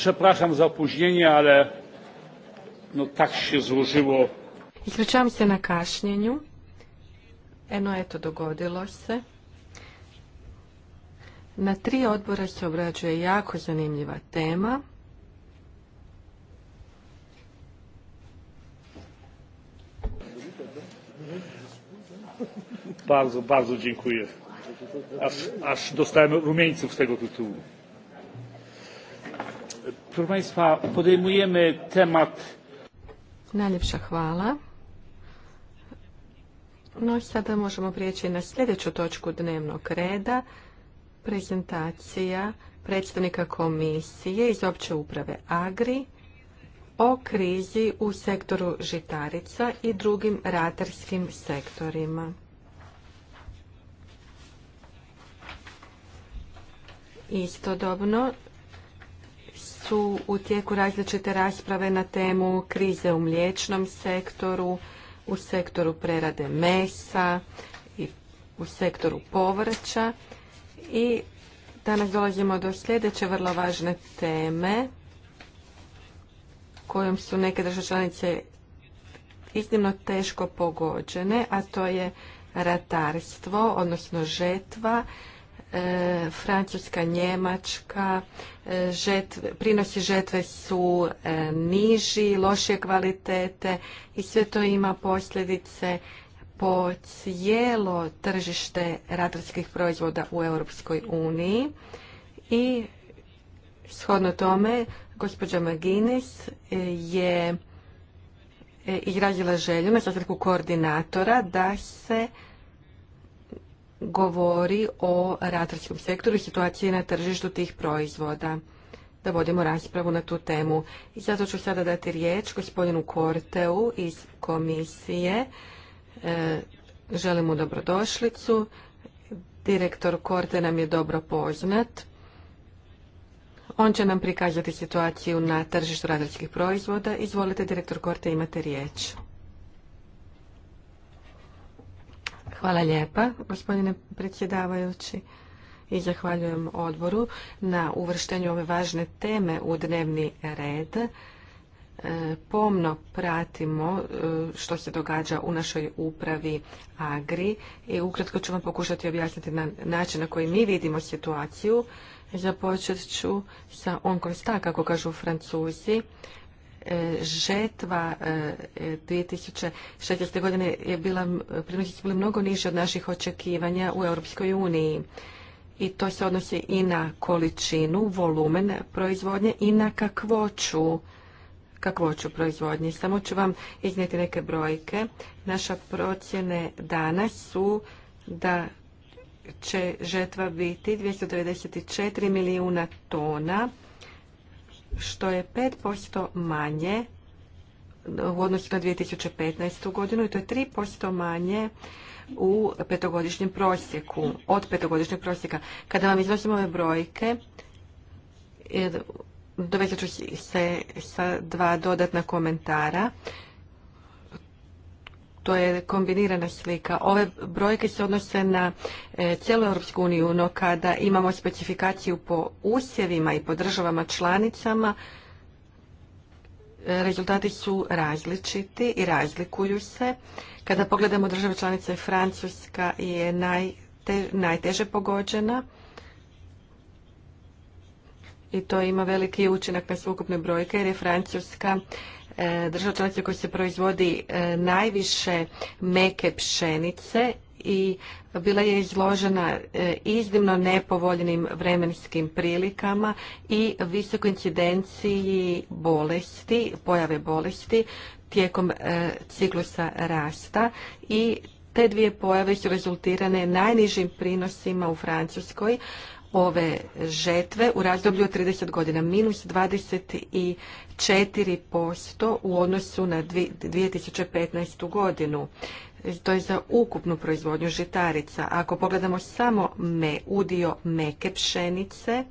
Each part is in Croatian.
Przepraszam za opóźnienie, ale no tak się złożyło. Ispričavam se na kašnjenju. Eno, eto, dogodilo se. Na tri odbora se obrađuje jako zanimljiva tema. Bardzo, bardzo dziękuję. Aż, aż dostałem rumieńców z tego tytułu. Proszę Państwa, temat. Najljepša hvala. No i sada možemo prijeći na sljedeću točku dnevnog reda. Prezentacija predstavnika komisije iz opće uprave Agri o krizi u sektoru žitarica i drugim ratarskim sektorima. Istodobno su u tijeku različite rasprave na temu krize u mliječnom sektoru, u sektoru prerade mesa i u sektoru povrća. I danas dolazimo do sljedeće vrlo važne teme kojom su neke države članice iznimno teško pogođene, a to je ratarstvo, odnosno žetva e, Francuska, Njemačka, e, prinosi žetve su e, niži, lošije kvalitete i sve to ima posljedice po cijelo tržište ratarskih proizvoda u Europskoj uniji i shodno tome gospođa Maginis je e, izrazila želju na sastavku koordinatora da se govori o ratarskom sektoru i situaciji na tržištu tih proizvoda. Da vodimo raspravu na tu temu. I zato ću sada dati riječ gospodinu Korteu iz komisije. E, želim mu dobrodošlicu. Direktor Korte nam je dobro poznat. On će nam prikazati situaciju na tržištu radarskih proizvoda. Izvolite, direktor Korte, imate riječ. Hvala lijepa, gospodine predsjedavajući i zahvaljujem odboru na uvrštenju ove važne teme u dnevni red. E, pomno pratimo e, što se događa u našoj upravi Agri i ukratko ću vam pokušati objasniti na način na koji mi vidimo situaciju. Započet ću sa sta kako kažu francuzi. E, žetva 2016. E, godine je bila, prinosi bili mnogo niže od naših očekivanja u Europskoj uniji. I to se odnosi i na količinu, volumen proizvodnje i na kakvoću kakvoću proizvodnje. Samo ću vam iznijeti neke brojke. Naša procjene danas su da će žetva biti 294 milijuna tona što je 5% manje u odnosu na 2015. godinu i to je 3% manje u petogodišnjem prosjeku, od petogodišnjeg prosjeka. Kada vam iznosimo ove brojke, e, dovezat ću se sa dva dodatna komentara je kombinirana slika. Ove brojke se odnose na e, cijelu Europsku uniju, no kada imamo specifikaciju po usjevima i po državama članicama, e, rezultati su različiti i razlikuju se. Kada pogledamo države članice, Francuska je najteže, najteže pogođena i to ima veliki učinak na sveukupne brojke jer je Francuska E, država članica koja se proizvodi e, najviše meke pšenice i bila je izložena e, iznimno nepovoljnim vremenskim prilikama i visokoj incidenciji bolesti, pojave bolesti tijekom ciklusa rasta i te dvije pojave su rezultirane najnižim prinosima u Francuskoj, ove žetve u razdoblju od 30 godina, minus 24% u odnosu na 2015. godinu. To je za ukupnu proizvodnju žitarica. Ako pogledamo samo me, udio meke pšenice,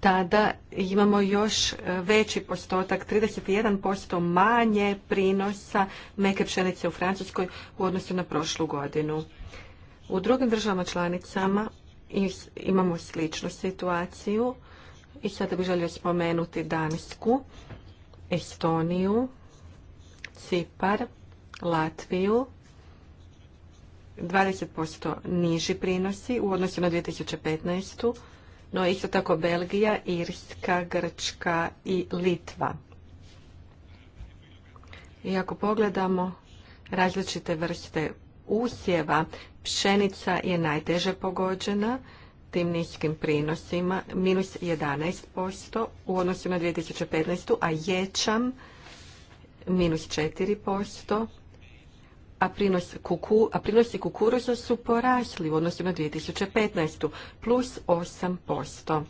tada imamo još veći postotak, 31% manje prinosa meke pšenice u Francuskoj u odnosu na prošlu godinu. U drugim državama članicama imamo sličnu situaciju i sada bih želio spomenuti Dansku, Estoniju, Cipar, Latviju, 20% niži prinosi u odnosu na 2015. No isto tako Belgija, Irska, Grčka i Litva. I ako pogledamo različite vrste usjeva Pšenica je najteže pogođena tim niskim prinosima, minus 11% u odnosu na 2015. a ječam minus 4%, a, a prinosi kukuruza su porasli u odnosu na 2015. plus 8%.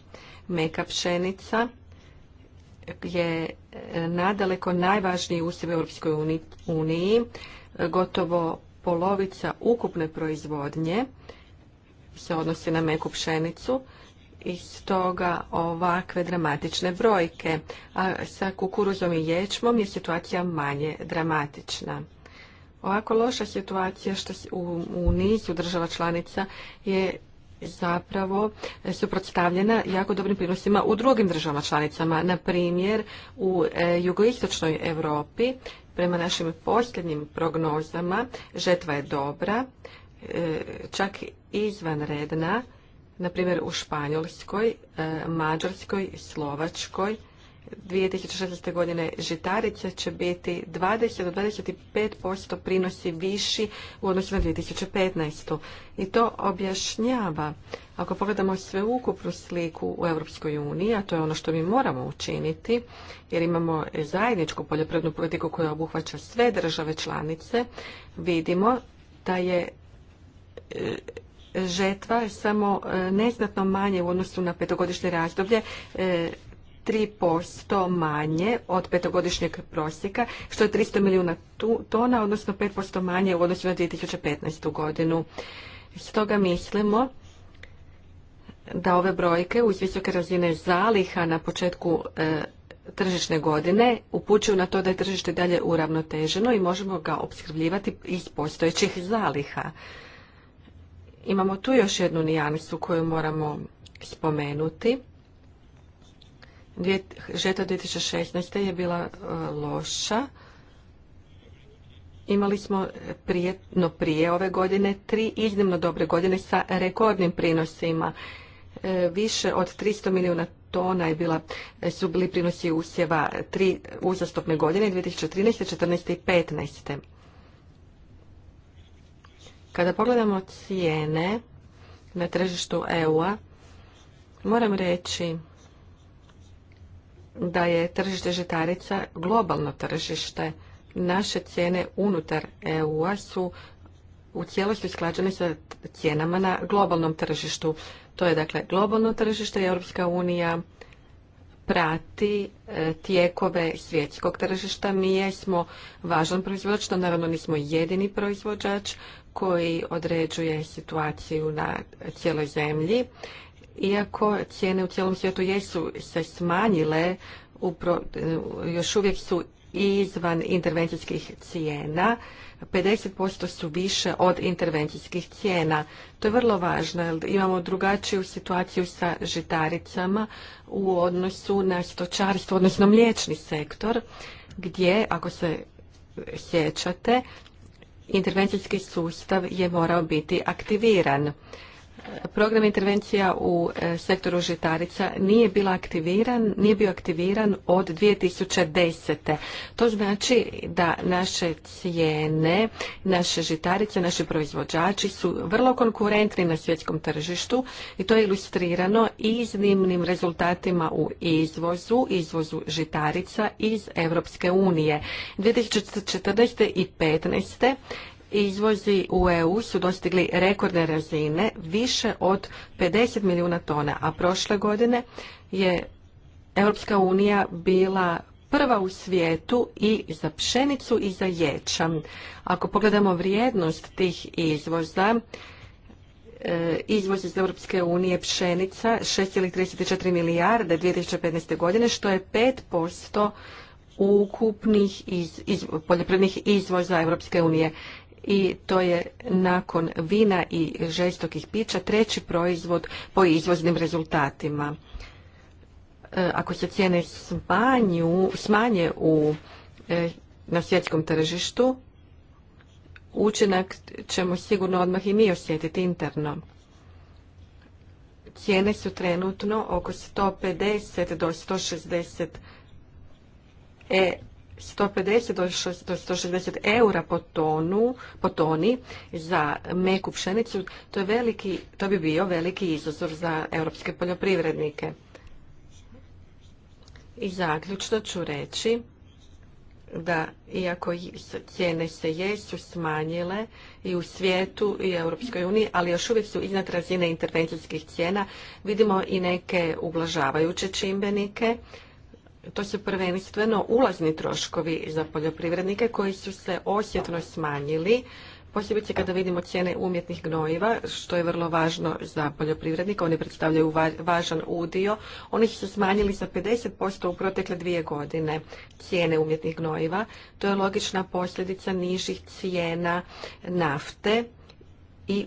Meka pšenica je e, nadaleko najvažniji usjev u Europskoj gotovo polovica ukupne proizvodnje se odnosi na meku pšenicu i stoga ovakve dramatične brojke. A sa kukuruzom i ječmom je situacija manje dramatična. Ovako loša situacija što u, u nizu država članica je zapravo suprotstavljena jako dobrim prinosima u drugim državama članicama. Na primjer, u e, jugoistočnoj Europi Prema našim posljednjim prognozama žetva je dobra, e, čak izvanredna, na primjer u Španjolskoj, e, Mađarskoj, Slovačkoj, 2016. godine žitarice će biti 20 do 25% prinosi viši u odnosu na 2015. I to objašnjava, ako pogledamo sveukupnu sliku u Europskoj uniji, a to je ono što mi moramo učiniti, jer imamo zajedničku poljoprivrednu politiku koja obuhvaća sve države članice, vidimo da je e, žetva samo e, neznatno manje u odnosu na petogodišnje razdoblje e, 3% manje od petogodišnjeg prosjeka, što je 300 milijuna tona, odnosno 5% manje u odnosu na 2015. godinu. Stoga mislimo da ove brojke uz visoke razine zaliha na početku e, tržišne godine upućuju na to da je tržište dalje uravnoteženo i možemo ga opskrbljivati iz postojećih zaliha. Imamo tu još jednu nijansu koju moramo spomenuti žeta 2016. je bila e, loša. Imali smo prije, prije ove godine tri iznimno dobre godine sa rekordnim prinosima. E, više od 300 milijuna tona je bila, e, su bili prinosi usjeva tri uzastopne godine 2013. 14. i 15. Kada pogledamo cijene na tržištu EU-a, moram reći da je tržište žitarica globalno tržište. Naše cijene unutar EU-a su u cijelosti usklađene sa cijenama na globalnom tržištu. To je dakle globalno tržište i Europska unija prati e, tijekove svjetskog tržišta. Mi jesmo važan proizvođač, to naravno nismo jedini proizvođač koji određuje situaciju na cijeloj zemlji. Iako cijene u cijelom svijetu jesu se smanjile, upro, još uvijek su izvan intervencijskih cijena, 50% su više od intervencijskih cijena. To je vrlo važno, jer imamo drugačiju situaciju sa žitaricama u odnosu na stočarstvo, odnosno mliječni sektor, gdje, ako se sjećate, intervencijski sustav je morao biti aktiviran. Program intervencija u e, sektoru žitarica nije bila aktiviran, nije bio aktiviran od 2010. To znači da naše cijene, naše žitarice, naši proizvođači su vrlo konkurentni na svjetskom tržištu i to je ilustrirano iznimnim rezultatima u izvozu, izvozu žitarica iz Europske unije. 2014. i 2015. Izvozi u EU su dostigli rekordne razine, više od 50 milijuna tona, a prošle godine je Europska unija bila prva u svijetu i za pšenicu i za ječam. Ako pogledamo vrijednost tih izvoza, e, izvoz iz Europske unije pšenica 6,34 milijarde 2015. godine, što je 5% ukupnih iz, poljoprivrednih izvoza Europske unije i to je nakon vina i žestokih pića treći proizvod po izvoznim rezultatima. E, ako se cijene smanje u, e, na svjetskom tržištu, učinak ćemo sigurno odmah i mi osjetiti interno. Cijene su trenutno oko 150 do 160 e 150 do 160 eura po, tonu, po toni za meku pšenicu, to, je veliki, to bi bio veliki izazov za europske poljoprivrednike. I zaključno ću reći da iako cijene se jesu smanjile i u svijetu i Europskoj uniji, ali još uvijek su iznad razine intervencijskih cijena, vidimo i neke ublažavajuće čimbenike to su prvenstveno ulazni troškovi za poljoprivrednike koji su se osjetno smanjili, posebice kada vidimo cijene umjetnih gnojiva, što je vrlo važno za poljoprivrednika, oni predstavljaju važan udio. Oni su se smanjili za 50% u protekle dvije godine cijene umjetnih gnojiva. To je logična posljedica nižih cijena nafte i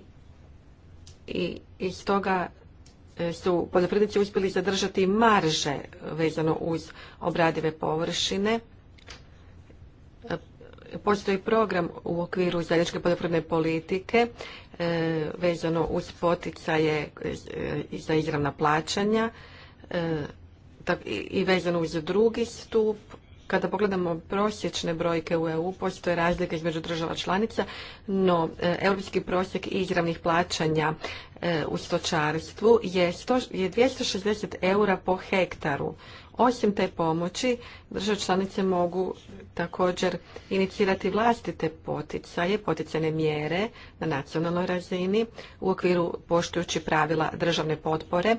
i iz toga E, su poljoprivrednici uspjeli zadržati marže vezano uz obradive površine. E, postoji program u okviru zajedničke poljoprivredne politike e, vezano uz poticaje za izravna plaćanja i vezano uz drugi stup kada pogledamo prosječne brojke u EU, postoje razlike između država članica, no e, europski prosjek izravnih plaćanja e, u stočarstvu je, je 260 eura po hektaru. Osim te pomoći, države članice mogu također inicirati vlastite poticaje, poticajne mjere na nacionalnoj razini u okviru poštujući pravila državne potpore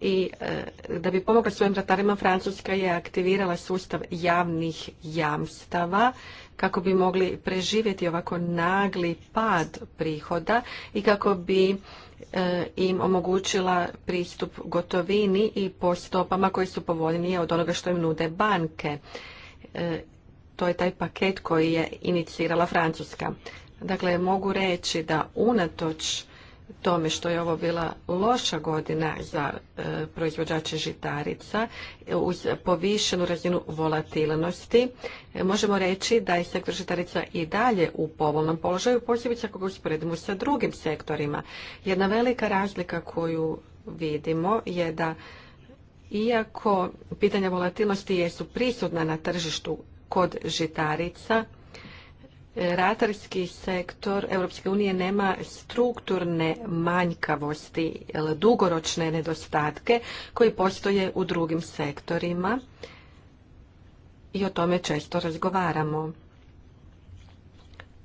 i e, da bi pomogla svojim ratarima Francuska je aktivirala sustav javnih jamstava kako bi mogli preživjeti ovako nagli pad prihoda i kako bi E, im omogućila pristup gotovini i po stopama koji su povoljnije od onoga što im nude banke. E, to je taj paket koji je inicirala Francuska. Dakle, mogu reći da unatoč tome što je ovo bila loša godina za e, proizvođače žitarica uz povišenu razinu volatilnosti. E, možemo reći da je sektor žitarica i dalje u povoljnom položaju, posebice ako ga usporedimo sa drugim sektorima. Jedna velika razlika koju vidimo je da iako pitanja volatilnosti jesu prisutna na tržištu kod žitarica, ratarski sektor Europske unije nema strukturne manjkavosti ili dugoročne nedostatke koji postoje u drugim sektorima i o tome često razgovaramo.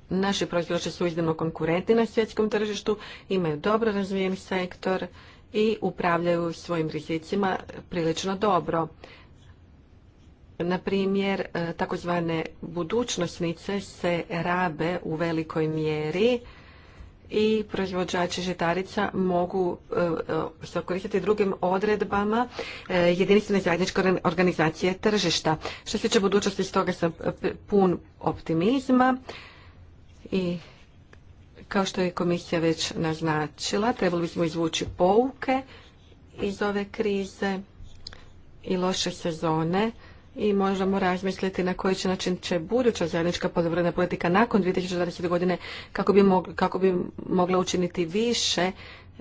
Naši proizvođači su iznimno konkurentni na svjetskom tržištu, imaju dobro razvijen sektor i upravljaju svojim rizicima prilično dobro. Na primjer, e, takozvane budućnostnice se rabe u velikoj mjeri i proizvođači žitarica mogu e, e, se koristiti drugim odredbama jedinstvene zajedničke organizacije tržišta. Što se tiče budućnosti, stoga sam pun optimizma i kao što je komisija već naznačila, trebali bismo izvući pouke iz ove krize i loše sezone i možemo razmisliti na koji će način će buduća zajednička poljoprivredna politika nakon 2020. godine kako bi, mogla, kako bi mogla učiniti više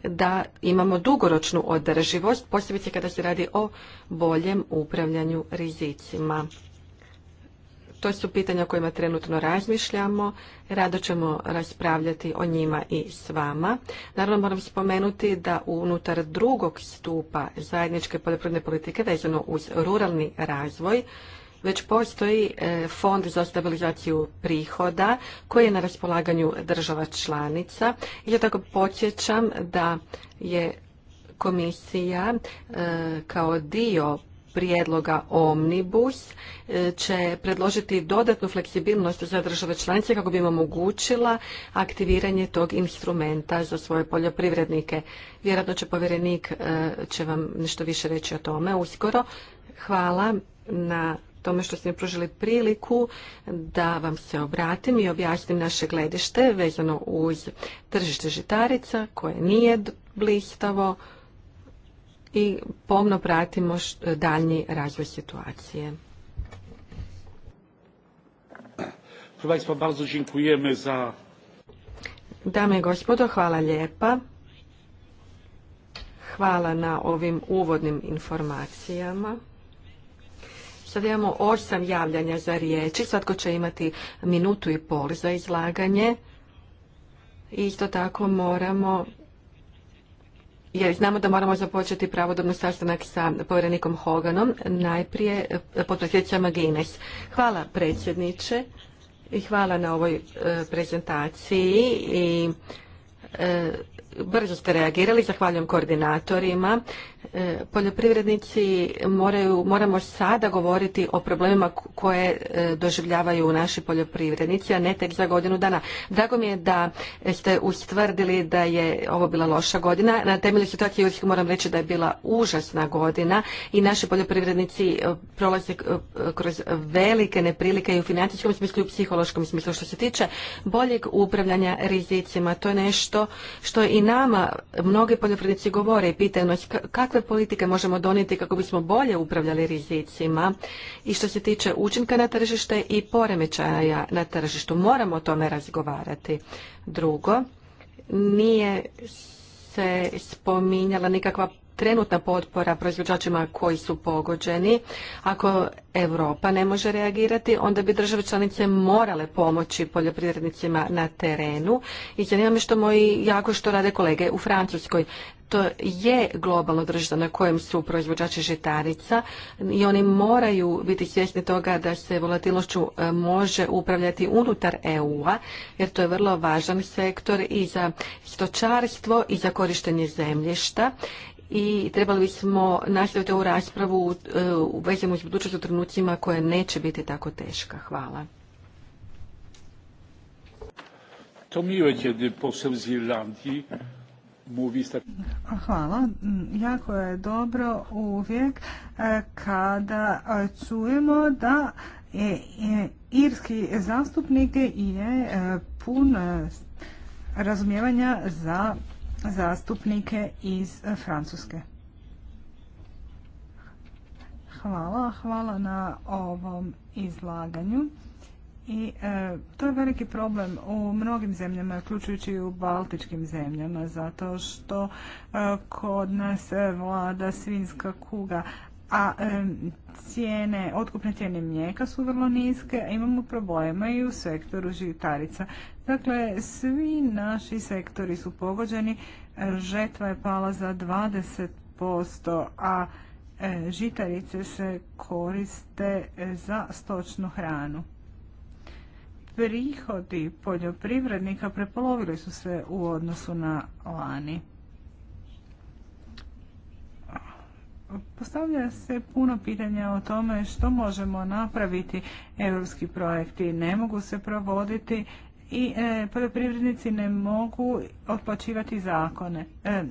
da imamo dugoročnu održivost, posebice kada se radi o boljem upravljanju rizicima. To su pitanja o kojima trenutno razmišljamo. Rado ćemo raspravljati o njima i s vama. Naravno moram spomenuti da unutar drugog stupa zajedničke poljoprivredne politike vezano uz ruralni razvoj već postoji e, fond za stabilizaciju prihoda koji je na raspolaganju država članica. I ja tako podsjećam da je komisija e, kao dio prijedloga Omnibus e, će predložiti dodatnu fleksibilnost za države članice kako bi im omogućila aktiviranje tog instrumenta za svoje poljoprivrednike. Vjerojatno će povjerenik e, će vam nešto više reći o tome uskoro. Hvala na tome što ste mi pružili priliku da vam se obratim i objasnim naše gledište vezano uz tržište žitarica koje nije blistavo i pomno pratimo daljnji razvoj situacije. Dame i gospodo, hvala lijepa. Hvala na ovim uvodnim informacijama. Sada imamo osam javljanja za riječi. Svatko će imati minutu i pol za izlaganje. Isto tako moramo jer znamo da moramo započeti pravodobno sastanak sa povjerenikom Hoganom, najprije e, potpredsjednica Magines. Hvala predsjedniče i hvala na ovoj e, prezentaciji i e, brzo ste reagirali, zahvaljujem koordinatorima. E, poljoprivrednici moraju, moramo sada govoriti o problemima koje e, doživljavaju naši poljoprivrednici, a ne tek za godinu dana. Drago mi je da ste ustvrdili da je ovo bila loša godina. Na temelju situacije moram reći da je bila užasna godina i naši poljoprivrednici e, prolaze kroz velike neprilike i u financijskom smislu i u psihološkom smislu. Što se tiče boljeg upravljanja rizicima, to je nešto što i nama mnogi poljoprivrednici govore i pitaju nas kako kakve politike možemo donijeti kako bismo bolje upravljali rizicima i što se tiče učinka na tržište i poremećaja na tržištu. Moramo o tome razgovarati. Drugo, nije se spominjala nikakva trenutna potpora proizvođačima koji su pogođeni. Ako Europa ne može reagirati, onda bi države članice morale pomoći poljoprivrednicima na terenu. I zanima me što moji, jako što rade kolege u Francuskoj. To je globalno tržište na kojem su proizvođači žitarica i oni moraju biti svjesni toga da se volatilnošću e, može upravljati unutar EU-a jer to je vrlo važan sektor i za stočarstvo i za korištenje zemljišta i trebali bismo nastaviti ovu raspravu e, u vezemu s budućnosti u trenucima koja neće biti tako teška. Hvala. To mi Hvala. Jako je dobro uvijek e, kada e, čujemo da irski zastupnik je pun razumijevanja za zastupnike iz e, Francuske. Hvala, hvala na ovom izlaganju. I e, to je veliki problem u mnogim zemljama, uključujući i u baltičkim zemljama, zato što e, kod nas vlada svinska kuga, a cijene, otkupne cijene mlijeka su vrlo niske, a imamo problema i u sektoru žitarica. Dakle, svi naši sektori su pogođeni, žetva je pala za 20%, a e, žitarice se koriste e, za stočnu hranu. Prihodi poljoprivrednika prepolovili su se u odnosu na lani. Postavlja se puno pitanja o tome što možemo napraviti. Europski projekti ne mogu se provoditi i e, poljoprivrednici ne mogu otplaćivati zakone, e,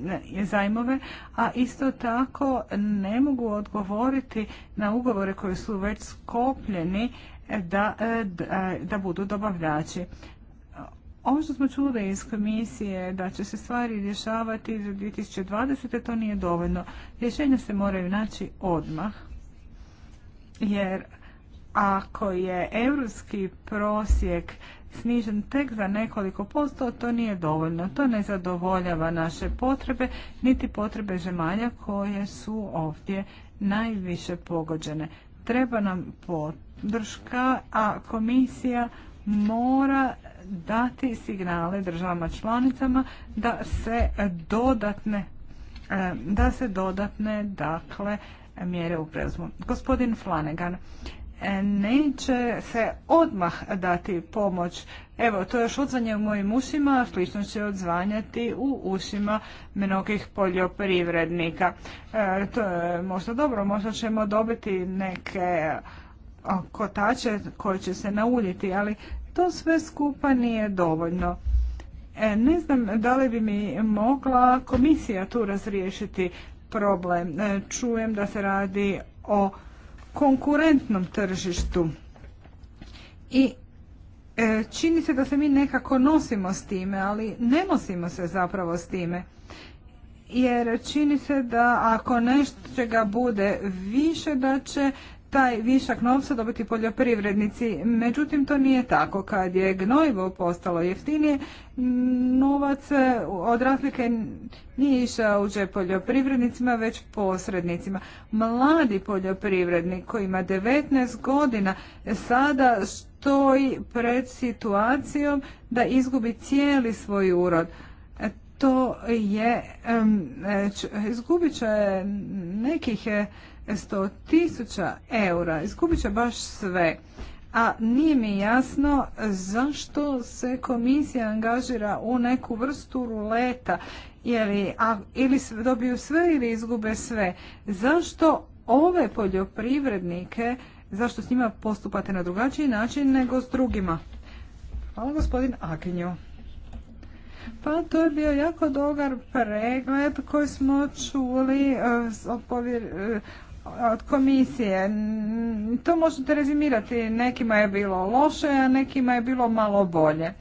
zajmove, a isto tako ne mogu odgovoriti na ugovore koji su već skopljeni e, da, e, da, e, da budu dobavljači. Ovo što smo čuli iz komisije da će se stvari rješavati za 2020. to nije dovoljno. Rješenja se moraju naći odmah jer ako je europski prosjek snižen tek za nekoliko posto, to nije dovoljno. To ne zadovoljava naše potrebe, niti potrebe žemalja koje su ovdje najviše pogođene. Treba nam podrška, a komisija mora dati signale državama članicama da se dodatne e, da se dodatne dakle mjere preuzmu. Gospodin Flanagan, e, neće se odmah dati pomoć. Evo, to još odzvanje u mojim ušima, slično će odzvanjati u ušima mnogih poljoprivrednika. E, to je možda dobro, možda ćemo dobiti neke kotače koji će se nauljiti, ali to sve skupa nije dovoljno. E, ne znam da li bi mi mogla komisija tu razriješiti problem. E, čujem da se radi o konkurentnom tržištu i e, čini se da se mi nekako nosimo s time, ali ne nosimo se zapravo s time. Jer čini se da ako ga bude više, da će taj višak novca dobiti poljoprivrednici. Međutim, to nije tako. Kad je gnojivo postalo jeftinije, novac e, od razlike nije išao u džep poljoprivrednicima, već posrednicima. Mladi poljoprivrednik koji ima 19 godina sada stoji pred situacijom da izgubi cijeli svoj urod e, to je, e, izgubit će nekih 100 tisuća eura. Izgubit će baš sve. A nije mi jasno zašto se komisija angažira u neku vrstu ruleta ili, a, ili dobiju sve ili izgube sve. Zašto ove poljoprivrednike, zašto s njima postupate na drugačiji način nego s drugima? Hvala gospodin Akinju. Pa to je bio jako dogar pregled koji smo čuli eh, od eh, od komisije. To možete rezimirati, nekima je bilo loše, a nekima je bilo malo bolje.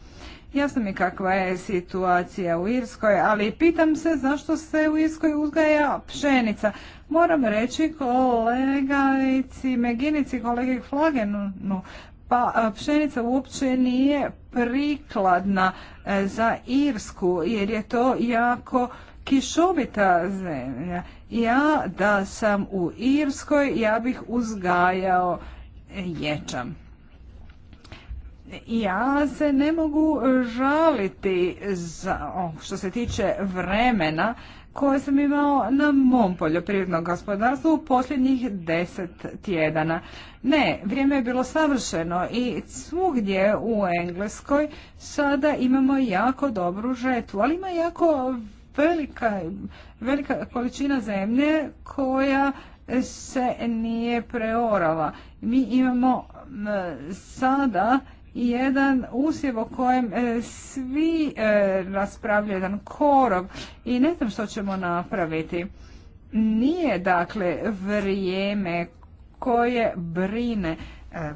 Jasno mi kakva je situacija u Irskoj, ali pitam se zašto se u Irskoj uzgaja pšenica. Moram reći kolegajci Meginici, kolegi Flagenu, pa pšenica uopće nije prikladna e, za Irsku, jer je to jako kišovita zemlja ja da sam u Irskoj, ja bih uzgajao ječam. Ja se ne mogu žaliti za, što se tiče vremena koje sam imao na mom poljoprivrednom gospodarstvu u posljednjih deset tjedana. Ne, vrijeme je bilo savršeno i svugdje u Engleskoj sada imamo jako dobru žetvu, ali ima jako velika, velika količina zemlje koja se nije preorala. Mi imamo sada jedan usjev o kojem e, svi e, raspravljaju, jedan korov i ne znam što ćemo napraviti. Nije dakle vrijeme koje brine e,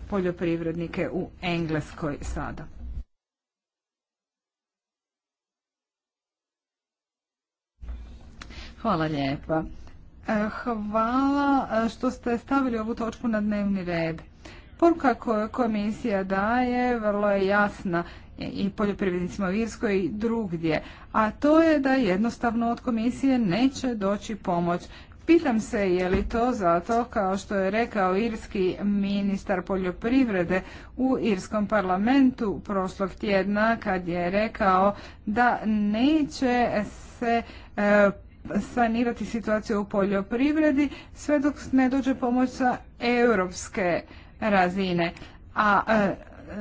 poljoprivrednike u Engleskoj sada. Hvala lijepa. E, hvala e, što ste stavili ovu točku na dnevni red. Poruka koju komisija daje vrlo je jasna e, i poljoprivrednicima u Irskoj i drugdje, a to je da jednostavno od komisije neće doći pomoć. Pitam se je li to zato, kao što je rekao irski ministar poljoprivrede u irskom parlamentu prošlog tjedna, kad je rekao da neće se sanirati situaciju u poljoprivredi sve dok ne dođe pomoć sa europske razine. A e,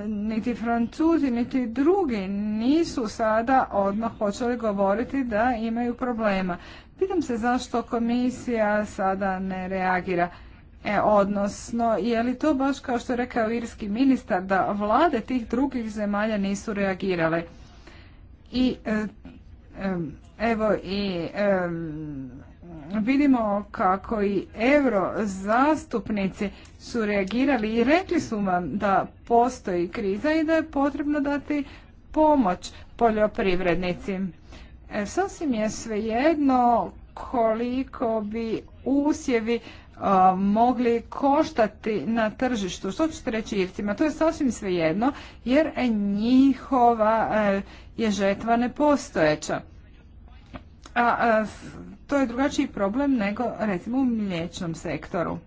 niti Francuzi, niti drugi nisu sada odmah počeli govoriti da imaju problema. Pitam se zašto komisija sada ne reagira. E, odnosno, je li to baš kao što je rekao irski ministar da vlade tih drugih zemalja nisu reagirale? I e, e Evo i vidimo kako i euro zastupnici su reagirali i rekli su vam da postoji kriza i da je potrebno dati pomoć poljoprivrednicima. E, sasvim je svejedno koliko bi usjevi mogli koštati na tržištu. Što ćete reći Ircima? To je sasvim svejedno jer njihova e, je žetva nepostojeća a to je drugačiji problem nego recimo u mliječnom sektoru.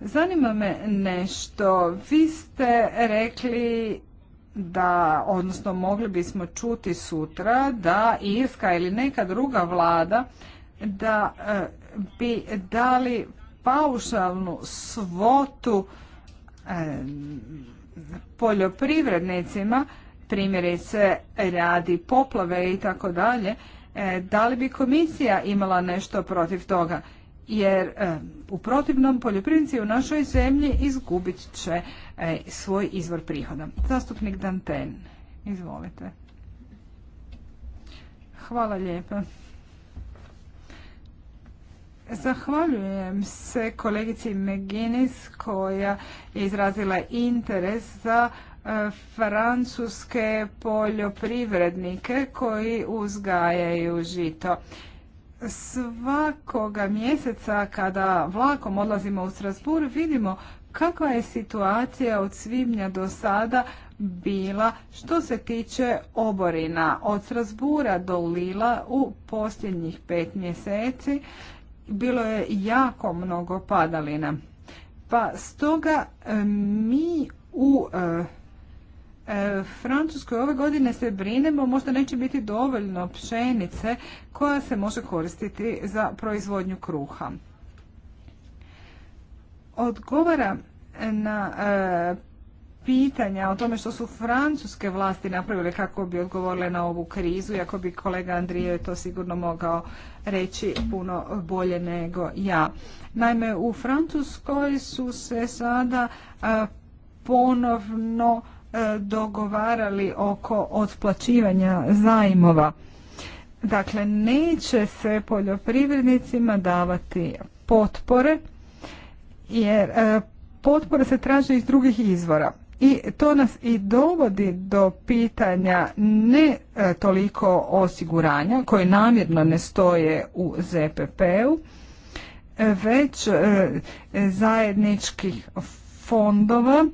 Zanima me nešto. Vi ste rekli da, odnosno mogli bismo čuti sutra da Irska ili neka druga vlada da e, bi dali paušalnu svotu e, poljoprivrednicima primjerice radi poplave i tako dalje, e, da li bi komisija imala nešto protiv toga? Jer e, u protivnom poljoprivrednici u našoj zemlji izgubit će e, svoj izvor prihoda. Zastupnik Danten, izvolite. Hvala lijepa. Zahvaljujem se kolegici Meginis koja je izrazila interes za francuske poljoprivrednike koji uzgajaju žito. Svakoga mjeseca kada vlakom odlazimo u Strasbourg vidimo kakva je situacija od svibnja do sada bila što se tiče oborina od Strasbura do Lila u posljednjih pet mjeseci bilo je jako mnogo padalina. Pa stoga eh, mi u eh, E, Francuskoj ove godine se brinemo, možda neće biti dovoljno pšenice koja se može koristiti za proizvodnju kruha. Odgovara na e, pitanja o tome što su francuske vlasti napravile kako bi odgovorile na ovu krizu, iako bi kolega Andrije to sigurno mogao reći puno bolje nego ja. Naime, u Francuskoj su se sada e, ponovno E, dogovarali oko otplaćivanja zajmova. Dakle, neće se poljoprivrednicima davati potpore, jer e, potpore se traže iz drugih izvora. I to nas i dovodi do pitanja ne e, toliko osiguranja koje namjerno ne stoje u ZPP-u, već zajedničkih fondova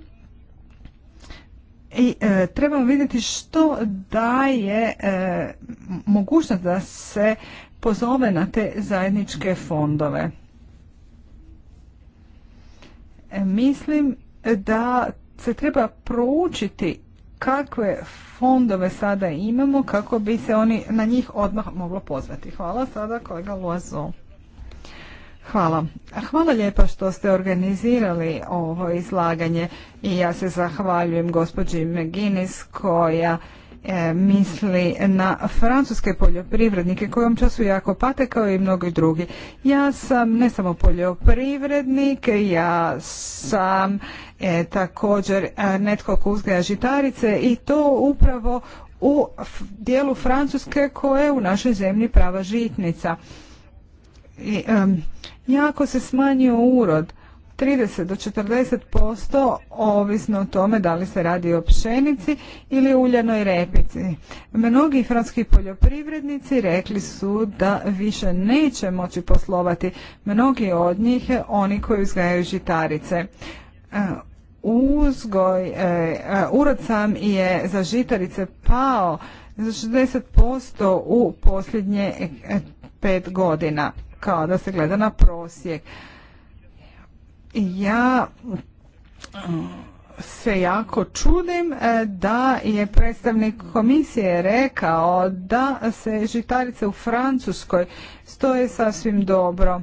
i e, trebamo vidjeti što daje e, mogućnost da se pozove na te zajedničke fondove. E, mislim da se treba proučiti kakve fondove sada imamo kako bi se oni na njih odmah moglo pozvati. Hvala sada kolega lozo. Hvala. Hvala lijepa što ste organizirali ovo izlaganje i ja se zahvaljujem gospođi Meginis koja e, misli na francuske poljoprivrednike koji u ovom času jako pate kao i mnogi drugi. Ja sam ne samo poljoprivrednik, ja sam e, također e, netko ko uzgaja žitarice i to upravo u dijelu Francuske koja je u našoj zemlji prava žitnica. I, um, jako se smanjio urod. 30 do 40% ovisno o tome da li se radi o pšenici ili uljanoj repici. Mnogi francuski poljoprivrednici rekli su da više neće moći poslovati. Mnogi od njih oni koji uzgajaju žitarice. E, uzgoj, e, e, urod sam je za žitarice pao za 60% u posljednje pet godina kao da se gleda na prosjek. Ja mm, se jako čudim e, da je predstavnik komisije rekao da se žitarice u Francuskoj stoje sasvim dobro.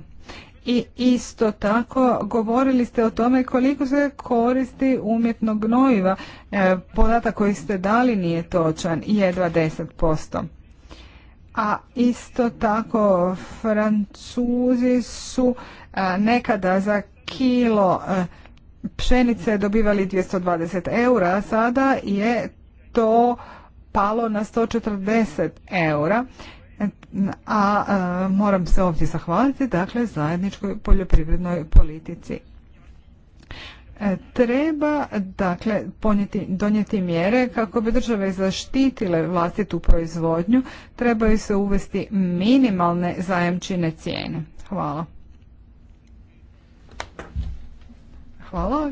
I isto tako govorili ste o tome koliko se koristi umjetnog gnojiva. E, podatak koji ste dali nije točan, jedva 10% a isto tako Francuzi su e, nekada za kilo e, pšenice dobivali 220 eura, a sada je to palo na 140 eura. E, a, moram se ovdje zahvaliti dakle zajedničkoj poljoprivrednoj politici. E, treba dakle donijeti mjere kako bi države zaštitile vlastitu proizvodnju, trebaju se uvesti minimalne zajamčene cijene. Hvala. Hvala.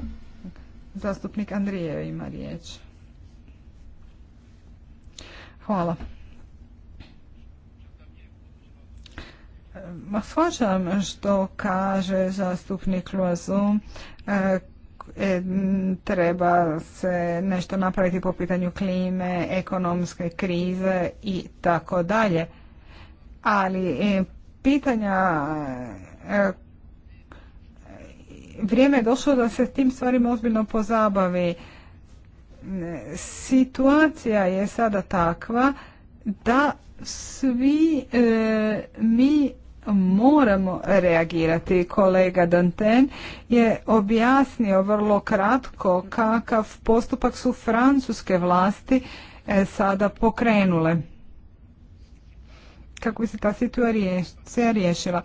Zastupnik Andrije ima riječ. Hvala. Ma shvaćam što kaže zastupnik Loazu e, E, treba se nešto napraviti po pitanju klime, ekonomske krize i tako dalje. Ali e, pitanja e, vrijeme je došlo da se tim stvarima ozbiljno pozabavi. Situacija je sada takva da svi mi moramo reagirati. Kolega Danten je objasnio vrlo kratko kakav postupak su francuske vlasti e, sada pokrenule. Kako bi se ta situacija riješila.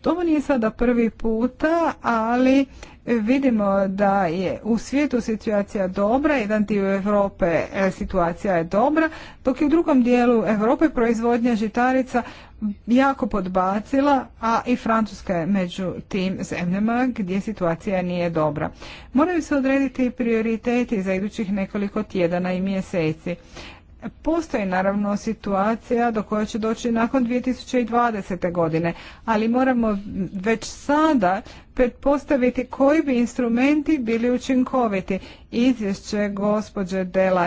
To nije sada prvi puta, ali Vidimo da je u svijetu situacija dobra, jedan dio Europe e, situacija je dobra, dok je u drugom dijelu Europe proizvodnja žitarica jako podbacila, a i Francuska je među tim zemljama gdje situacija nije dobra. Moraju se odrediti prioriteti za idućih nekoliko tjedana i mjeseci. Postoji naravno situacija do koja će doći nakon 2020. godine, ali moramo već sada pretpostaviti koji bi instrumenti bili učinkoviti. Izvješće gospođe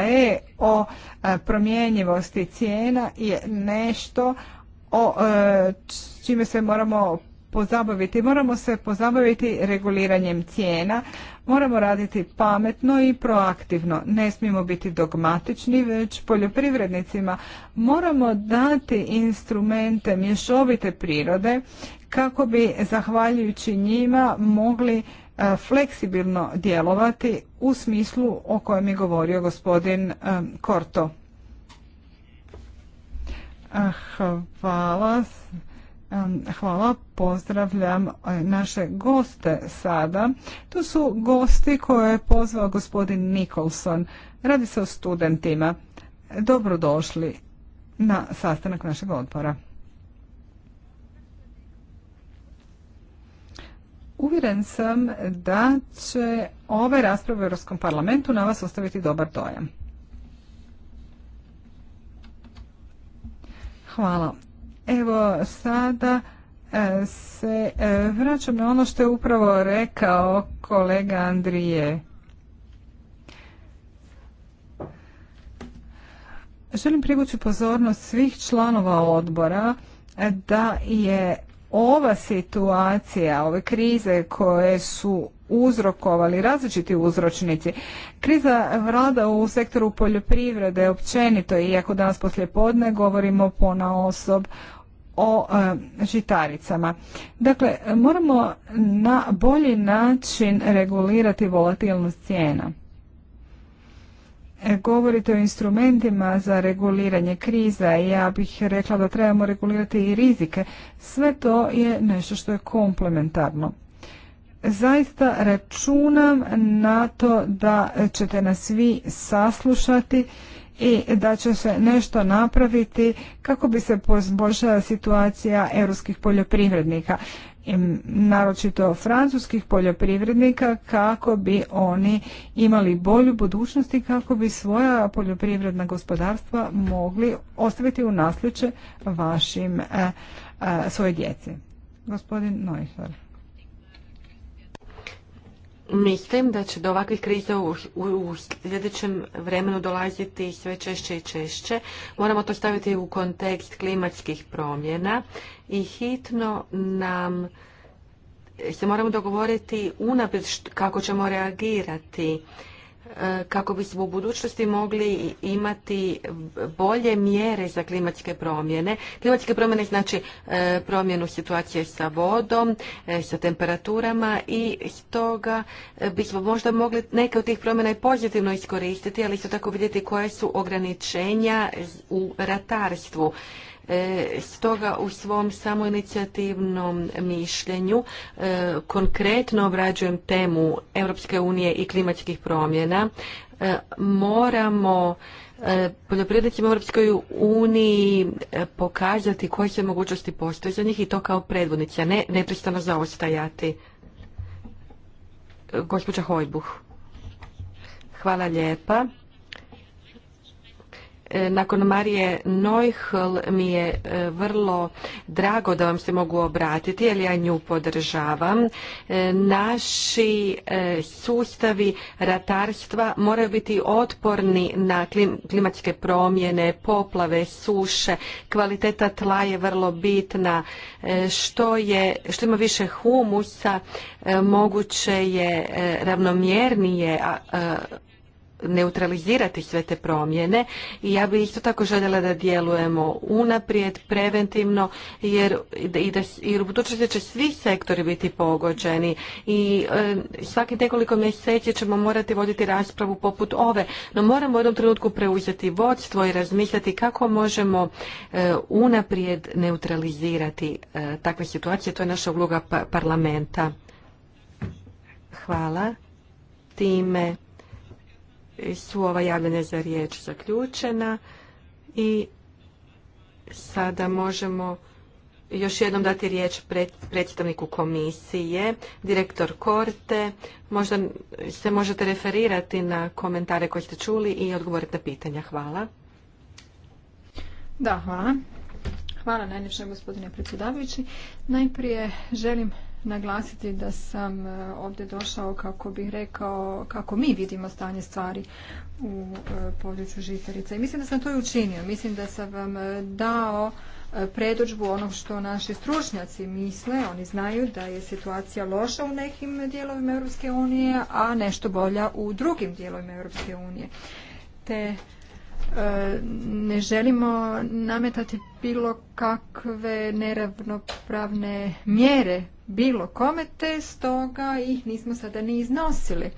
E o promjenjivosti cijena je nešto o e, čime se moramo pozabaviti. Moramo se pozabaviti reguliranjem cijena, moramo raditi pametno i proaktivno. Ne smijemo biti dogmatični, već poljoprivrednicima moramo dati instrumente mješovite prirode kako bi zahvaljujući njima mogli e, fleksibilno djelovati u smislu o kojem je govorio gospodin e, Korto. Ah, hvala. Hvala, pozdravljam e, naše goste sada. To su gosti koje je pozvao gospodin Nikolson. Radi se o studentima. Dobrodošli na sastanak našeg odbora. Uvjeren sam da će ove rasprave u Europskom parlamentu na vas ostaviti dobar dojam. Hvala. Evo sada e, se e, vraćam na ono što je upravo rekao kolega Andrije. Želim privući pozornost svih članova odbora e, da je ova situacija, ove krize koje su uzrokovali različiti uzročnici. Kriza vlada u sektoru poljoprivrede općenito, iako danas poslije podne govorimo pona osob o e, žitaricama. Dakle, moramo na bolji način regulirati volatilnost cijena. E, govorite o instrumentima za reguliranje kriza i ja bih rekla da trebamo regulirati i rizike. Sve to je nešto što je komplementarno zaista računam na to da ćete nas svi saslušati i da će se nešto napraviti kako bi se poboljšala situacija europskih poljoprivrednika, naročito francuskih poljoprivrednika, kako bi oni imali bolju budućnost i kako bi svoja poljoprivredna gospodarstva mogli ostaviti u nasljeđe vašim eh, eh, svoje djeci. Gospodin Neufer. Mislim da će do ovakvih kriza u, sljedećem vremenu dolaziti sve češće i češće. Moramo to staviti u kontekst klimatskih promjena i hitno nam se moramo dogovoriti unaprijed kako ćemo reagirati E, kako bismo u budućnosti mogli imati bolje mjere za klimatske promjene. Klimatske promjene znači e, promjenu situacije sa vodom, e, sa temperaturama i stoga bismo možda mogli neke od tih promjena i pozitivno iskoristiti, ali isto tako vidjeti koje su ograničenja u ratarstvu. E, stoga u svom samoinicijativnom mišljenju e, konkretno obrađujem temu Europske unije i klimatskih promjena. E, moramo poljoprivrednicima u Europskoj uniji pokazati koje se mogućnosti postoje za njih i to kao predvodnica, ne nepristano zaostajati. Gospođa Hojbuh. Hvala lijepa. E, nakon Marije Neuhl mi je e, vrlo drago da vam se mogu obratiti, jer ja nju podržavam. E, naši sustavi ratarstva moraju biti otporni na klimatske promjene, poplave, suše. Kvaliteta tla je vrlo bitna. Što, je, što ima više humusa, moguće je ravnomjernije neutralizirati sve te promjene i ja bih isto tako željela da djelujemo unaprijed, preventivno jer i da, u budućnosti će svi sektori biti pogođeni i e, svaki nekoliko mjeseci ćemo morati voditi raspravu poput ove, no moramo u jednom trenutku preuzeti vodstvo i razmišljati kako možemo e, unaprijed neutralizirati e, takve situacije, to je naša uloga pa-, parlamenta. Hvala. Time su ova javljanja za riječ zaključena i sada možemo još jednom dati riječ predstavniku komisije, direktor Korte. Možda se možete referirati na komentare koje ste čuli i odgovoriti na pitanja. Hvala. Da, hvala. Hvala gospodine predsjedavajući. Najprije želim naglasiti da sam e, ovdje došao kako bih rekao kako mi vidimo stanje stvari u e, području žitarica. I mislim da sam to i učinio. Mislim da sam vam e, dao predođbu onog što naši stručnjaci misle. Oni znaju da je situacija loša u nekim dijelovima Europske unije, a nešto bolja u drugim dijelovima Europske unije. Te ne želimo nametati bilo kakve neravnopravne mjere bilo kome, te stoga ih nismo sada ni iznosili.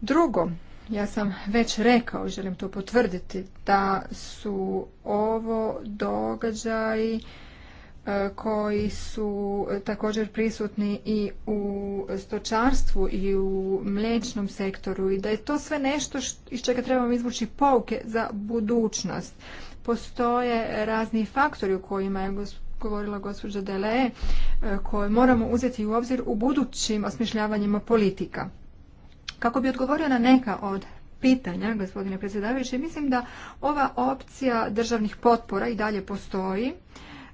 Drugo, ja sam već rekao želim to potvrditi da su ovo događaji e, koji su također prisutni i u stočarstvu i u mlječnom sektoru i da je to sve nešto iz čega trebamo izvući pouke za budućnost. Postoje razni faktori u kojima je govorila gospođa Dele, e, koje moramo uzeti u obzir u budućim osmišljavanjima politika. Kako bi odgovorila na neka od pitanja, gospodine predsjedavajući, mislim da ova opcija državnih potpora i dalje postoji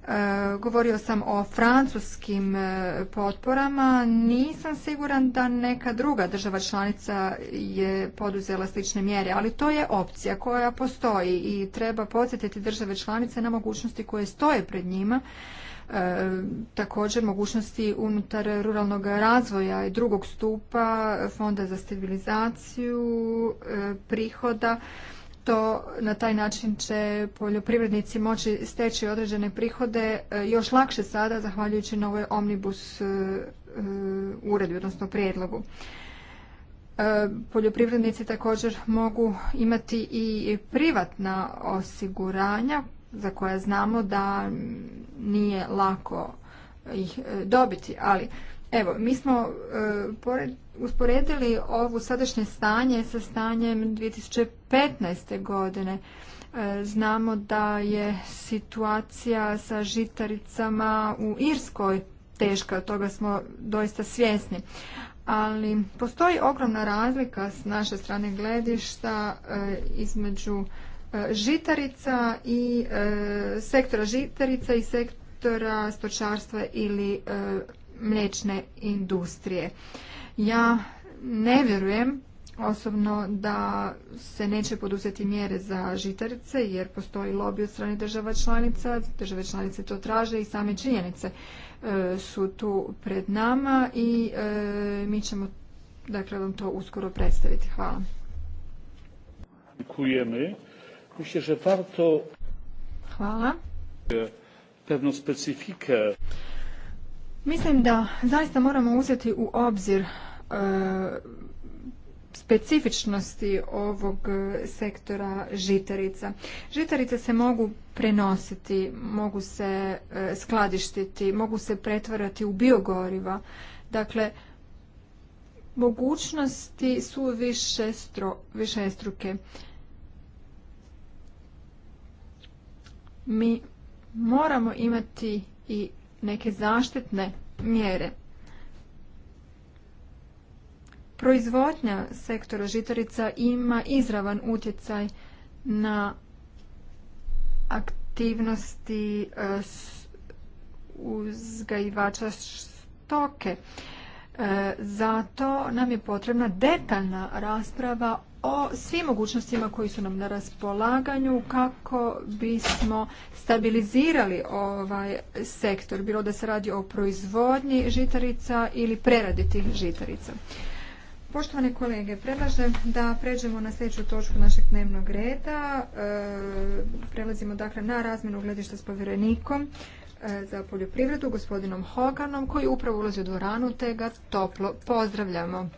E, govorio sam o francuskim e, potporama. Nisam siguran da neka druga država članica je poduzela slične mjere, ali to je opcija koja postoji i treba podsjetiti države članice na mogućnosti koje stoje pred njima. E, također mogućnosti unutar ruralnog razvoja i drugog stupa fonda za stabilizaciju prihoda to na taj način će poljoprivrednici moći steći određene prihode e, još lakše sada zahvaljujući novoj omnibus e, e, uredbi, odnosno prijedlogu. Poljoprivrednici također mogu imati i privatna osiguranja za koja znamo da nije lako ih dobiti, ali evo, mi smo pored usporedili ovu sadašnje stanje sa stanjem 2015. godine, e, znamo da je situacija sa žitaricama u Irskoj teška, toga smo doista svjesni. Ali postoji ogromna razlika s naše strane gledišta e, između e, žitarica i sektora žitarica i sektora stočarstva ili mliječne industrije. Ja ne vjerujem osobno da se neće poduzeti mjere za žitarice jer postoji lobby od strane država članica, države članice to traže i same činjenice e, su tu pred nama i e, mi ćemo dakle vam to uskoro predstaviti. Hvala. Hvala. Pewną specyfikę. Mislim da zaista moramo uzeti u obzir e, specifičnosti ovog e, sektora žitarica. Žitarice se mogu prenositi, mogu se e, skladištiti, mogu se pretvarati u biogoriva. Dakle, mogućnosti su više, više struke. Mi moramo imati i neke zaštitne mjere. Proizvodnja sektora žitarica ima izravan utjecaj na aktivnosti e, uzgajivača stoke. E, zato nam je potrebna detaljna rasprava o svim mogućnostima koji su nam na raspolaganju kako bismo stabilizirali ovaj sektor, bilo da se radi o proizvodnji žitarica ili preradi tih žitarica. Poštovane kolege, predlažem da pređemo na sljedeću točku našeg dnevnog reda. E, prelazimo dakle na razmjenu gledišta s povjerenikom e, za poljoprivredu, gospodinom Hoganom, koji upravo ulazi u dvoranu, te ga toplo pozdravljamo.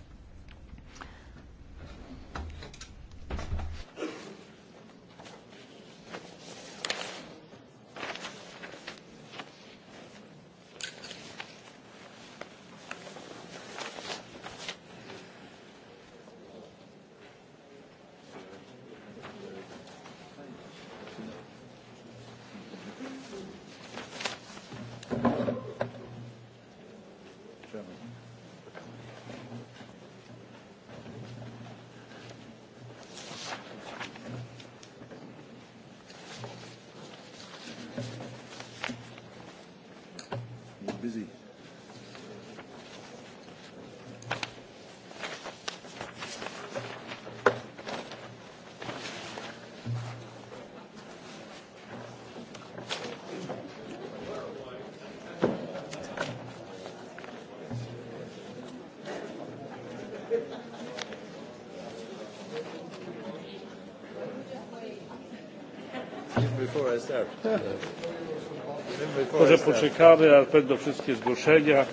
Może poczekamy, ale będą wszystkie zgłoszenia.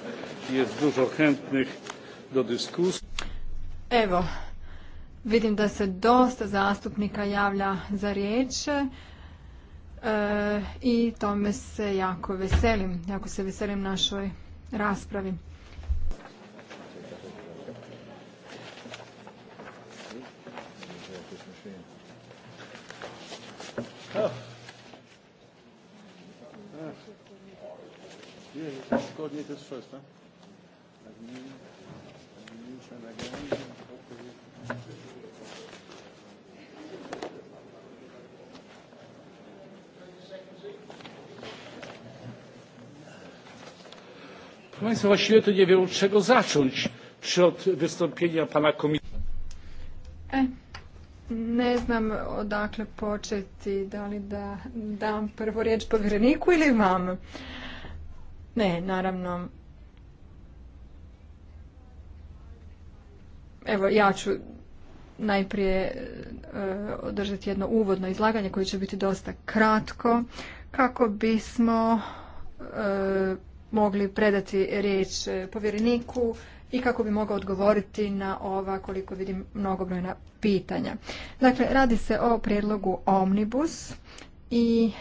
Jest dużo chętnych do dyskusji. Evo, vidim da se dosta zastupnika javlja za riječ e, i tome se jako veselim, jako se veselim našoj raspravi. read this first, huh? Proszę Państwa, właściwie to nie wiem od czego zacząć. Czy od wystąpienia Pana Komisarza? E, ne znam odakle početi, da li da dam prvo riječ povjereniku ili vam. Ne, naravno. Evo, ja ću najprije e, održati jedno uvodno izlaganje koje će biti dosta kratko kako bismo e, mogli predati riječ e, povjereniku i kako bi mogao odgovoriti na ova koliko vidim mnogobrojna pitanja. Dakle, radi se o prijedlogu Omnibus i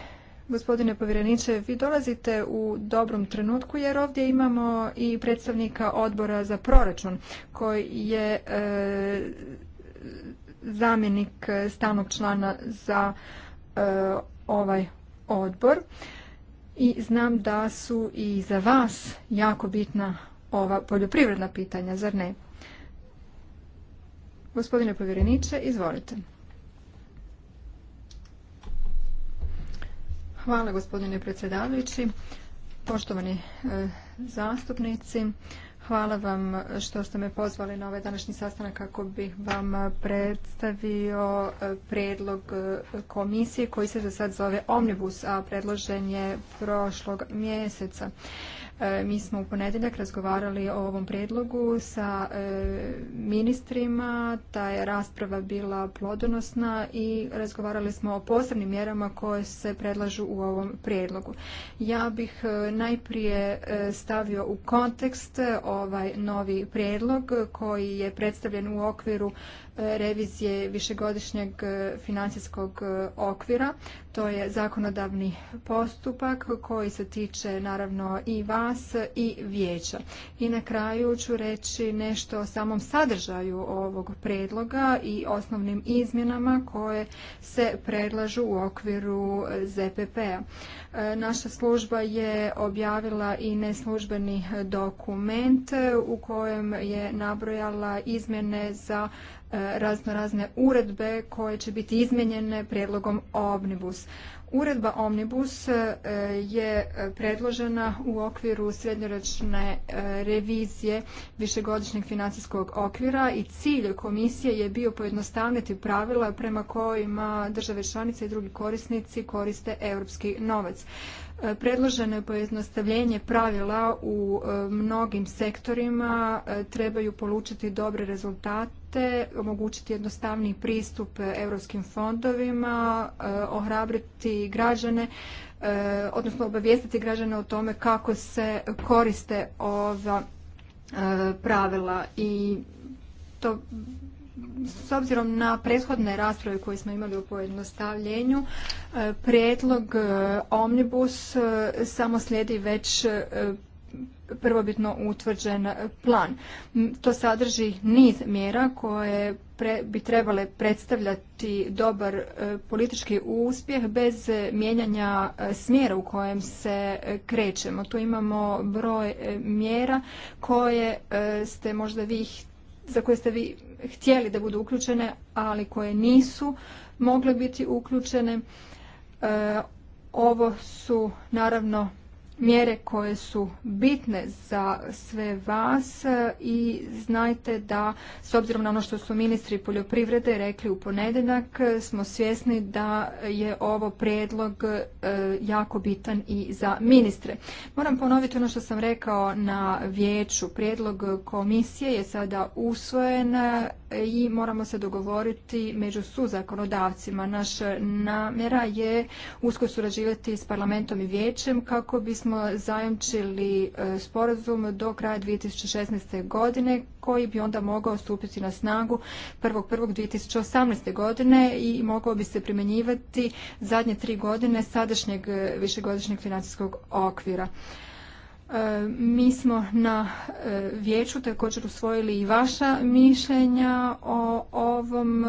Gospodine povjereniče, vi dolazite u dobrom trenutku jer ovdje imamo i predstavnika odbora za proračun koji je e, zamjenik stanog člana za e, ovaj odbor i znam da su i za vas jako bitna ova poljoprivredna pitanja, zar ne? Gospodine povjereniče, izvolite. Hvala gospodine predsjedavajući. Poštovani e, zastupnici, hvala vam što ste me pozvali na ovaj današnji sastanak kako bih vam predstavio e, predlog e, komisije koji se za sad zove Omnibus, a predložen je prošlog mjeseca. E, mi smo u ponedjeljak razgovarali o ovom prijedlogu sa e, ministrima, ta je rasprava bila plodonosna i razgovarali smo o posebnim mjerama koje se predlažu u ovom prijedlogu. Ja bih e, najprije stavio u kontekst ovaj novi prijedlog koji je predstavljen u okviru revizije višegodišnjeg e, financijskog e, okvira. To je zakonodavni postupak koji se tiče naravno i vas i vijeća. I na kraju ću reći nešto o samom sadržaju ovog predloga i osnovnim izmjenama koje se predlažu u okviru ZPP-a. E, naša služba je objavila i neslužbeni dokument u kojem je nabrojala izmjene za razno razne uredbe koje će biti izmijenjene prijedlogom Omnibus. Uredba Omnibus e, je predložena u okviru srednjoročne e, revizije višegodišnjeg financijskog okvira i cilj komisije je bio pojednostavniti pravila prema kojima države članice i drugi korisnici koriste europski novac. Predloženo je pojednostavljenje pravila u e, mnogim sektorima, e, trebaju polučiti dobre rezultate, omogućiti jednostavni pristup europskim fondovima, e, ohrabriti građane, odnosno obavijestiti građane o tome kako se koriste ova pravila i to s obzirom na prethodne rasprave koje smo imali u pojednostavljenju, e, predlog e, Omnibus e, samo slijedi već prvobitno utvrđen plan. To sadrži niz mjera koje bi trebale predstavljati dobar politički uspjeh bez mijenjanja smjera u kojem se krećemo. Tu imamo broj mjera koje ste možda vi za koje ste vi htjeli da budu uključene, ali koje nisu mogle biti uključene. E, ovo su naravno mjere koje su bitne za sve vas i znajte da s obzirom na ono što su ministri poljoprivrede rekli u ponedjeljak smo svjesni da je ovo prijedlog e, jako bitan i za ministre. Moram ponoviti ono što sam rekao na vijeću. Prijedlog komisije je sada usvojen i moramo se dogovoriti među zakonodavcima. Naša namjera je usko surađivati s parlamentom i vijećem kako bismo smo zajamčili e, sporazum do kraja 2016. godine koji bi onda mogao stupiti na snagu 1.1.2018. godine i mogao bi se primjenjivati zadnje tri godine sadašnjeg e, višegodišnjeg financijskog okvira. E, mi smo na vijeću također usvojili i vaša mišljenja o ovom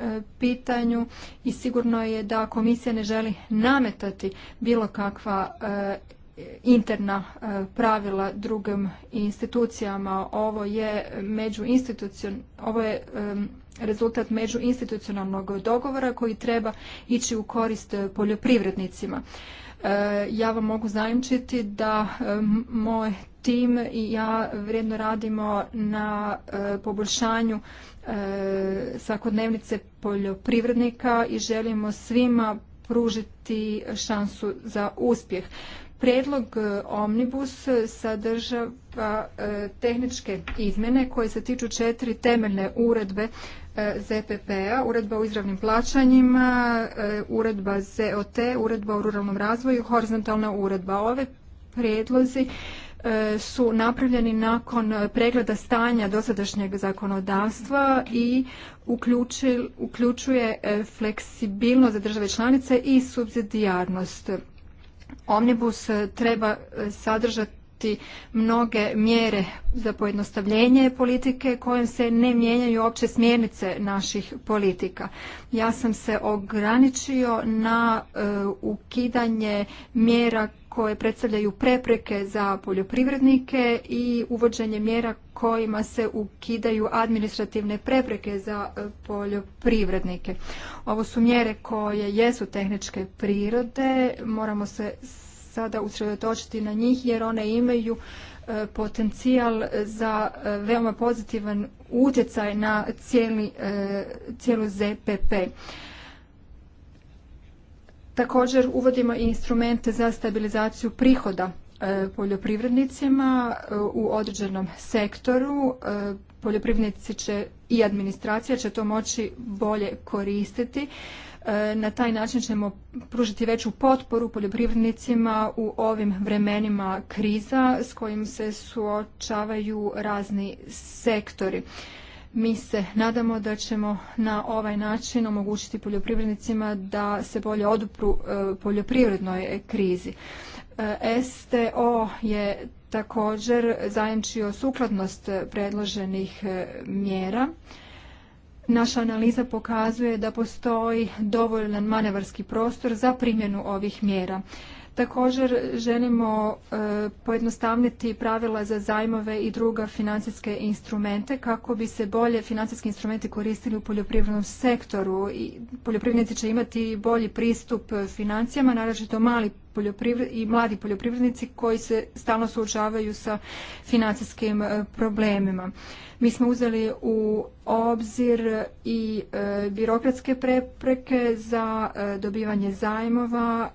E, pitanju i sigurno je da komisija ne želi nametati bilo kakva e, interna e, pravila drugim institucijama. Ovo je, među ovo je rezultat međuinstitucionalnog dogovora koji treba ići u korist poljoprivrednicima. Ja vam mogu zajamčiti da moj tim i ja vrijedno radimo na e, poboljšanju e, svakodnevnice poljoprivrednika i želimo svima pružiti šansu za uspjeh. Prijedlog e, Omnibus sadržava tehničke izmjene koje se tiču četiri temeljne uredbe ZPP-a, uredba o izravnim plaćanjima, uredba ZOT, uredba o ruralnom razvoju, horizontalna uredba. Ove prijedlozi su napravljeni nakon pregleda stanja dosadašnjeg zakonodavstva i uključuje e, fleksibilnost za države članice i subsidijarnost. Omnibus e, treba e, sadržati mnoge mjere za pojednostavljenje politike kojim se ne mijenjaju opće smjernice naših politika. Ja sam se ograničio na ukidanje mjera koje predstavljaju prepreke za poljoprivrednike i uvođenje mjera kojima se ukidaju administrativne prepreke za e, poljoprivrednike. Ovo su mjere koje jesu tehničke prirode, moramo se sada usredotočiti na njih jer one imaju e, potencijal za e, veoma pozitivan utjecaj na cijeli, cijelu ZPP. Također uvodimo i instrumente za stabilizaciju prihoda e, poljoprivrednicima e, u određenom sektoru. E, poljoprivrednici će i administracija će to moći bolje koristiti. Na taj način ćemo pružiti veću potporu poljoprivrednicima u ovim vremenima kriza s kojim se suočavaju razni sektori. Mi se nadamo da ćemo na ovaj način omogućiti poljoprivrednicima da se bolje odupru e, poljoprivrednoj krizi. E, STO je također zajamčio sukladnost predloženih e, mjera. Naša analiza pokazuje da postoji dovoljan manevarski prostor za primjenu ovih mjera. Također želimo e, pojednostavniti pravila za zajmove i druga financijske instrumente kako bi se bolje financijski instrumenti koristili u poljoprivrednom sektoru. Poljoprivrednici će imati bolji pristup financijama, naročito mali i mladi poljoprivrednici koji se stalno suočavaju sa financijskim e, problemima. Mi smo uzeli u obzir i e, birokratske prepreke za e, dobivanje zajmova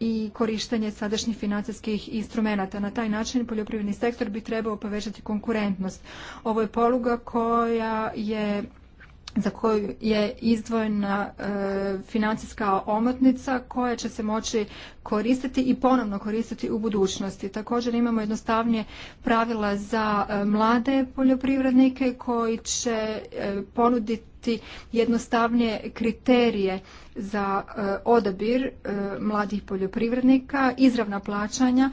i korištenje sadašnjih financijskih instrumenata. Na taj način poljoprivredni sektor bi trebao povećati konkurentnost. Ovo je poluga koja je za koju je izdvojena e, financijska omotnica koja će se moći koristiti i ponovno koristiti u budućnosti. Također imamo jednostavnije pravila za e, mlade poljoprivrednike koji će e, ponuditi jednostavnije kriterije za odabir mladih poljoprivrednika, izravna plaćanja,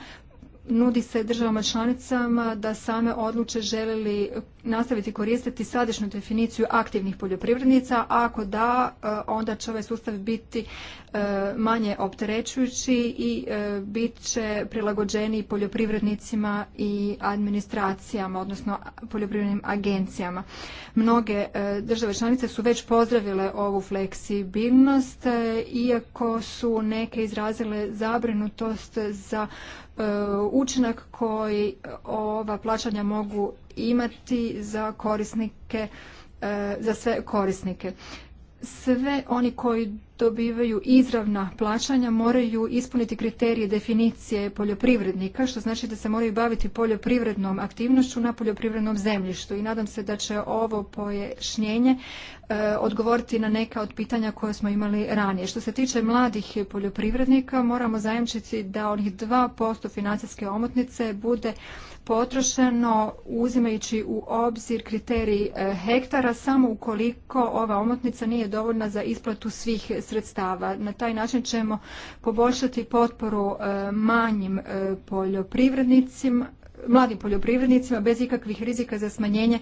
nudi se državama članicama da same odluče žele li nastaviti koristiti sadašnju definiciju aktivnih poljoprivrednica, a ako da, e, onda će ovaj sustav biti e, manje opterećujući i e, bit će prilagođeni poljoprivrednicima i administracijama, odnosno poljoprivrednim agencijama. Mnoge države članice su već pozdravile ovu fleksibilnost, iako su neke izrazile zabrinutost za E, učinak koji ova plaćanja mogu imati za korisnike e, za sve korisnike sve oni koji dobivaju izravna plaćanja moraju ispuniti kriterije definicije poljoprivrednika, što znači da se moraju baviti poljoprivrednom aktivnošću na poljoprivrednom zemljištu. I nadam se da će ovo pojašnjenje e, odgovoriti na neka od pitanja koje smo imali ranije. Što se tiče mladih poljoprivrednika, moramo zajamčiti da onih 2% financijske omotnice bude potrošeno uzimajući u obzir kriterij e, hektara samo ukoliko ova omotnica nije dovoljna za isplatu svih sredstava. Na taj način ćemo poboljšati potporu e, manjim e, poljoprivrednicima mladim poljoprivrednicima bez ikakvih rizika za smanjenje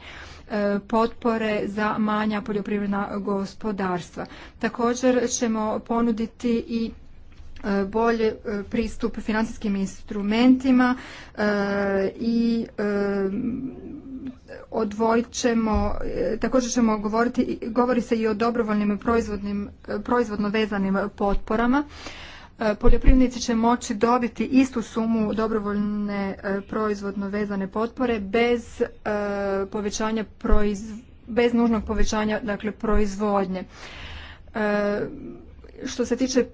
potpore za manja poljoprivredna gospodarstva. Također ćemo ponuditi i bolji e, pristup financijskim instrumentima e, i e, odvojit ćemo, također ćemo govoriti, govori se i o dobrovoljnim proizvodno vezanim potporama. Poljoprivrednici će moći dobiti istu sumu dobrovoljne proizvodno vezane potpore bez povećanja bez nužnog povećanja dakle proizvodnje. Što se tiče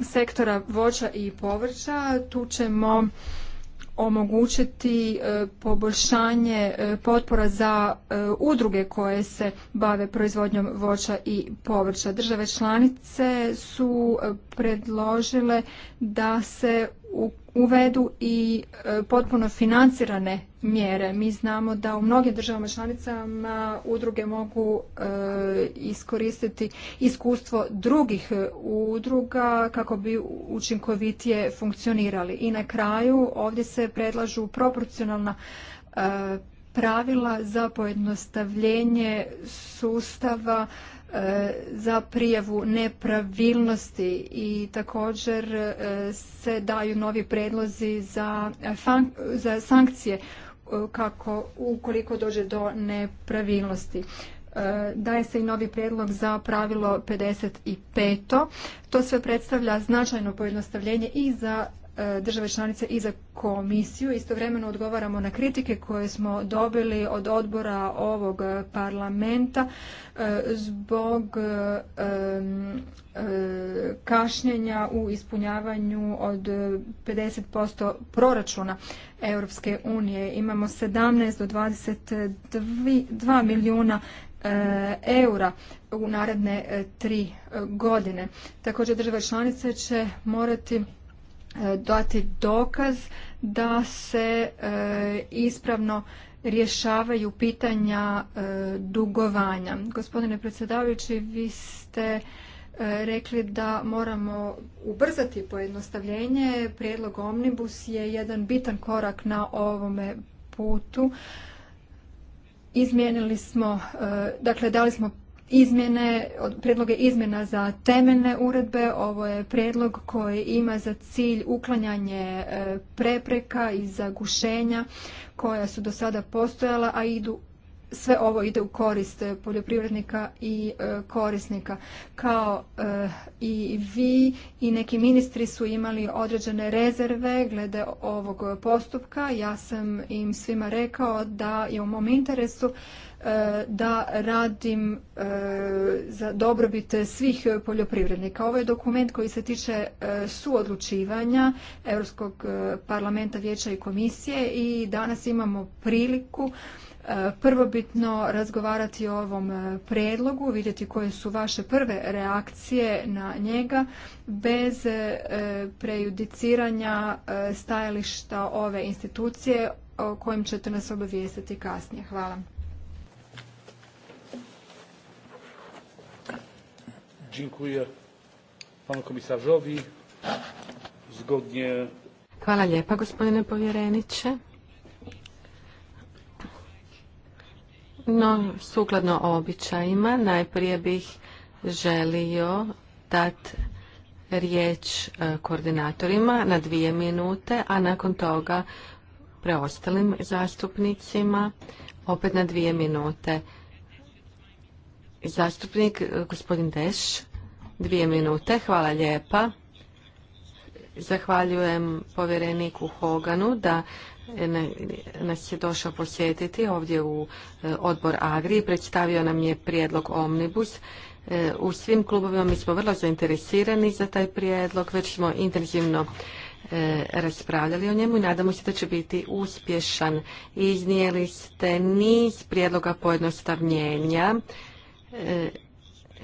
sektora voća i povrća. Tu ćemo omogućiti e, poboljšanje e, potpora za e, udruge koje se bave proizvodnjom voća i povrća. Države članice su predložile da se uvedu i e, potpuno financirane mjere. Mi znamo da u mnogim državama članicama udruge mogu e, iskoristiti iskustvo drugih e, udruga kako bi učinkovitije funkcionirali. I na kraju ovdje se predlažu proporcionalna pravila za pojednostavljenje sustava E, za prijavu nepravilnosti i također e, se daju novi predlozi za, e, sankcije kako ukoliko dođe do nepravilnosti. Daje se i novi prijedlog za pravilo 55. To sve predstavlja značajno pojednostavljenje i za E, države članice i za komisiju. Istovremeno odgovaramo na kritike koje smo dobili od odbora ovog parlamenta e, zbog e, kašnjenja u ispunjavanju od 50% proračuna Europske unije. Imamo 17 do 22 milijuna eura u naredne tri godine. Također države članice će morati dati dokaz da se e, ispravno rješavaju pitanja e, dugovanja. Gospodine predsjedavajući, vi ste e, rekli da moramo ubrzati pojednostavljenje. Prijedlog Omnibus je jedan bitan korak na ovome putu. Izmijenili smo, dakle dali smo izmjene, predloge izmjena za temeljne uredbe. Ovo je predlog koji ima za cilj uklanjanje e, prepreka i zagušenja koja su do sada postojala, a idu sve ovo ide u korist e, poljoprivrednika i e, korisnika. Kao e, i vi i neki ministri su imali određene rezerve glede ovog postupka. Ja sam im svima rekao da je u mom interesu da radim za dobrobit svih poljoprivrednika. Ovo je dokument koji se tiče suodlučivanja Europskog parlamenta, vijeća i komisije i danas imamo priliku E, prvobitno razgovarati o ovom e, predlogu, vidjeti koje su vaše prve reakcije na njega bez e, prejudiciranja stajališta ove institucije o kojim ćete nas obavijestiti kasnije. Hvala. Dziękuję panu komisarzowi. Zgodnie... Hvala lijepa gospodine povjereniče. No, sukladno običajima, najprije bih želio dati riječ e, koordinatorima na dvije minute, a nakon toga preostalim zastupnicima opet na dvije minute. Zastupnik e, gospodin Deš, dvije minute, hvala lijepa. Zahvaljujem povjereniku Hoganu da E, nas je došao posjetiti ovdje u e, odbor Agri i predstavio nam je prijedlog Omnibus. E, u svim klubovima mi smo vrlo zainteresirani za taj prijedlog, već smo intenzivno raspravljali o njemu i nadamo se da će biti uspješan. Iznijeli ste niz prijedloga pojednostavnjenja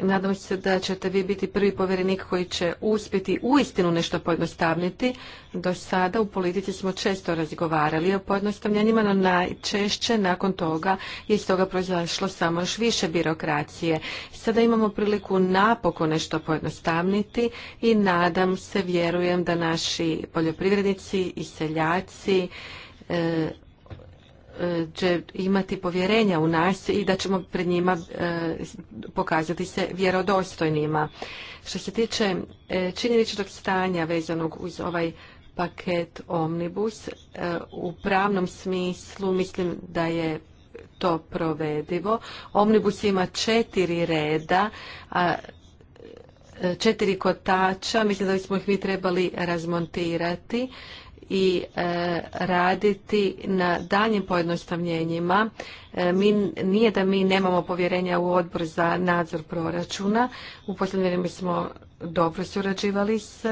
Nadam se da ćete vi biti prvi povjerenik koji će uspjeti uistinu nešto pojednostavniti. Do sada u politici smo često razgovarali o pojednostavljanjima, no najčešće nakon toga je iz toga proizašlo samo još više birokracije. Sada imamo priliku napokon nešto pojednostavniti i nadam se, vjerujem da naši poljoprivrednici i seljaci e, će imati povjerenja u nas i da ćemo pred njima e, pokazati se vjerodostojnima. Što se tiče e, činjeničnog stanja vezanog uz ovaj paket Omnibus, e, u pravnom smislu mislim da je to provedivo. Omnibus ima četiri reda, a četiri kotača, mislim da bismo ih mi trebali razmontirati i e, raditi na daljim pojednostavljenjima. E, nije da mi nemamo povjerenja u odbor za nadzor proračuna. U posljednje mi smo dobro surađivali s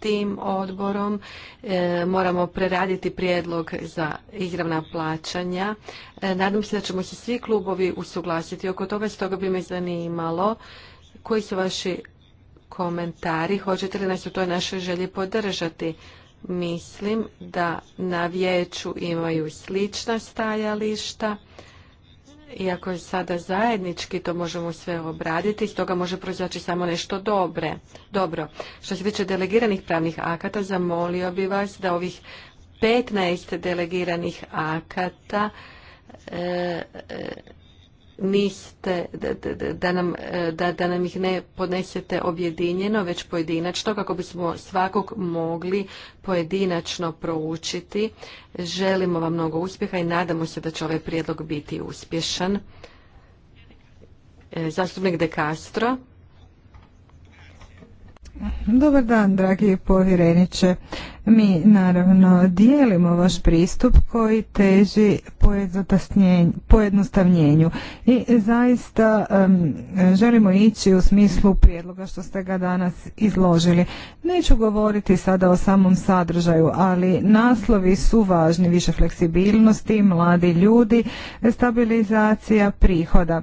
tim odborom. E, moramo preraditi prijedlog za izravna plaćanja. Nadam se da ćemo se svi klubovi usuglasiti oko toga, stoga bi me zanimalo koji su vaši komentari, hoćete li nas u toj našoj želji podržati. Mislim da na vijeću imaju slična stajališta. Iako je sada zajednički, to možemo sve obraditi, iz toga može proizaći samo nešto dobre. Dobro, što se tiče delegiranih pravnih akata, zamolio bi vas da ovih 15 delegiranih akata e, e, niste, da, da, nam, e, da, da nam ih ne podnesete objedinjeno, već pojedinačno, kako bismo svakog mogli pojedinačno proučiti. Želimo vam mnogo uspjeha i nadamo se da će ovaj prijedlog biti uspješan. E, zastupnik De Castro. Dobar dan, dragi povjereniče. Mi naravno dijelimo vaš pristup koji teži pojednostavnjenju i zaista želimo ići u smislu prijedloga što ste ga danas izložili. Neću govoriti sada o samom sadržaju, ali naslovi su važni, više fleksibilnosti, mladi ljudi, stabilizacija prihoda.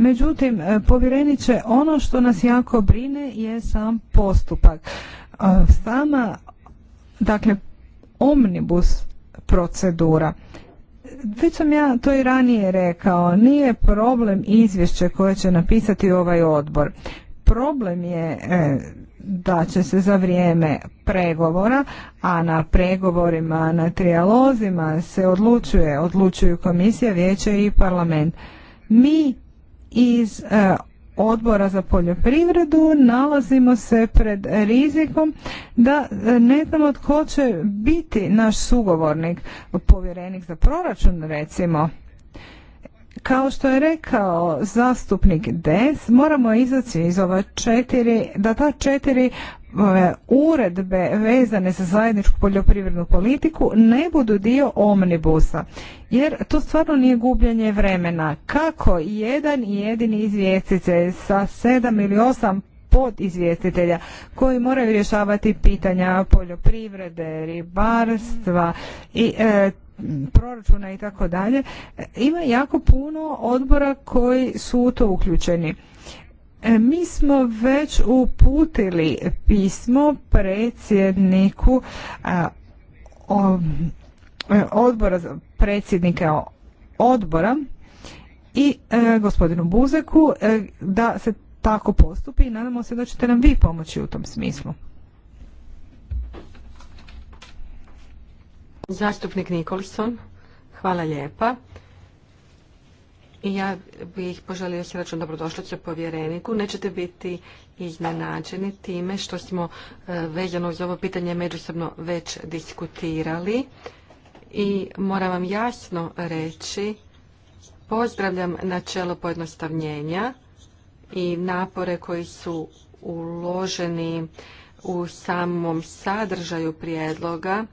Međutim, e, povjereniče, ono što nas jako brine je sam postupak. E, sama, dakle, omnibus procedura. Već sam ja to i ranije rekao, nije problem izvješće koje će napisati ovaj odbor. Problem je e, da će se za vrijeme pregovora, a na pregovorima, na trijalozima se odlučuje, odlučuju komisija, vijeće i parlament. Mi iz e, odbora za poljoprivredu nalazimo se pred rizikom da e, ne znamo tko će biti naš sugovornik, povjerenik za proračun recimo. Kao što je rekao zastupnik Des, moramo izaći iz ova četiri, da ta četiri uredbe vezane za zajedničku poljoprivrednu politiku ne budu dio omnibusa. Jer to stvarno nije gubljenje vremena. Kako jedan i jedini izvjestitelj sa sedam ili osam podizvjestitelja koji moraju rješavati pitanja poljoprivrede, ribarstva i e, proračuna i tako dalje, e, ima jako puno odbora koji su u to uključeni. E, mi smo već uputili pismo predsjedniku e, odbora predsjednika odbora i e, gospodinu Buzeku da se tako postupi i nadamo se da ćete nam vi pomoći u tom smislu. Zastupnik Nikolson, hvala lijepa. I ja bih poželio račun dobrodošlicu povjereniku. Nećete biti iznenađeni time što smo e, vezano uz ovo pitanje međusobno već diskutirali. I moram vam jasno reći, pozdravljam načelo pojednostavnjenja i napore koji su uloženi u samom sadržaju prijedloga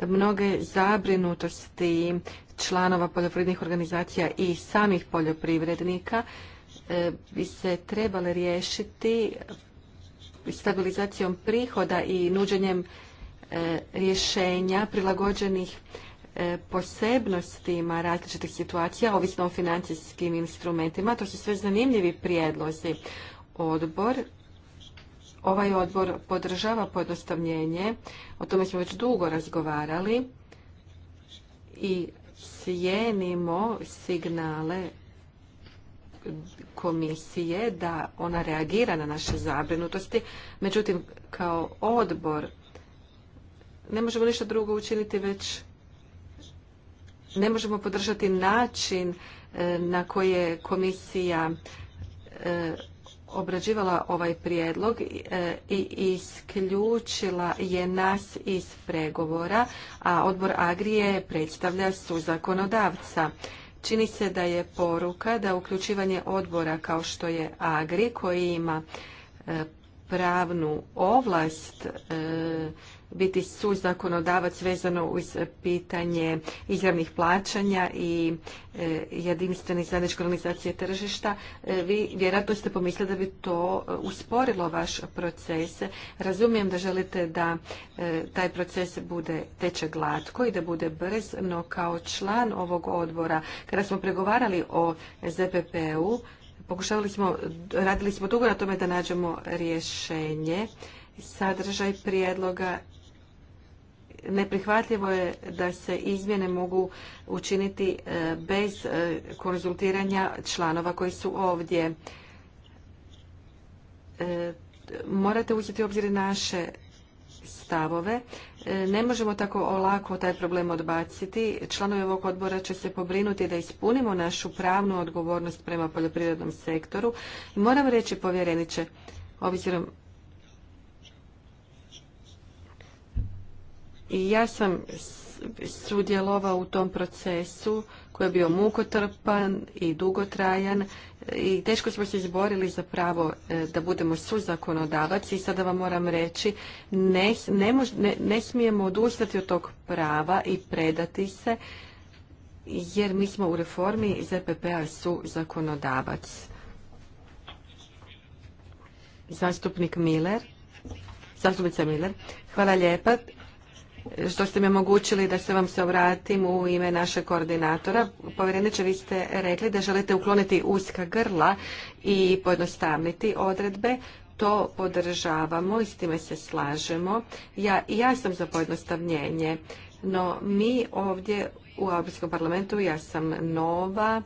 mnoge zabrinutosti članova poljoprivrednih organizacija i samih poljoprivrednika e, bi se trebale riješiti stabilizacijom prihoda i nuđenjem e, rješenja prilagođenih e, posebnostima različitih situacija, ovisno o financijskim instrumentima. To su sve zanimljivi prijedlozi. Odbor, ovaj odbor podržava pojednostavljenje, o tome smo već dugo razgovarali i cijenimo signale komisije da ona reagira na naše zabrinutosti. Međutim, kao odbor ne možemo ništa drugo učiniti već ne možemo podržati način eh, na koji je komisija eh, obrađivala ovaj prijedlog e, i isključila je nas iz pregovora, a odbor Agrije predstavlja su zakonodavca. Čini se da je poruka da uključivanje odbora kao što je Agri koji ima e, pravnu ovlast e, biti zakonodavac vezano uz pitanje izravnih plaćanja i e, jedinstvene zajedničke organizacije tržišta. E, vi vjerojatno ste pomislili da bi to e, usporilo vaš proces. Razumijem da želite da taj proces bude teče glatko i da bude brz, no kao član ovog odbora, kada smo pregovarali o ZPP-u, pokušavali smo, radili smo dugo na tome da nađemo rješenje. Sadržaj prijedloga neprihvatljivo je da se izmjene mogu učiniti e, bez e, konzultiranja članova koji su ovdje. E, morate uzeti u obzir naše stavove. Ne možemo tako olako taj problem odbaciti. Članovi ovog odbora će se pobrinuti da ispunimo našu pravnu odgovornost prema poljoprivrednom sektoru. Moram reći povjereniče, obzirom I ja sam sudjelovao u tom procesu koji je bio mukotrpan i dugotrajan i teško smo se izborili za pravo e, da budemo suzakonodavac i sada vam moram reći ne, smijemo odustati od tog prava i predati se jer mi smo u reformi ZPP-a su zakonodavac. Zastupnik Miller. Zastupnica Miller. Hvala lijepa što ste mi omogućili da se vam se obratim u ime našeg koordinatora. Povjereniče, vi ste rekli da želite ukloniti uska grla i pojednostavniti odredbe. To podržavamo i s time se slažemo. Ja, ja sam za pojednostavnjenje, no mi ovdje u Europskom parlamentu, ja sam nova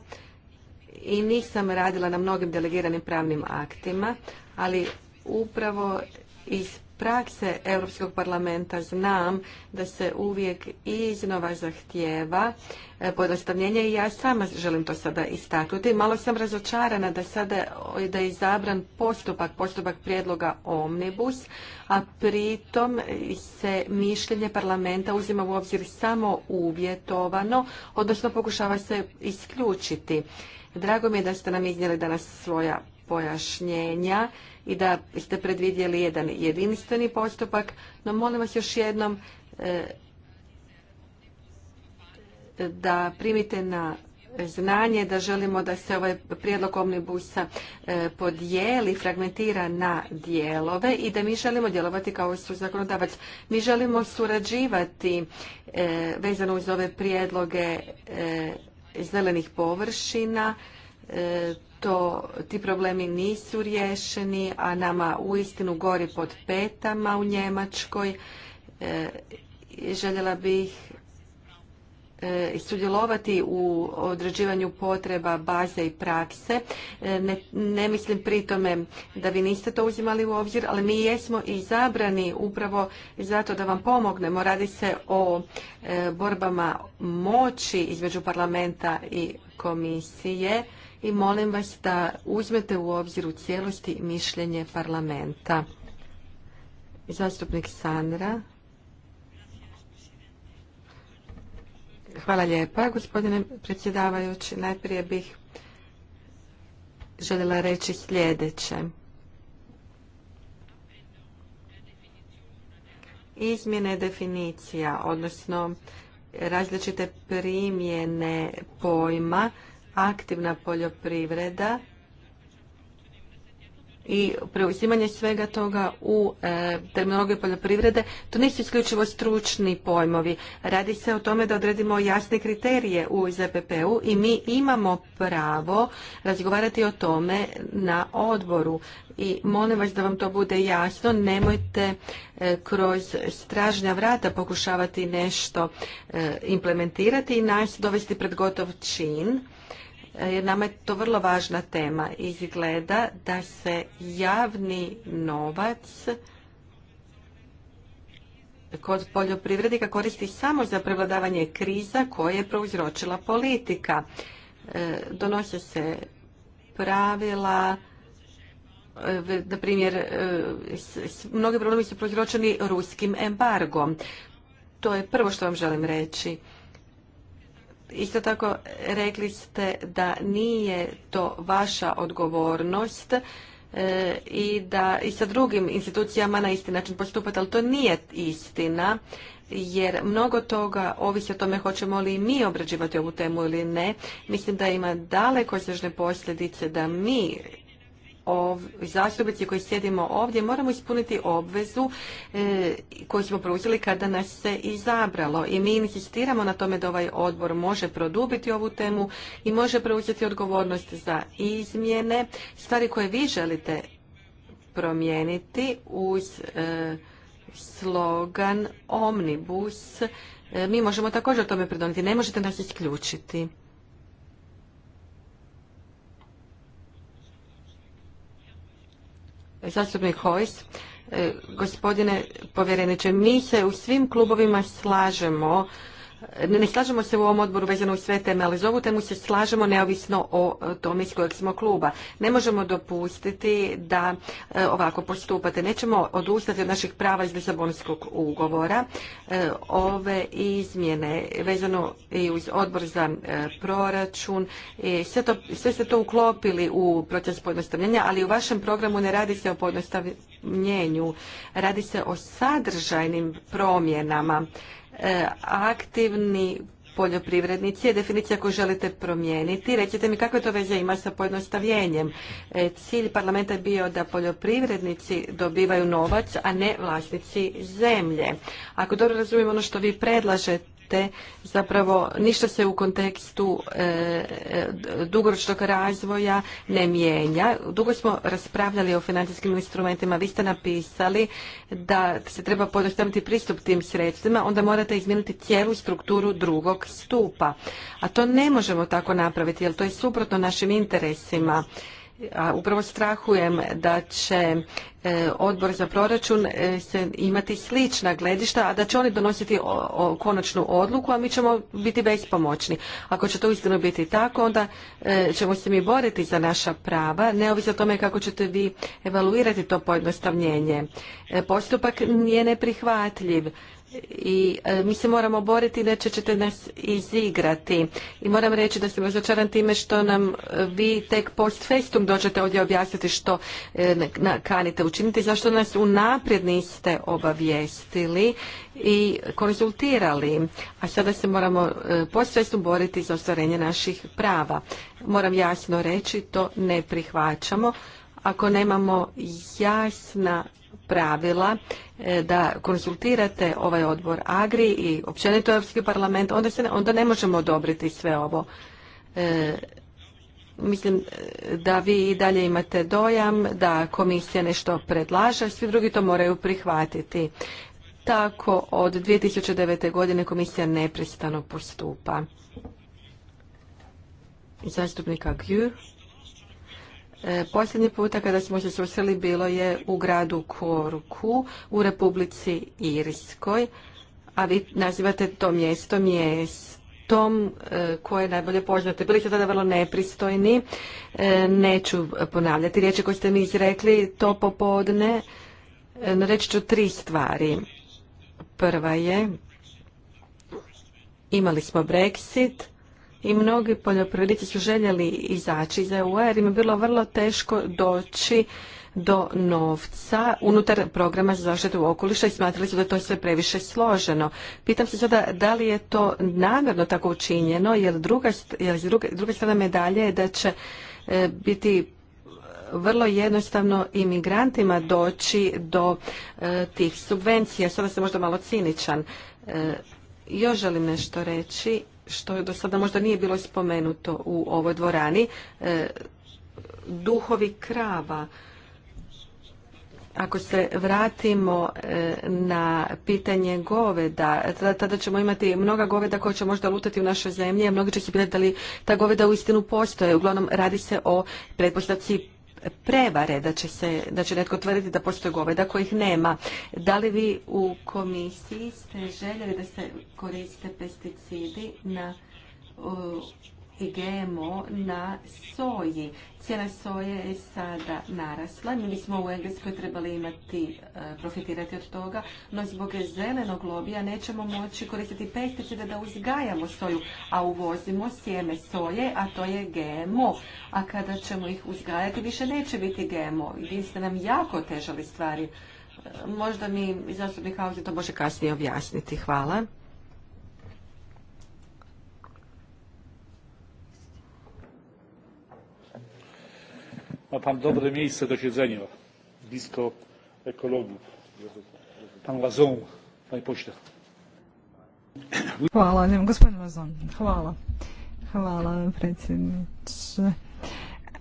i nisam radila na mnogim delegiranim pravnim aktima, ali upravo iz prakse Europskog parlamenta znam da se uvijek iznova zahtjeva e, pojednostavljenje i ja sama želim to sada istaknuti. Malo sam razočarana da sada e, da je izabran postupak, postupak prijedloga Omnibus, a pritom se mišljenje parlamenta uzima u obzir samo uvjetovano, odnosno pokušava se isključiti. Drago mi je da ste nam iznijeli danas svoja pojašnjenja i da ste predvidjeli jedan jedinstveni postupak, no molim vas još jednom eh, da primite na znanje da želimo da se ovaj prijedlog omnibusa eh, podijeli, fragmentira na dijelove i da mi želimo djelovati kao su zakonodavac. Mi želimo surađivati eh, vezano uz ove prijedloge zelenih površina, to, ti problemi nisu riješeni, a nama uistinu gori pod petama u Njemačkoj. E, željela bih e, sudjelovati u određivanju potreba baze i prakse. E, ne, ne mislim pri tome da vi niste to uzimali u obzir, ali mi jesmo izabrani upravo zato da vam pomognemo. Radi se o borbama moći između parlamenta i komisije i molim vas da uzmete u obzir u cijelosti mišljenje parlamenta. Zastupnik Sandra. Hvala lijepa, gospodine predsjedavajući. Najprije bih željela reći sljedeće. Izmjene definicija, odnosno različite primjene pojma aktivna poljoprivreda i preuzimanje svega toga u e, terminologiju poljoprivrede, to nisu isključivo stručni pojmovi. Radi se o tome da odredimo jasne kriterije u ZPP-u i mi imamo pravo razgovarati o tome na odboru. I molim vas da vam to bude jasno, nemojte e, kroz stražnja vrata pokušavati nešto e, implementirati i nas dovesti pred gotov čin jer nama je to vrlo važna tema. Izgleda da se javni novac kod poljoprivrednika koristi samo za prevladavanje kriza koje je prouzročila politika. E, donose se pravila, e, na primjer, e, mnogi problemi su prouzročeni ruskim embargom. To je prvo što vam želim reći. Isto tako rekli ste da nije to vaša odgovornost e, i da i sa drugim institucijama na isti način postupati, ali to nije istina jer mnogo toga ovisi o tome hoćemo li mi obrađivati ovu temu ili ne. Mislim da ima daleko sežne posljedice da mi ov, zastupnici koji sjedimo ovdje moramo ispuniti obvezu e, koju smo preuzeli kada nas se izabralo i mi insistiramo na tome da ovaj odbor može produbiti ovu temu i može preuzeti odgovornost za izmjene stvari koje vi želite promijeniti uz e, slogan omnibus e, mi možemo također o tome pridoniti ne možete nas isključiti Zastupnik Hojs, e, gospodine povjereniče, mi se u svim klubovima slažemo ne slažemo se u ovom odboru vezano u sve teme, ali za ovu temu se slažemo neovisno o tome iz kojeg smo kluba. Ne možemo dopustiti da e, ovako postupate. Nećemo odustati od naših prava iz Lisabonskog ugovora. E, ove izmjene vezano i uz odbor za e, proračun, sve, sve ste to uklopili u proces pojednostavljenja, ali u vašem programu ne radi se o pojednostavljenju, radi se o sadržajnim promjenama E, aktivni poljoprivrednici je definicija koju želite promijeniti. Recite mi kakve to veze ima sa pojednostavljenjem. E, cilj parlamenta je bio da poljoprivrednici dobivaju novac, a ne vlasnici zemlje. Ako dobro razumijem ono što vi predlažete, te zapravo ništa se u kontekstu e, e, dugoročnog razvoja ne mijenja. Dugo smo raspravljali o financijskim instrumentima, vi ste napisali da se treba podostaviti pristup tim sredstvima, onda morate izmijeniti cijelu strukturu drugog stupa. A to ne možemo tako napraviti jer to je suprotno našim interesima a upravo strahujem da će e, odbor za proračun e, imati slična gledišta, a da će oni donositi konačnu odluku, a mi ćemo biti bespomoćni. Ako će to uistinu biti tako, onda e, ćemo se mi boriti za naša prava, neovisno o tome kako ćete vi evaluirati to pojednostavljenje. Postupak nije neprihvatljiv i e, mi se moramo boriti, neće ćete nas izigrati. I moram reći da sam razočaran time što nam e, vi tek post festum dođete ovdje objasniti što e, kanite učiniti, zašto nas unaprijed niste obavijestili i konzultirali, a sada se moramo post festum boriti za ostvarenje naših prava. Moram jasno reći, to ne prihvaćamo. Ako nemamo jasna pravila e, da konsultirate ovaj odbor Agri i općenito Europski parlament, onda, se, onda ne možemo odobriti sve ovo. E, mislim e, da vi i dalje imate dojam da komisija nešto predlaže, svi drugi to moraju prihvatiti. Tako od 2009. godine komisija neprestano postupa. Zastupnika E, posljednji puta kada smo se susreli bilo je u gradu Korku u Republici Irskoj, a vi nazivate to mjesto mjestom e, koje je najbolje poznate, Bili ste tada vrlo nepristojni, e, neću ponavljati riječi koje ste mi izrekli to popodne. Reći ću tri stvari. Prva je, imali smo Brexit, i mnogi poljoprivrednici su željeli izaći iz EU-a jer im je bilo vrlo teško doći do novca unutar programa za zaštitu okoliša i smatrali su da to sve previše složeno. Pitam se sada da li je to namjerno tako učinjeno, jer druga, jer druga, strana medalje je da će e, biti vrlo jednostavno imigrantima doći do e, tih subvencija. Sada sam možda malo ciničan. E, još želim nešto reći što do sada možda nije bilo spomenuto u ovoj dvorani, e, duhovi krava. Ako se vratimo e, na pitanje goveda, tada ćemo imati mnoga goveda koja će možda lutati u našoj zemlji, a mnogi će se pitati da li ta goveda u istinu postoje. Uglavnom, radi se o pretpostavci prevare, da će, se, da će netko tvrditi da postoje goveda kojih nema. Da li vi u komisiji ste željeli da se koriste pesticidi na i GMO na soji. Cijena soje je sada narasla. Mi smo u Engleskoj trebali imati, e, profitirati od toga, no zbog zelenog lobija nećemo moći koristiti pesticide da uzgajamo soju, a uvozimo sjeme soje, a to je GMO. A kada ćemo ih uzgajati, više neće biti GMO. Vi ste nam jako težali stvari. E, možda mi osobnih Hauzi to može kasnije objasniti. Hvala. Ma pan dobre miejsce do siedzenia, blisko ekologów. Pan Lazon, panie pośle. Hvala, nema, gospodin Lazon, hvala. Hvala, predsjedniče.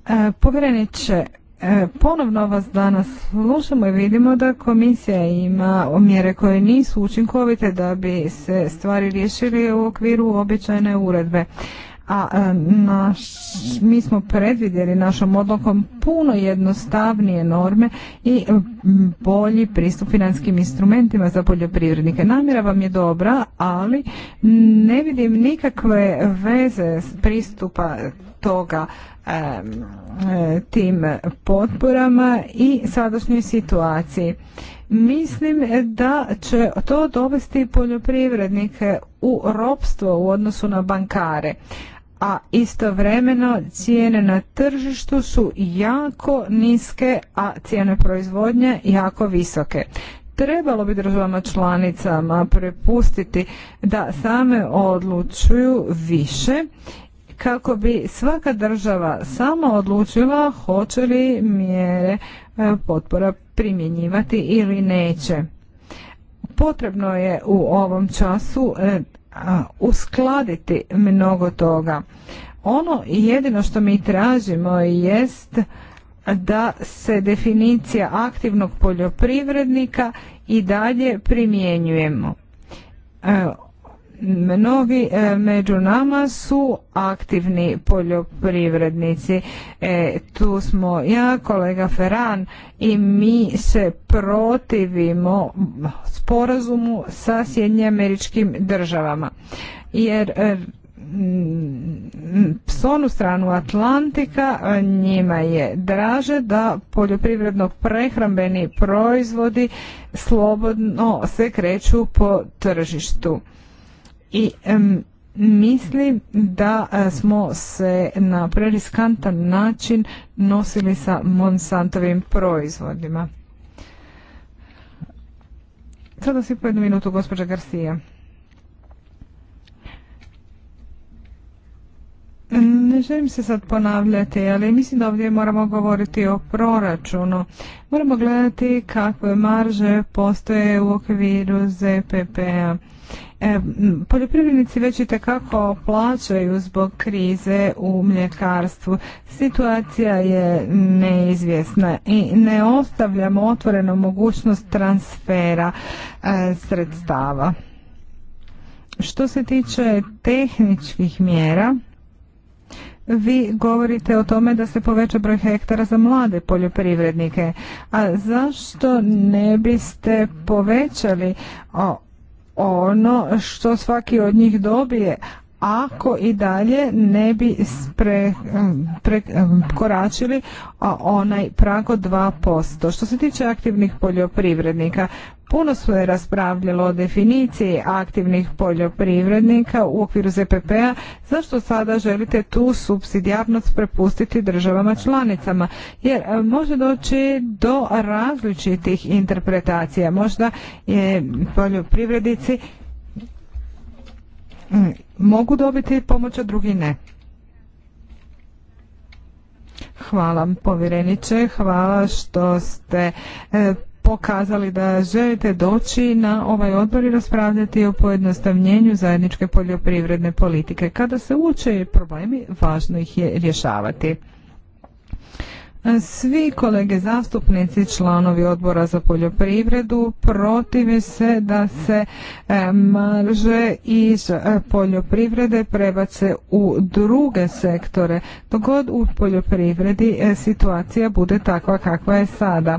E, Povjereniče, e, ponovno vas danas slušamo i vidimo da komisija ima mjere koje nisu učinkovite da bi se stvari riješili u okviru običajne uredbe a e, mi smo predvidjeli našom odlokom puno jednostavnije norme i e, bolji pristup financijskim instrumentima za poljoprivrednike. Namjera vam je dobra, ali ne vidim nikakve veze s pristupa toga e, tim potporama i sadašnjoj situaciji. Mislim da će to dovesti poljoprivrednike u ropstvo u odnosu na bankare a istovremeno cijene na tržištu su jako niske, a cijene proizvodnje jako visoke. Trebalo bi državama članicama prepustiti da same odlučuju više kako bi svaka država sama odlučila hoće li mjere e, potpora primjenjivati ili neće. Potrebno je u ovom času e, uskladiti mnogo toga. Ono jedino što mi tražimo jest da se definicija aktivnog poljoprivrednika i dalje primjenjujemo. E, Mnogi e, među nama su aktivni poljoprivrednici. E, tu smo ja, kolega Ferran i mi se protivimo sporazumu sa Sjedinjenim američkim državama. Jer e, s onu stranu Atlantika njima je draže da poljoprivredno prehrambeni proizvodi slobodno se kreću po tržištu i mislim da e, smo se na preriskantan način nosili sa Monsantovim proizvodima. Sada si po jednu minutu, gospođa Garcia. Ne želim se sad ponavljati, ali mislim da ovdje moramo govoriti o proračunu. Moramo gledati kakve marže postoje u okviru ZPP-a. E, poljoprivrednici već i tekako plaćaju zbog krize u mljekarstvu. Situacija je neizvjesna i ne ostavljamo otvoreno mogućnost transfera e, sredstava. Što se tiče tehničkih mjera, vi govorite o tome da se poveća broj hektara za mlade poljoprivrednike. A zašto ne biste povećali ono što svaki od njih dobije, ako i dalje ne bi pre, koračili onaj prag od 2%. Što se tiče aktivnih poljoprivrednika, puno je raspravljalo o definiciji aktivnih poljoprivrednika u okviru ZPP-a. Zašto sada želite tu subsidijarnost prepustiti državama članicama? Jer može doći do različitih interpretacija. Možda je poljoprivrednici Mm, mogu dobiti pomoć, a drugi ne. Hvala povjereniče, hvala što ste e, pokazali da želite doći na ovaj odbor i raspravljati o pojednostavljenju zajedničke poljoprivredne politike. Kada se uče problemi, važno ih je rješavati. Svi kolege zastupnici, članovi odbora za poljoprivredu protivi se da se e, marže iz e, poljoprivrede prebace u druge sektore. Dogod u poljoprivredi e, situacija bude takva kakva je sada.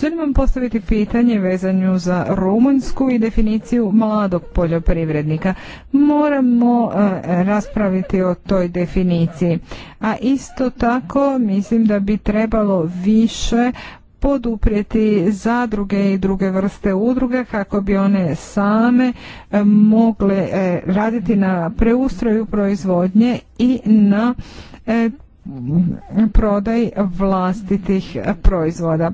Želim vam postaviti pitanje vezanju za Rumunjsku i definiciju mladog poljoprivrednika. Moramo raspraviti o toj definiciji. A isto tako mislim da bi trebalo trebalo više poduprijeti zadruge i druge vrste udruge kako bi one same e, mogle e, raditi na preustroju proizvodnje i na e, prodaj vlastitih proizvoda.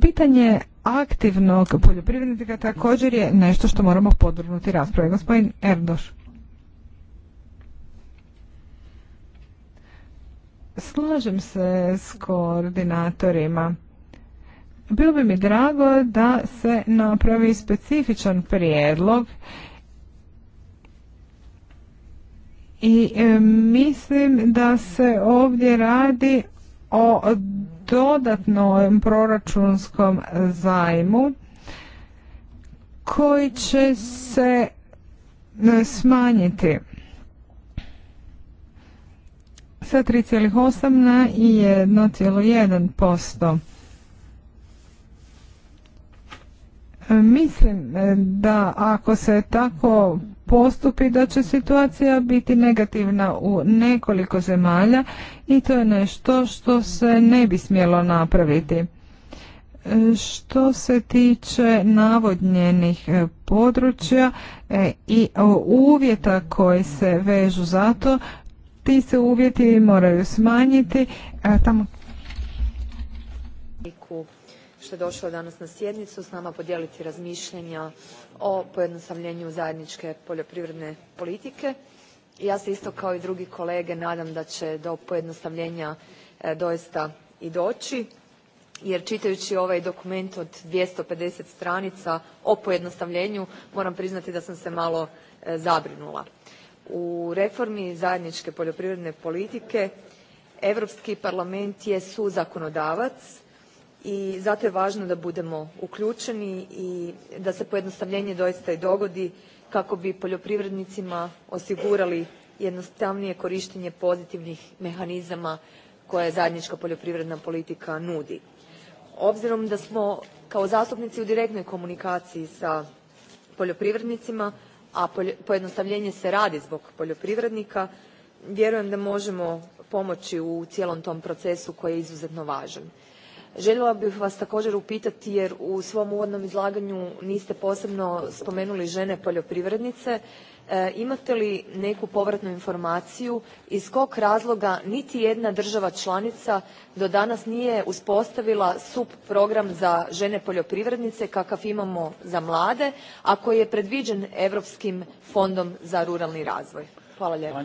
Pitanje aktivnog poljoprivrednika također je nešto što moramo podvrgnuti raspravi. Gospodin Erdoš. Slažem se s koordinatorima. Bilo bi mi drago da se napravi specifičan prijedlog i e, mislim da se ovdje radi o dodatnom proračunskom zajmu koji će se e, smanjiti sa 3,8 na 1,1%. E, mislim e, da ako se tako postupi da će situacija biti negativna u nekoliko zemalja i to je nešto što se ne bi smjelo napraviti. E, što se tiče navodnjenih područja i uvjeta koji se vežu za to, ti se uvjeti moraju smanjiti. A tamo što je došao danas na sjednicu s nama podijeliti razmišljanja o pojednostavljenju zajedničke poljoprivredne politike. Ja se isto kao i drugi kolege nadam da će do pojednostavljenja e, doista i doći jer čitajući ovaj dokument od 250 stranica o pojednostavljenju moram priznati da sam se malo e, zabrinula. U reformi zajedničke poljoprivredne politike Europski parlament je suzakonodavac i zato je važno da budemo uključeni i da se pojednostavljenje doista i dogodi kako bi poljoprivrednicima osigurali jednostavnije korištenje pozitivnih mehanizama koje zajednička poljoprivredna politika nudi. Obzirom da smo kao zastupnici u direktnoj komunikaciji sa poljoprivrednicima a pojednostavljenje se radi zbog poljoprivrednika vjerujem da možemo pomoći u cijelom tom procesu koji je izuzetno važan. Željela bih vas također upitati jer u svom uvodnom izlaganju niste posebno spomenuli žene poljoprivrednice E, imate li neku povratnu informaciju iz kog razloga niti jedna država članica do danas nije uspostavila subprogram za žene poljoprivrednice kakav imamo za mlade, a koji je predviđen Europskim fondom za ruralni razvoj? Hvala lijepo.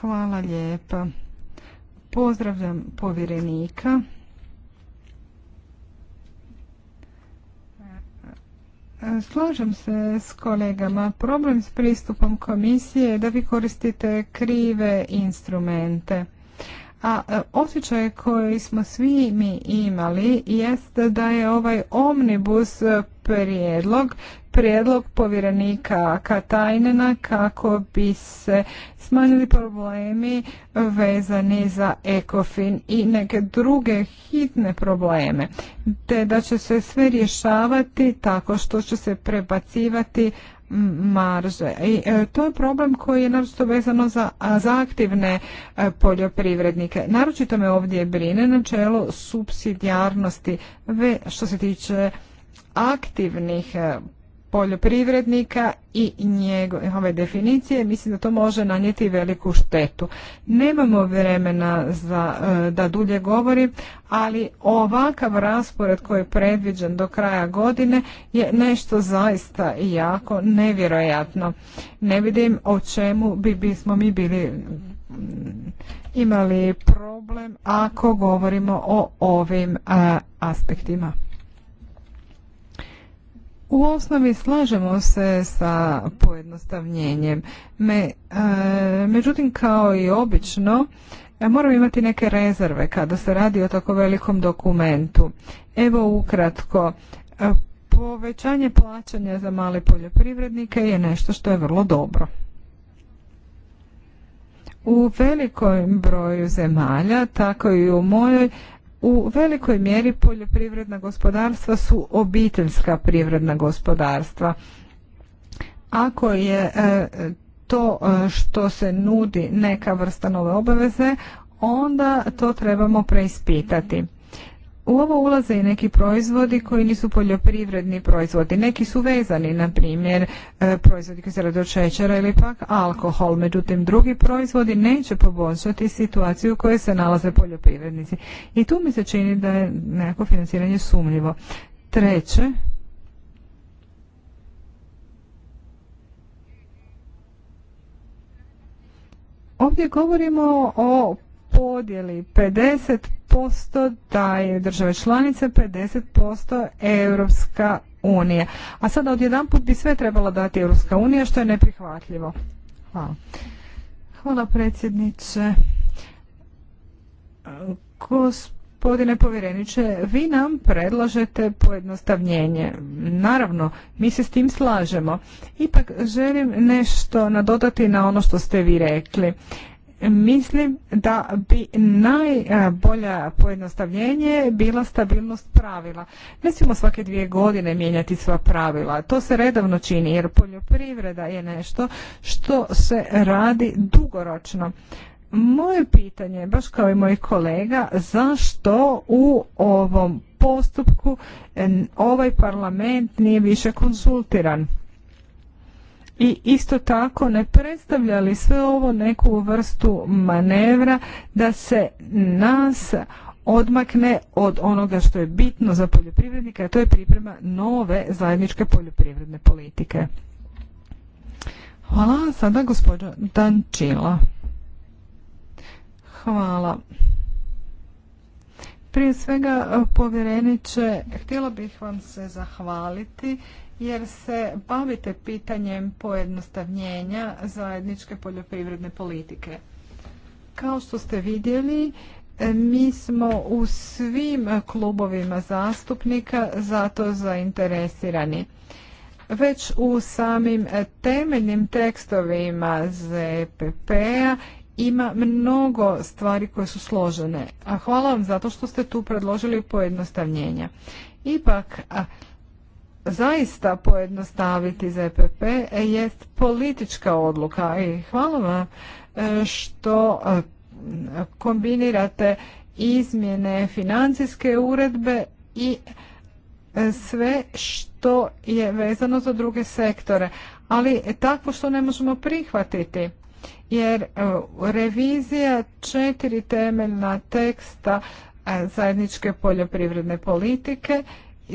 Hvala Pozdravljam povjerenika. Slažem se s kolegama. Problem s pristupom komisije je da vi koristite krive instrumente. A e, osjećaj koji smo svi mi imali jeste da je ovaj omnibus prijedlog prijedlog povjerenika Katajnena kako bi se smanjili problemi vezani za ECOFIN i neke druge hitne probleme, te da će se sve rješavati tako što će se prebacivati marže. E, to je problem koji je naročito vezano za aktivne e, poljoprivrednike. Naročito me ovdje brine načelo subsidijarnosti što se tiče aktivnih e, poljoprivrednika i njegove definicije, mislim da to može nanijeti veliku štetu. Nemamo vremena za, e, da dulje govorim, ali ovakav raspored koji je predviđen do kraja godine je nešto zaista jako nevjerojatno. Ne vidim o čemu bi bismo mi bili imali problem ako govorimo o ovim e, aspektima. U osnovi slažemo se sa pojednostavljenjem. Me, e, međutim, kao i obično, e, moramo imati neke rezerve kada se radi o tako velikom dokumentu. Evo ukratko, e, povećanje plaćanja za male poljoprivrednike je nešto što je vrlo dobro. U velikom broju zemalja, tako i u mojoj, u velikoj mjeri poljoprivredna gospodarstva su obiteljska privredna gospodarstva. Ako je e, to e, što se nudi neka vrsta nove obaveze, onda to trebamo preispitati. U ovo ulaze i neki proizvodi koji nisu poljoprivredni proizvodi. Neki su vezani, na primjer, e, proizvodi koji se rade od šećera ili pak alkohol. Međutim, drugi proizvodi neće poboljšati situaciju u kojoj se nalaze poljoprivrednici. I tu mi se čini da je nekako financiranje sumnjivo. Treće, Ovdje govorimo o podjeli 50 50% daju države članice, 50% Europska unija. A sada odjedanput bi sve trebala dati Europska unija što je neprihvatljivo. Hvala. Hvala predsjedniče. Gospodine povjereniče, vi nam predlažete pojednostavnjenje. Naravno, mi se s tim slažemo. Ipak želim nešto nadodati na ono što ste vi rekli. Mislim da bi najbolje pojednostavljenje bila stabilnost pravila. Ne smijemo svake dvije godine mijenjati sva pravila. To se redovno čini jer poljoprivreda je nešto što se radi dugoročno. Moje pitanje, baš kao i mojih kolega, zašto u ovom postupku ovaj parlament nije više konsultiran? i isto tako ne predstavlja li sve ovo neku vrstu manevra da se nas odmakne od onoga što je bitno za poljoprivrednika, a to je priprema nove zajedničke poljoprivredne politike. Hvala, sada gospođa Dančila. Hvala. Prije svega, povjereniče, htjela bih vam se zahvaliti jer se bavite pitanjem pojednostavnjenja zajedničke poljoprivredne politike. Kao što ste vidjeli, mi smo u svim klubovima zastupnika zato zainteresirani. Već u samim temeljnim tekstovima ZPP-a ima mnogo stvari koje su složene. A hvala vam zato što ste tu predložili pojednostavnjenja. Ipak, zaista pojednostaviti ZPP jest politička odluka i hvala vam e, što e, kombinirate izmjene financijske uredbe i e, sve što je vezano za druge sektore, ali tako što ne možemo prihvatiti. Jer revizija četiri temeljna teksta zajedničke poljoprivredne politike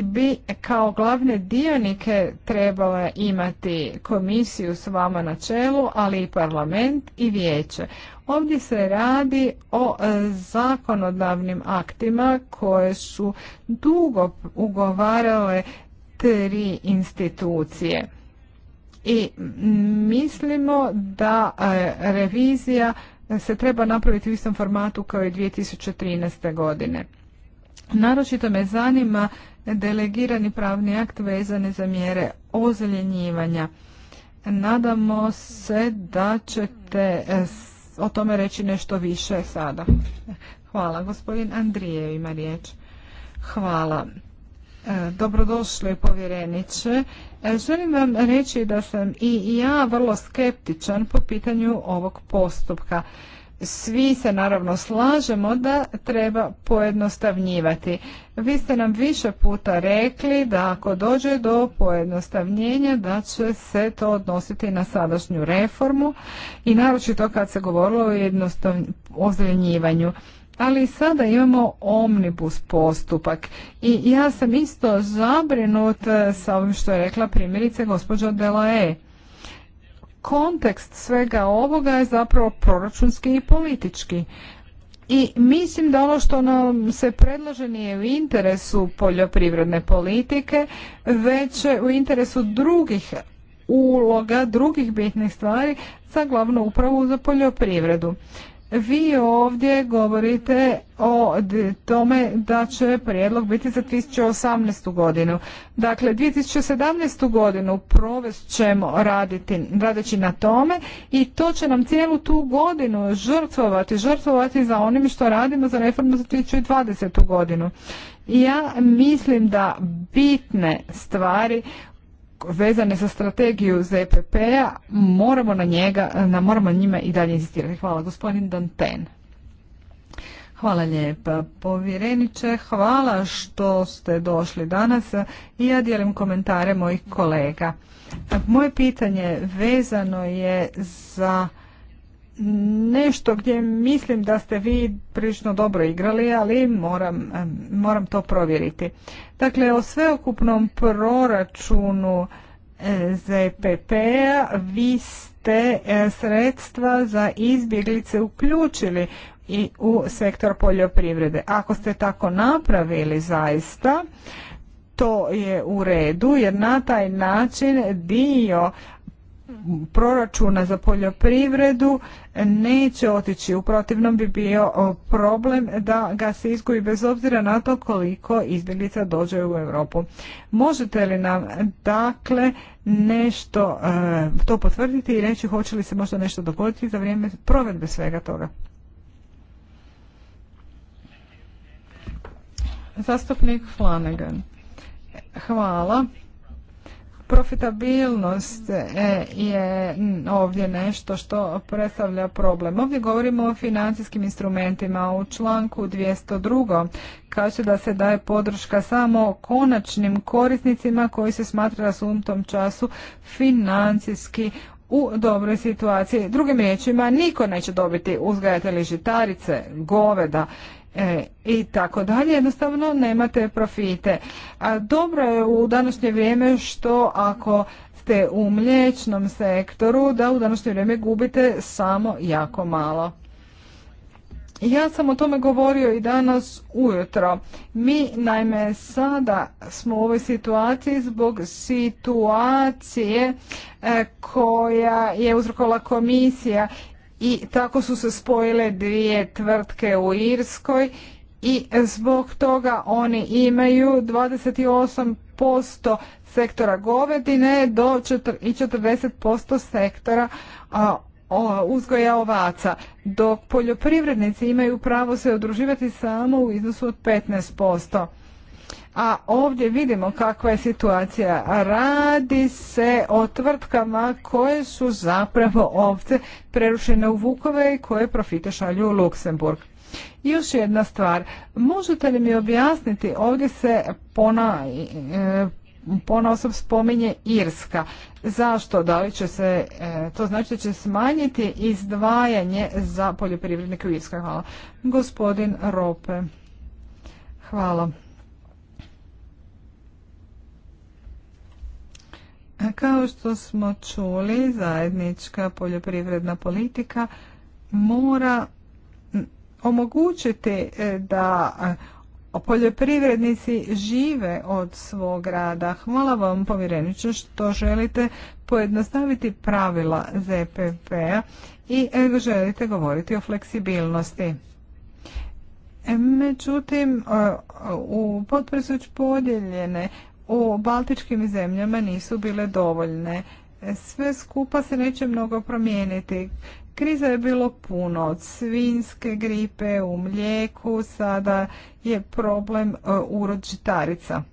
bi kao glavne dionike trebala imati komisiju s vama na čelu, ali i parlament i vijeće. Ovdje se radi o zakonodavnim aktima koje su dugo ugovarale tri institucije. I mislimo da e, revizija se treba napraviti u istom formatu kao i 2013. godine. Naročito me zanima delegirani pravni akt vezane za mjere ozeljenjivanja. Nadamo se da ćete eh, o tome reći nešto više sada. Hvala. Gospodin Andrijev ima riječ. Hvala. Eh, dobrodošli povjereniče. Eh, želim vam reći da sam i ja vrlo skeptičan po pitanju ovog postupka svi se naravno slažemo da treba pojednostavnjivati. Vi ste nam više puta rekli da ako dođe do pojednostavnjenja da će se to odnositi na sadašnju reformu i naročito kad se govorilo o jednostavnjivanju. Ali sada imamo omnibus postupak i ja sam isto zabrinut eh, sa ovim što je rekla primjerice gospođa Delae kontekst svega ovoga je zapravo proračunski i politički. I mislim da ono što nam se predlaže nije u interesu poljoprivredne politike, već u interesu drugih uloga, drugih bitnih stvari za glavnu upravu za poljoprivredu. Vi ovdje govorite o tome da će prijedlog biti za 2018. godinu. Dakle, 2017. godinu provest ćemo raditi, radeći na tome i to će nam cijelu tu godinu žrtvovati, žrtvovati za onim što radimo za reformu za 2020. godinu. Ja mislim da bitne stvari vezane za strategiju ZPP-a, moramo na njega, na, njima i dalje insistirati. Hvala, gospodin Danten. Hvala lijepa. Povjereniče, hvala što ste došli danas i ja dijelim komentare mojih kolega. Moje pitanje vezano je za nešto gdje mislim da ste vi prilično dobro igrali, ali moram, moram to provjeriti. Dakle, o sveukupnom proračunu e, ZPP-a vi ste e, sredstva za izbjeglice uključili i u sektor poljoprivrede. Ako ste tako napravili zaista, to je u redu jer na taj način dio proračuna za poljoprivredu neće otići. U protivnom bi bio problem da ga se izgubi bez obzira na to koliko izbjeglica dođe u Europu. Možete li nam dakle nešto e, to potvrditi i reći hoće li se možda nešto dogoditi za vrijeme provedbe svega toga? Zastupnik Flanagan. Hvala. Profitabilnost e, je ovdje nešto što predstavlja problem. Ovdje govorimo o financijskim instrumentima. U članku 202. kaže da se daje podrška samo konačnim korisnicima koji se smatra da su u tom času financijski u dobroj situaciji. Drugim riječima, niko neće dobiti uzgajatelji žitarice, goveda E, i tako dalje, jednostavno nemate profite. A dobro je u današnje vrijeme što ako ste u mliječnom sektoru, da u današnje vrijeme gubite samo jako malo. Ja sam o tome govorio i danas ujutro. Mi naime sada smo u ovoj situaciji zbog situacije e, koja je uzrokovala komisija i tako su se spojile dvije tvrtke u Irskoj i zbog toga oni imaju 28% sektora govedine do i 40% sektora uzgoja ovaca, dok poljoprivrednici imaju pravo se odruživati samo u iznosu od 15% a ovdje vidimo kakva je situacija. Radi se o tvrtkama koje su zapravo ovce prerušene u Vukove i koje profite šalju u Luksemburg. Još jedna stvar, možete li mi objasniti, ovdje se pona, e, osob spominje Irska. Zašto? Da li će se, e, to znači da će smanjiti izdvajanje za poljoprivrednike u Irskoj. Hvala. Gospodin Rope. Hvala. Kao što smo čuli, zajednička poljoprivredna politika mora omogućiti e, da e, poljoprivrednici žive od svog rada. Hvala vam povjereniče što želite pojednostaviti pravila ZPP-a i e, želite govoriti o fleksibilnosti. Međutim, u potpresuć podijeljene o baltičkim zemljama nisu bile dovoljne. Sve skupa se neće mnogo promijeniti. Kriza je bilo puno, od svinske gripe u mlijeku, sada je problem e, urod žitarica.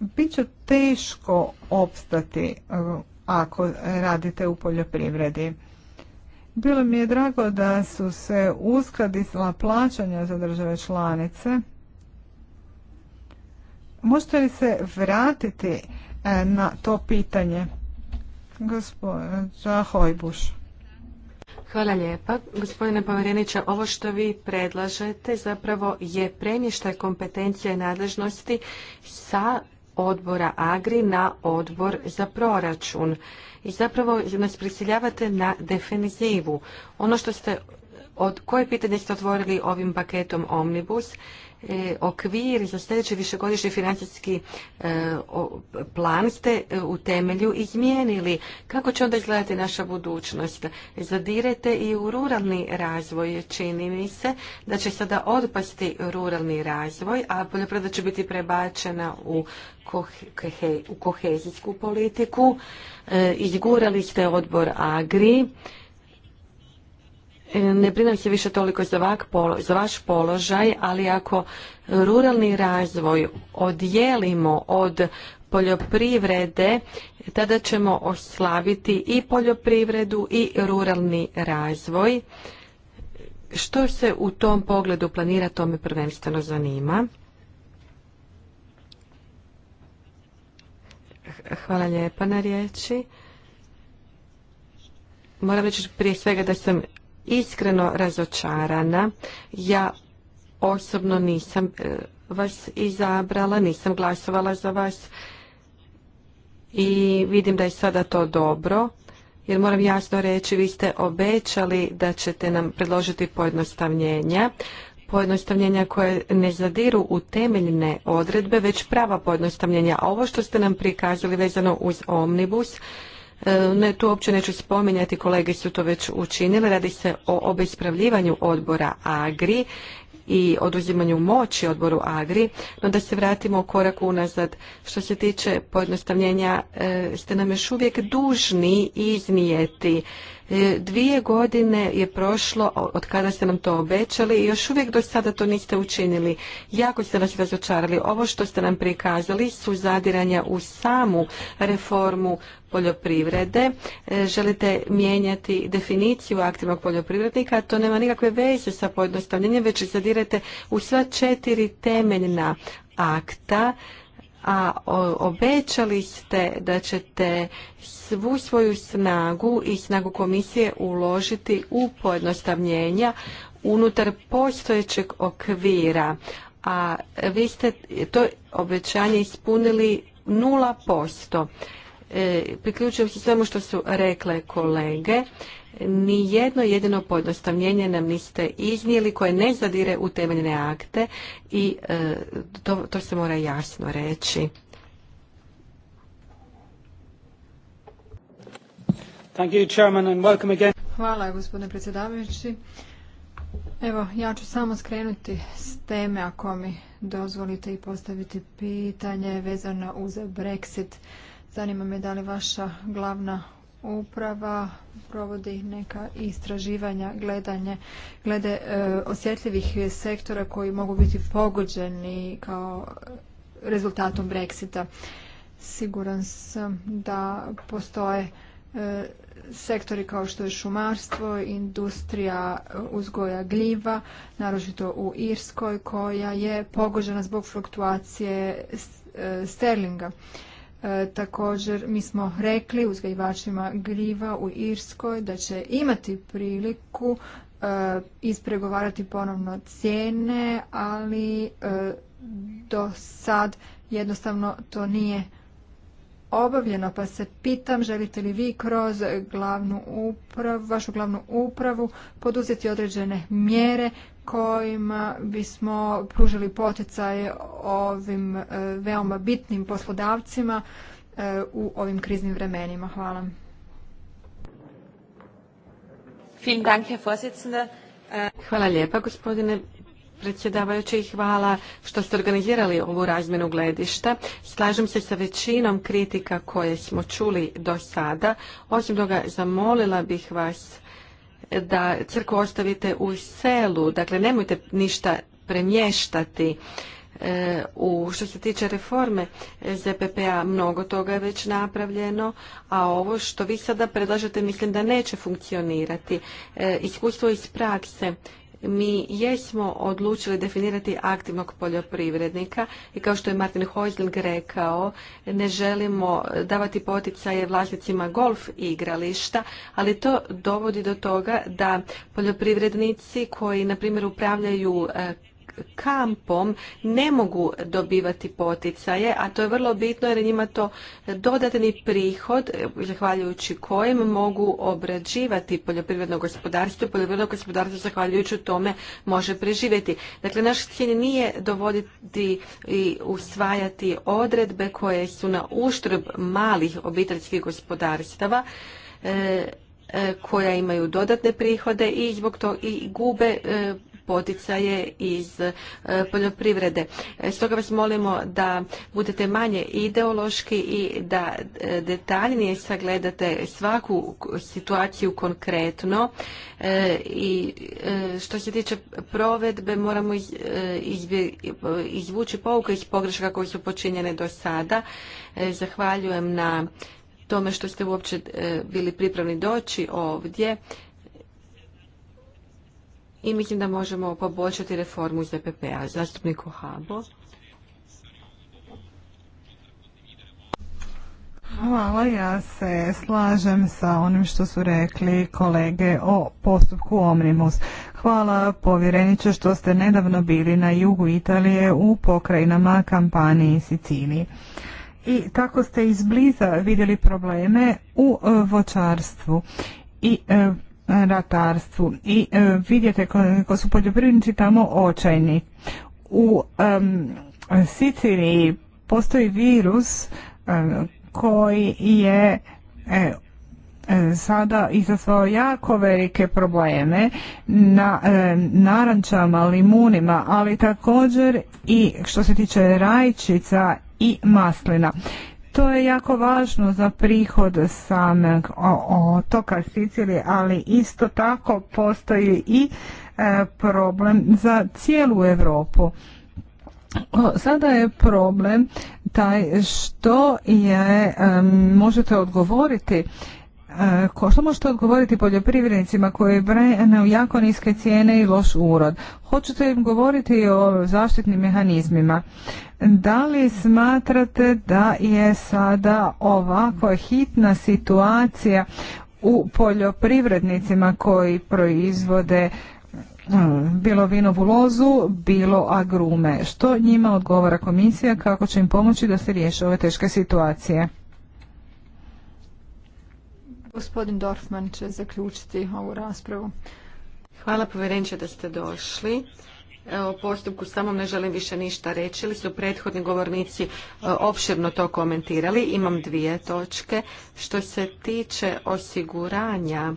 Biće teško opstati e, ako radite u poljoprivredi. Bilo mi je drago da su se uskladila plaćanja za države članice Možete li se vratiti e, na to pitanje? Gospođa Hojbuš. Hvala lijepa. Gospodine povjereniče, ovo što vi predlažete zapravo je premještaj kompetencije i nadležnosti sa odbora Agri na odbor za proračun. I zapravo nas prisiljavate na defenzivu. Ono što ste, od koje pitanje ste otvorili ovim paketom Omnibus, E, okvir za sljedeći višegodišnji financijski e, plan ste e, u temelju izmijenili. Kako će onda izgledati naša budućnost? Zadirete i u ruralni razvoj. Čini mi se da će sada odpasti ruralni razvoj, a poljoprivreda će biti prebačena u kohezijsku politiku. Izgurali ste odbor Agri E, ne brinem se više toliko za, za vaš položaj, ali ako ruralni razvoj odjelimo od poljoprivrede, tada ćemo oslaviti i poljoprivredu i ruralni razvoj. Što se u tom pogledu planira, to me prvenstveno zanima. Hvala lijepa na riječi. Moram reći prije svega da sam iskreno razočarana. Ja osobno nisam e, vas izabrala, nisam glasovala za vas i vidim da je sada to dobro. Jer moram jasno reći, vi ste obećali da ćete nam predložiti pojednostavljenja, pojednostavljenja koje ne zadiru u temeljne odredbe, već prava pojednostavljenja. ovo što ste nam prikazali vezano uz omnibus, E, ne, tu uopće neću spominjati, kolege su to već učinili. Radi se o obespravljivanju odbora Agri i oduzimanju moći odboru Agri, no da se vratimo korak unazad. Što se tiče pojednostavljenja, e, ste nam još uvijek dužni iznijeti E, dvije godine je prošlo od kada ste nam to obećali i još uvijek do sada to niste učinili. Jako ste nas razočarali. Ovo što ste nam prikazali su zadiranja u samu reformu poljoprivrede. E, želite mijenjati definiciju aktivnog poljoprivrednika, to nema nikakve veze sa pojednostavljenjem, već zadirate u sva četiri temeljna akta a obećali ste da ćete svu svoju snagu i snagu komisije uložiti u pojednostavljenja unutar postojećeg okvira, a vi ste to obećanje ispunili 0%. E, priključujem se svemu što su rekle kolege. Ni jedno jedino pojednostavljenje nam niste iznijeli koje ne zadire u temeljne akte i e, to, se mora jasno reći. Hvala gospodine predsjedavajući. Evo, ja ću samo skrenuti s teme ako mi dozvolite i postaviti pitanje vezano uz Brexit. Zanima me da li vaša glavna uprava provodi neka istraživanja gledanje glede e, osjetljivih sektora koji mogu biti pogođeni kao rezultatom Brexita. Siguran sam da postoje e, sektori kao što je šumarstvo, industrija e, uzgoja gljiva, naročito u Irskoj koja je pogođena zbog fluktuacije sterlinga. E, također mi smo rekli uzgajivačima griva u Irskoj da će imati priliku e, ispregovarati ponovno cijene, ali e, do sad jednostavno to nije obavljeno, pa se pitam želite li vi kroz glavnu upravu, vašu glavnu upravu poduzeti određene mjere kojima bismo pružili poticaj ovim e, veoma bitnim poslodavcima e, u ovim kriznim vremenima. Hvala. Hvala lijepa gospodine predsjedavajući hvala što ste organizirali ovu razmjenu gledišta. Slažem se sa većinom kritika koje smo čuli do sada. Osim toga, zamolila bih vas da crkvu ostavite u selu, dakle nemojte ništa premještati. E, u što se tiče reforme ZPPA. mnogo toga je već napravljeno, a ovo što vi sada predlažete mislim da neće funkcionirati. E, iskustvo iz prakse mi jesmo odlučili definirati aktivnog poljoprivrednika i kao što je Martin Hojzling rekao, ne želimo davati poticaje vlasnicima golf igrališta, ali to dovodi do toga da poljoprivrednici koji, na primjer, upravljaju e, kampom ne mogu dobivati poticaje, a to je vrlo bitno jer njima to dodatni prihod, zahvaljujući kojim mogu obrađivati poljoprivredno gospodarstvo i poljoprivredno gospodarstvo zahvaljujući tome može preživjeti. Dakle, naš cilj nije dovoditi i usvajati odredbe koje su na uštrb malih obiteljskih gospodarstava, e, e, koja imaju dodatne prihode i zbog toga i gube e, poticaje iz e, poljoprivrede. E, stoga vas molimo da budete manje ideološki i da e, detaljnije sagledate svaku situaciju konkretno i što se tiče provedbe moramo izvući pouke iz pogrešaka koje su počinjene do sada. Zahvaljujem na tome što ste uopće bili pripravni doći ovdje i mislim da možemo poboljšati reformu ZPP-a. Zastupnik Habo. Hvala, ja se slažem sa onim što su rekli kolege o postupku Omnimus. Hvala povjereniče što ste nedavno bili na jugu Italije u pokrajinama Kampaniji i I tako ste izbliza vidjeli probleme u e, voćarstvu i e, ratarstvu i e, vidite ko su poljoprivrednici tamo očajni. U Siciliji postoji virus e, koji je e, e, sada izazvao jako velike probleme na narančama, limunima, ali također i što se tiče rajčica i maslina. To je jako važno za prihod samog otoka Sicilije, ali isto tako postoji i e, problem za cijelu Europu. Sada je problem taj što je, možete odgovoriti E, što možete odgovoriti poljoprivrednicima koji brane jako niske cijene i loš urod? Hoćete im govoriti o zaštitnim mehanizmima. Da li smatrate da je sada ovako hitna situacija u poljoprivrednicima koji proizvode e, bilo vinovu lozu, bilo agrume. Što njima odgovara komisija, kako će im pomoći da se riješe ove teške situacije? Gospodin Dorfman će zaključiti ovu raspravu. Hvala povjerenče da ste došli. O postupku samom ne želim više ništa reći, ali su prethodni govornici e, opširno to komentirali. Imam dvije točke. Što se tiče osiguranja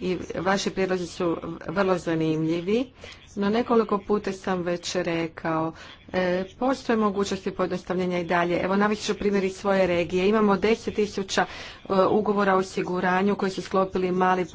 i vaši prijedlozi su vrlo zanimljivi, no nekoliko puta sam već rekao, e, postoje mogućnosti pojednostavljenja i dalje. Evo navest ću primjer iz svoje regije. Imamo 10.000 e, ugovora o osiguranju koji su sklopili mali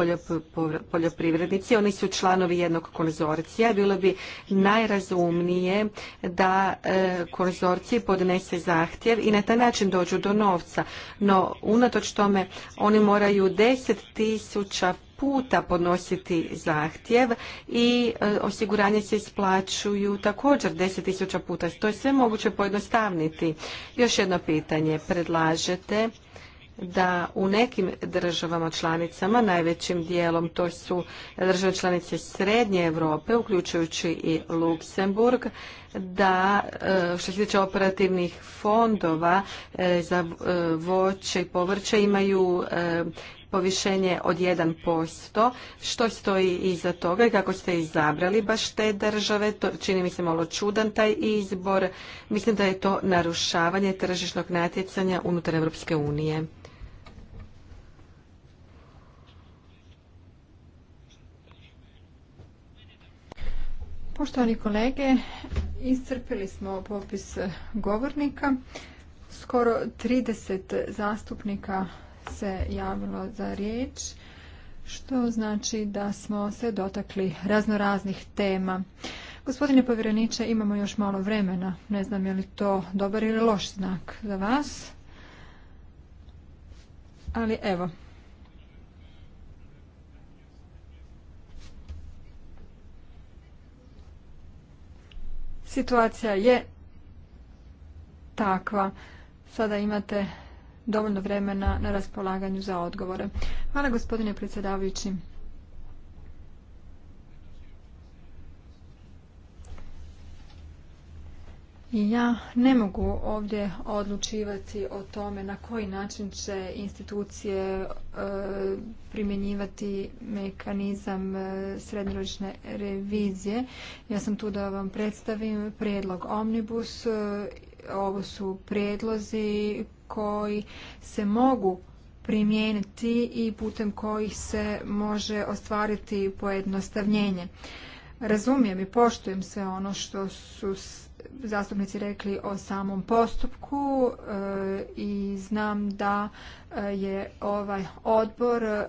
poljoprivrednici. Oni su članovi jednog konzorcija. Bilo bi najrazumnije da e, konzorciji podnese zahtjev i na taj način dođu do novca. No, unatoč tome, oni moraju 10.000 puta podnositi zahtjev i e, osiguranje se isplaćuju također 10.000 puta. To je sve moguće pojednostavniti. Još jedno pitanje. Predlažete da u nekim državama članicama, najvećim dijelom to su države članice Srednje Europe, uključujući i Luksemburg, da e, što se tiče operativnih fondova e, za voće i povrće imaju povišenje od 1%. Što stoji iza toga i kako ste izabrali baš te države? To čini mi se malo čudan taj izbor. Mislim da je to narušavanje tržišnog natjecanja unutar Europske unije. Poštovani kolege, iscrpili smo popis govornika. Skoro 30 zastupnika se javilo za riječ, što znači da smo se dotakli raznoraznih tema. Gospodine povjereniče, imamo još malo vremena. Ne znam je li to dobar ili loš znak za vas. Ali evo. Situacija je takva. Sada imate dovoljno vremena na raspolaganju za odgovore. Hvala gospodine predsjedavajući. Ja ne mogu ovdje odlučivati o tome na koji način će institucije e, primjenjivati mekanizam e, srednjoročne revizije. Ja sam tu da vam predstavim prijedlog Omnibus e, ovo su prijedlozi koji se mogu primijeniti i putem kojih se može ostvariti pojednostavljenje. Razumijem i poštujem sve ono što su zastupnici rekli o samom postupku e, i znam da e, je ovaj odbor e,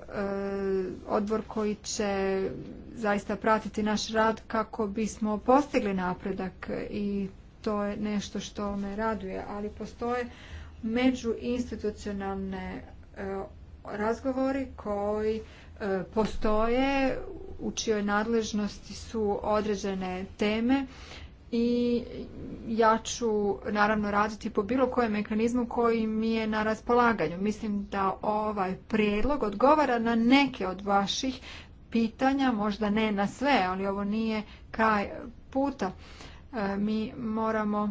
odbor koji će zaista pratiti naš rad kako bismo postigli napredak i to je nešto što me raduje, ali postoje međuinstitucionalne e, razgovori koji e, postoje u čijoj nadležnosti su određene teme i ja ću naravno raditi po bilo kojem mehanizmu koji mi je na raspolaganju. Mislim da ovaj prijedlog odgovara na neke od vaših pitanja, možda ne na sve, ali ovo nije kraj puta. E, mi moramo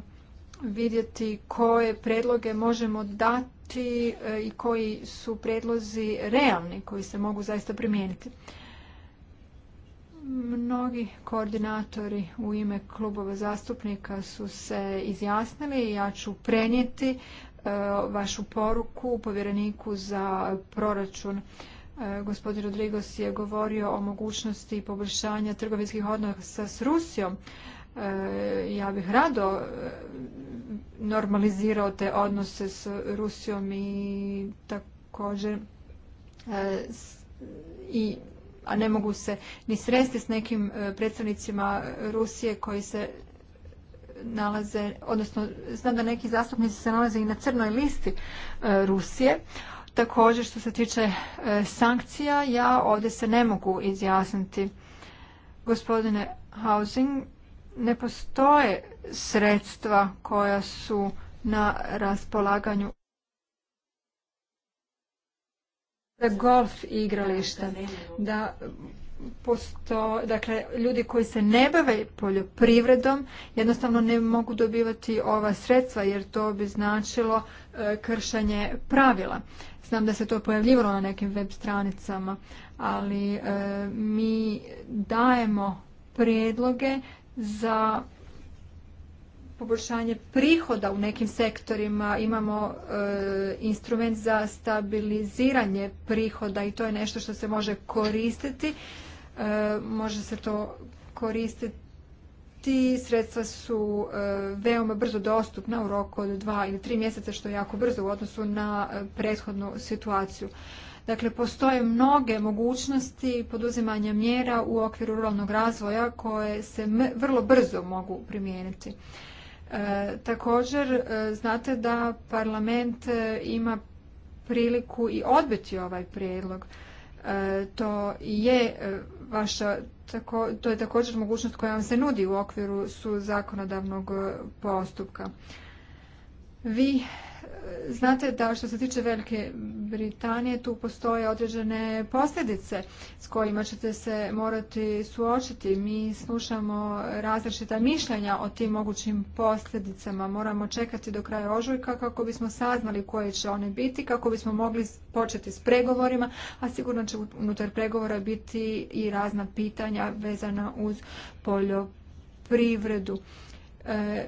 vidjeti koje predloge možemo dati e, i koji su predlozi realni, koji se mogu zaista primijeniti. Mnogi koordinatori u ime klubova zastupnika su se izjasnili i ja ću prenijeti e, vašu poruku povjereniku za proračun. Gospodin Rodrigos je govorio o mogućnosti poboljšanja trgovinskih odnosa s Rusijom, E, ja bih rado e, normalizirao te odnose s Rusijom i također e, i a ne mogu se ni sresti s nekim predstavnicima Rusije koji se nalaze, odnosno znam da neki zastupnici se nalaze i na crnoj listi Rusije. Također što se tiče sankcija, ja ovdje se ne mogu izjasniti. Gospodine Housing, ne postoje sredstva koja su na raspolaganju za golf igrališta da posto dakle ljudi koji se ne bave poljoprivredom jednostavno ne mogu dobivati ova sredstva jer to bi značilo e, kršenje pravila znam da se to pojavljivalo na nekim web stranicama ali e, mi dajemo prijedloge za poboljšanje prihoda u nekim sektorima, imamo e, instrument za stabiliziranje prihoda i to je nešto što se može koristiti. E, može se to koristiti, sredstva su e, veoma brzo dostupna u roku od dva ili tri mjeseca što je jako brzo u odnosu na prethodnu situaciju. Dakle, postoje mnoge mogućnosti poduzimanja mjera u okviru ruralnog razvoja koje se vrlo brzo mogu primijeniti. E, također, e, znate da parlament e, ima priliku i odbiti ovaj prijedlog. to je vaša tako, to je također mogućnost koja vam se nudi u okviru su zakonodavnog postupka. Vi znate da što se tiče Velike Britanije tu postoje određene posljedice s kojima ćete se morati suočiti. Mi slušamo različita mišljenja o tim mogućim posljedicama. Moramo čekati do kraja ožujka kako bismo saznali koje će one biti, kako bismo mogli početi s pregovorima, a sigurno će unutar pregovora biti i razna pitanja vezana uz poljoprivredu. E,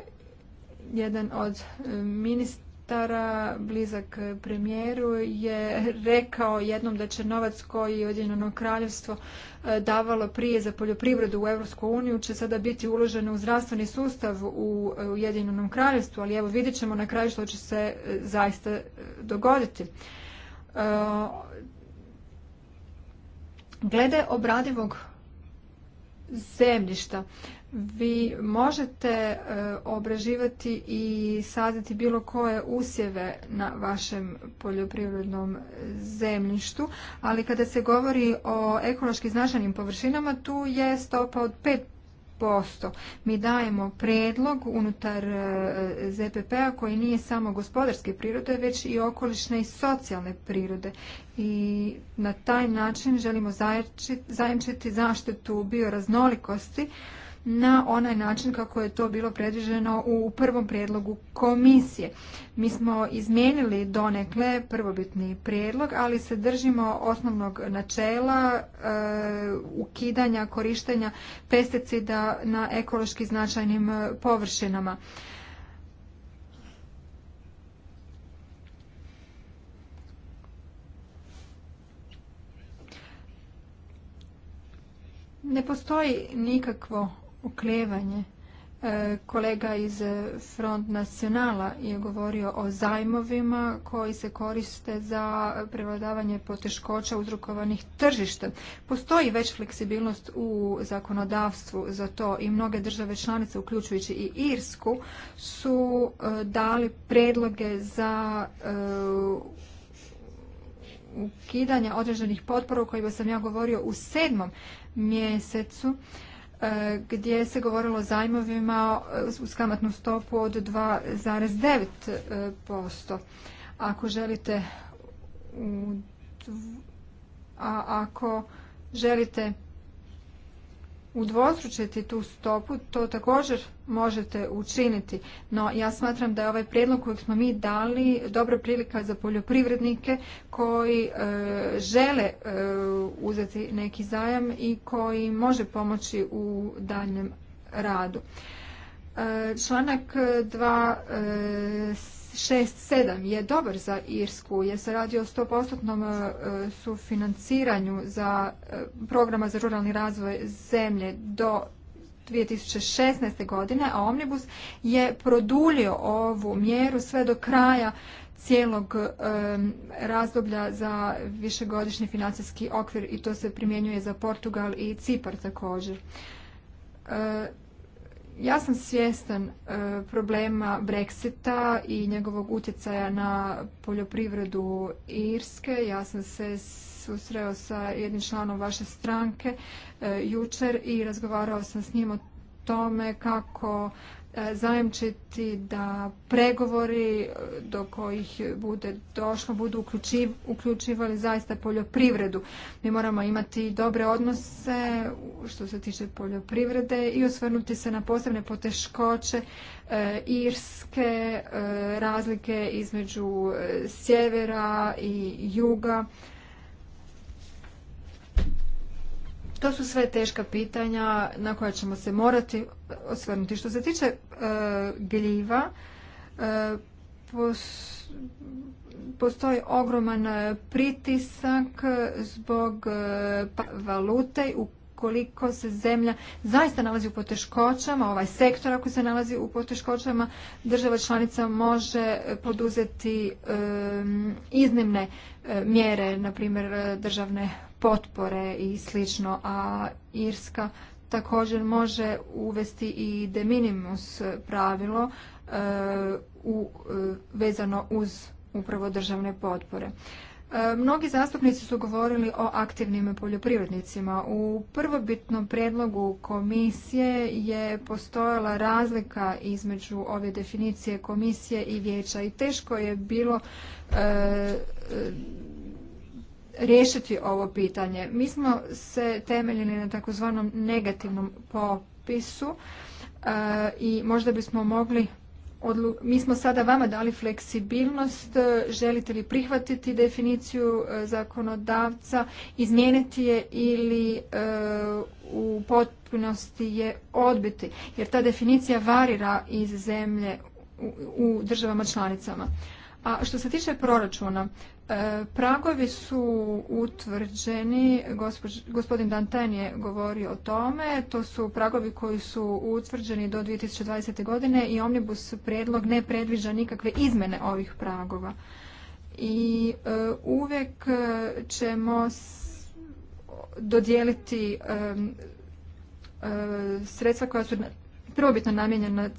jedan od ministra Katara, blizak premijeru, je rekao jednom da će novac koji je Ujedinjeno kraljevstvo e, davalo prije za poljoprivredu u Europsku uniju će sada biti uloženo u zdravstveni sustav u e, Ujedinjenom kraljevstvu, ali evo vidjet ćemo na kraju što će se e, zaista dogoditi. Glede obradivog zemljišta vi možete e, obraživati i saditi bilo koje usjeve na vašem poljoprivrednom zemljištu, ali kada se govori o ekološki značajnim površinama, tu je stopa od 5%. Mi dajemo predlog unutar e, ZPP-a koji nije samo gospodarske prirode, već i okolišne i socijalne prirode. I na taj način želimo zajemčiti zaštitu bioraznolikosti, na onaj način kako je to bilo predviđeno u prvom prijedlogu komisije. Mi smo izmijenili donekle prvobitni prijedlog, ali se držimo osnovnog načela e, ukidanja korištenja pesticida na ekološki značajnim površinama. Ne postoji nikakvo uklevanje. E, kolega iz Front Nacionala je govorio o zajmovima koji se koriste za prevladavanje poteškoća uzrokovanih tržišta. Postoji već fleksibilnost u zakonodavstvu za to i mnoge države članice, uključujući i Irsku, su e, dali predloge za e, ukidanje određenih potpora o kojima sam ja govorio u sedmom mjesecu E, gdje se govorilo o zajmovima e, uz kamatnu stopu od 2,9%. E, ako želite a ako želite udvostručiti tu stopu, to također možete učiniti. No ja smatram da je ovaj prijedlog kojeg smo mi dali dobra prilika za poljoprivrednike koji e, žele e, uzeti neki zajam i koji može pomoći u daljnjem radu. E, članak 2 6.7 je dobar za Irsku jer se radi o 100% e, sufinanciranju za e, programa za ruralni razvoj zemlje do 2016. godine, a Omnibus je produljio ovu mjeru sve do kraja cijelog e, razdoblja za višegodišnji financijski okvir i to se primjenjuje za Portugal i Cipar također. Ja sam svjestan e, problema Brexita i njegovog utjecaja na poljoprivredu Irske. Ja sam se susreo sa jednim članom vaše stranke e, jučer i razgovarao sam s njim o tome kako E, zajamčiti da pregovori e, do kojih bude došlo budu uključivali zaista poljoprivredu. Mi moramo imati dobre odnose što se tiče poljoprivrede i osvrnuti se na posebne poteškoće e, irske razlike između sjevera i juga To su sve teška pitanja na koja ćemo se morati osvrnuti. Što se tiče e, gljiva, e, postoji ogroman pritisak zbog e, pa-, valute Ukoliko se zemlja zaista nalazi u poteškoćama, ovaj sektor ako se nalazi u poteškoćama, država članica može poduzeti iznimne mjere, na primjer državne potpore i slično, a Irska također može uvesti i de minimus pravilo e, u, e, vezano uz upravo državne potpore. E, mnogi zastupnici su govorili o aktivnim poljoprivrednicima. U prvobitnom predlogu komisije je postojala razlika između ove definicije komisije i vijeća i teško je bilo riješiti ovo pitanje. Mi smo se temeljili na takozvanom negativnom popisu e, i možda bismo mogli mi smo sada vama dali fleksibilnost, e, želite li prihvatiti definiciju e, zakonodavca, izmijeniti je ili u potpunosti je odbiti, jer ta definicija varira iz zemlje u državama članicama. A što se tiče proračuna, e, pragovi su utvrđeni, gospodin Dantan je govorio o tome, to su pragovi koji su utvrđeni do 2020. godine i Omnibus predlog ne predviđa nikakve izmene ovih pragova. I e, uvijek ćemo dodijeliti e, sredstva koja su prvobitno namijenjena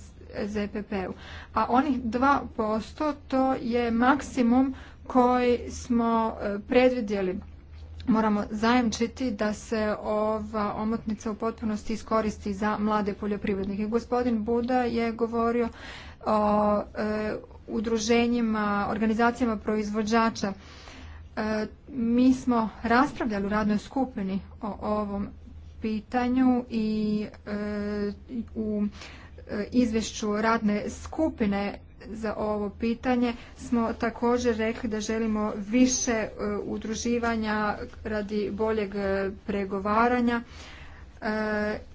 ZPP-u. A onih 2% to je maksimum koji smo e, predvidjeli. Moramo zajamčiti da se ova omotnica u potpunosti iskoristi za mlade poljoprivrednike. Gospodin Buda je govorio o e, udruženjima, organizacijama proizvođača. E, mi smo raspravljali u radnoj skupini o ovom pitanju i u E, izvješću radne skupine za ovo pitanje smo također rekli da želimo više e, udruživanja radi boljeg e, pregovaranja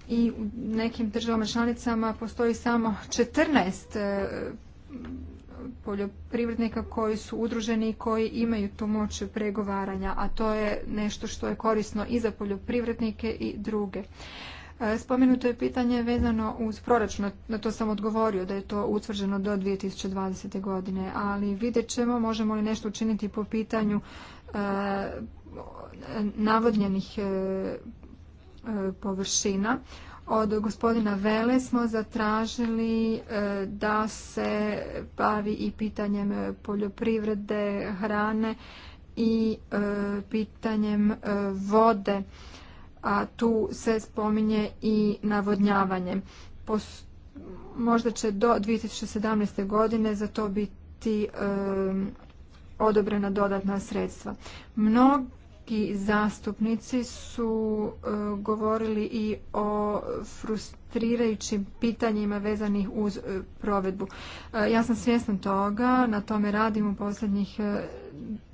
i u nekim državama članicama postoji samo 14 poljoprivrednika koji su udruženi i koji imaju tu moć pregovaranja, a to je nešto što je korisno i za poljoprivrednike i druge. E, spomenuto je pitanje vezano uz proračun, na to sam odgovorio da je to utvrđeno do 2020. godine, ali vidjet ćemo možemo li nešto učiniti po pitanju e, navodnjenih e, površina. Od gospodina Vele smo zatražili da se bavi i pitanjem poljoprivrede, hrane i pitanjem vode a tu se spominje i navodnjavanje. možda će do 2017. godine za to biti odobrena dodatna sredstva. Mnogi zastupnici su e, govorili i o frustrirajućim pitanjima vezanih uz e, provedbu. E, ja sam svjesna toga, na tome radim u posljednjih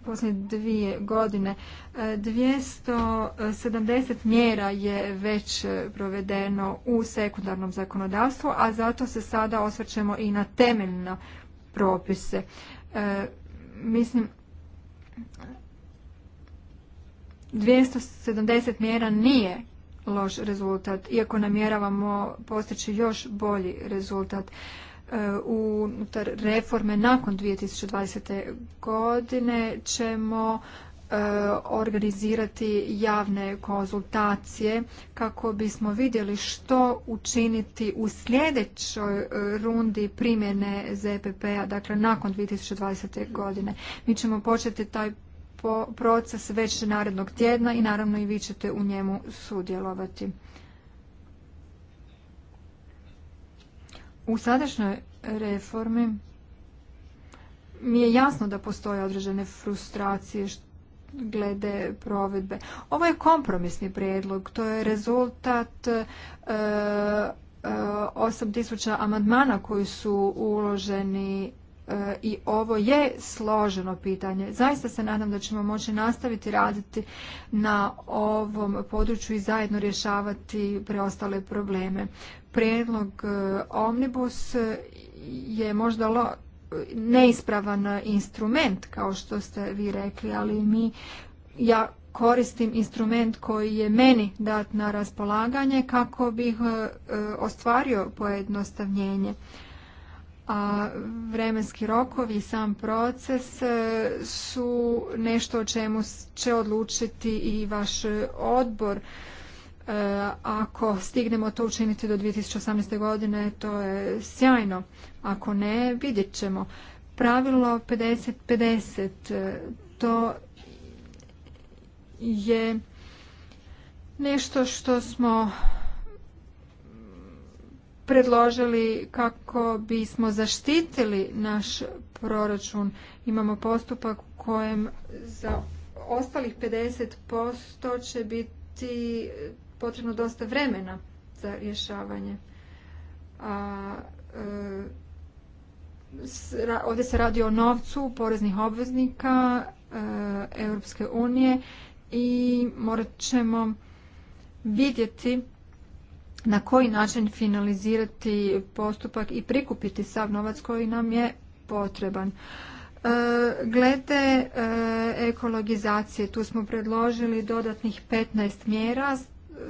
posljednje dvije godine. 270 e, mjera je već e, provedeno u sekundarnom zakonodavstvu, a zato se sada osvrćemo i na temeljno propise. E, mislim, 270 mjera nije loš rezultat, iako namjeravamo postići još bolji rezultat. E, unutar reforme nakon 2020. godine ćemo e, organizirati javne konzultacije kako bismo vidjeli što učiniti u sljedećoj e, rundi primjene ZPP-a, dakle nakon 2020. godine. Mi ćemo početi taj proces već narednog tjedna i naravno i vi ćete u njemu sudjelovati. U sadašnjoj reformi mi je jasno da postoje određene frustracije glede provedbe. Ovo je kompromisni prijedlog, to je rezultat e, e, osam tisuća 8000 amandmana koji su uloženi e, i ovo je složeno pitanje. Zaista se nadam da ćemo moći nastaviti raditi na ovom području i zajedno rješavati preostale probleme prijedlog e, Omnibus je možda neispravan instrument, kao što ste vi rekli, ali mi, ja koristim instrument koji je meni dat na raspolaganje kako bih e, ostvario pojednostavljenje. A vremenski rokovi, i sam proces e, su nešto o čemu će odlučiti i vaš odbor E, ako stignemo to učiniti do 2018. godine, to je sjajno. Ako ne, vidjet ćemo. Pravilo 50-50, e, to je nešto što smo predložili kako bismo zaštitili naš proračun. Imamo postupak u kojem za ostalih 50% će biti potrebno dosta vremena za rješavanje. A, e, ovdje se radi o novcu poreznih obveznika e, Europske unije i morat ćemo vidjeti na koji način finalizirati postupak i prikupiti sav novac koji nam je potreban. E, glede ekologizacije, tu smo predložili dodatnih 15 mjera,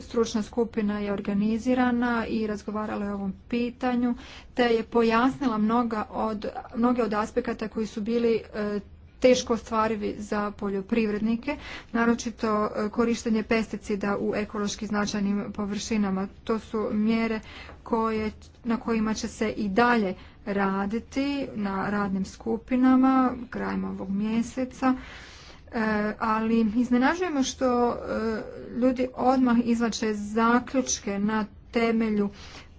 stručna skupina je organizirana i razgovarala je o ovom pitanju, te je pojasnila mnoga od, mnoge od aspekata koji su bili e, teško ostvarivi za poljoprivrednike, naročito e, korištenje pesticida u ekološki značajnim površinama. To su mjere koje, na kojima će se i dalje raditi na radnim skupinama krajem ovog mjeseca. E, ali iznenažujemo što e, ljudi odmah izlače zaključke na temelju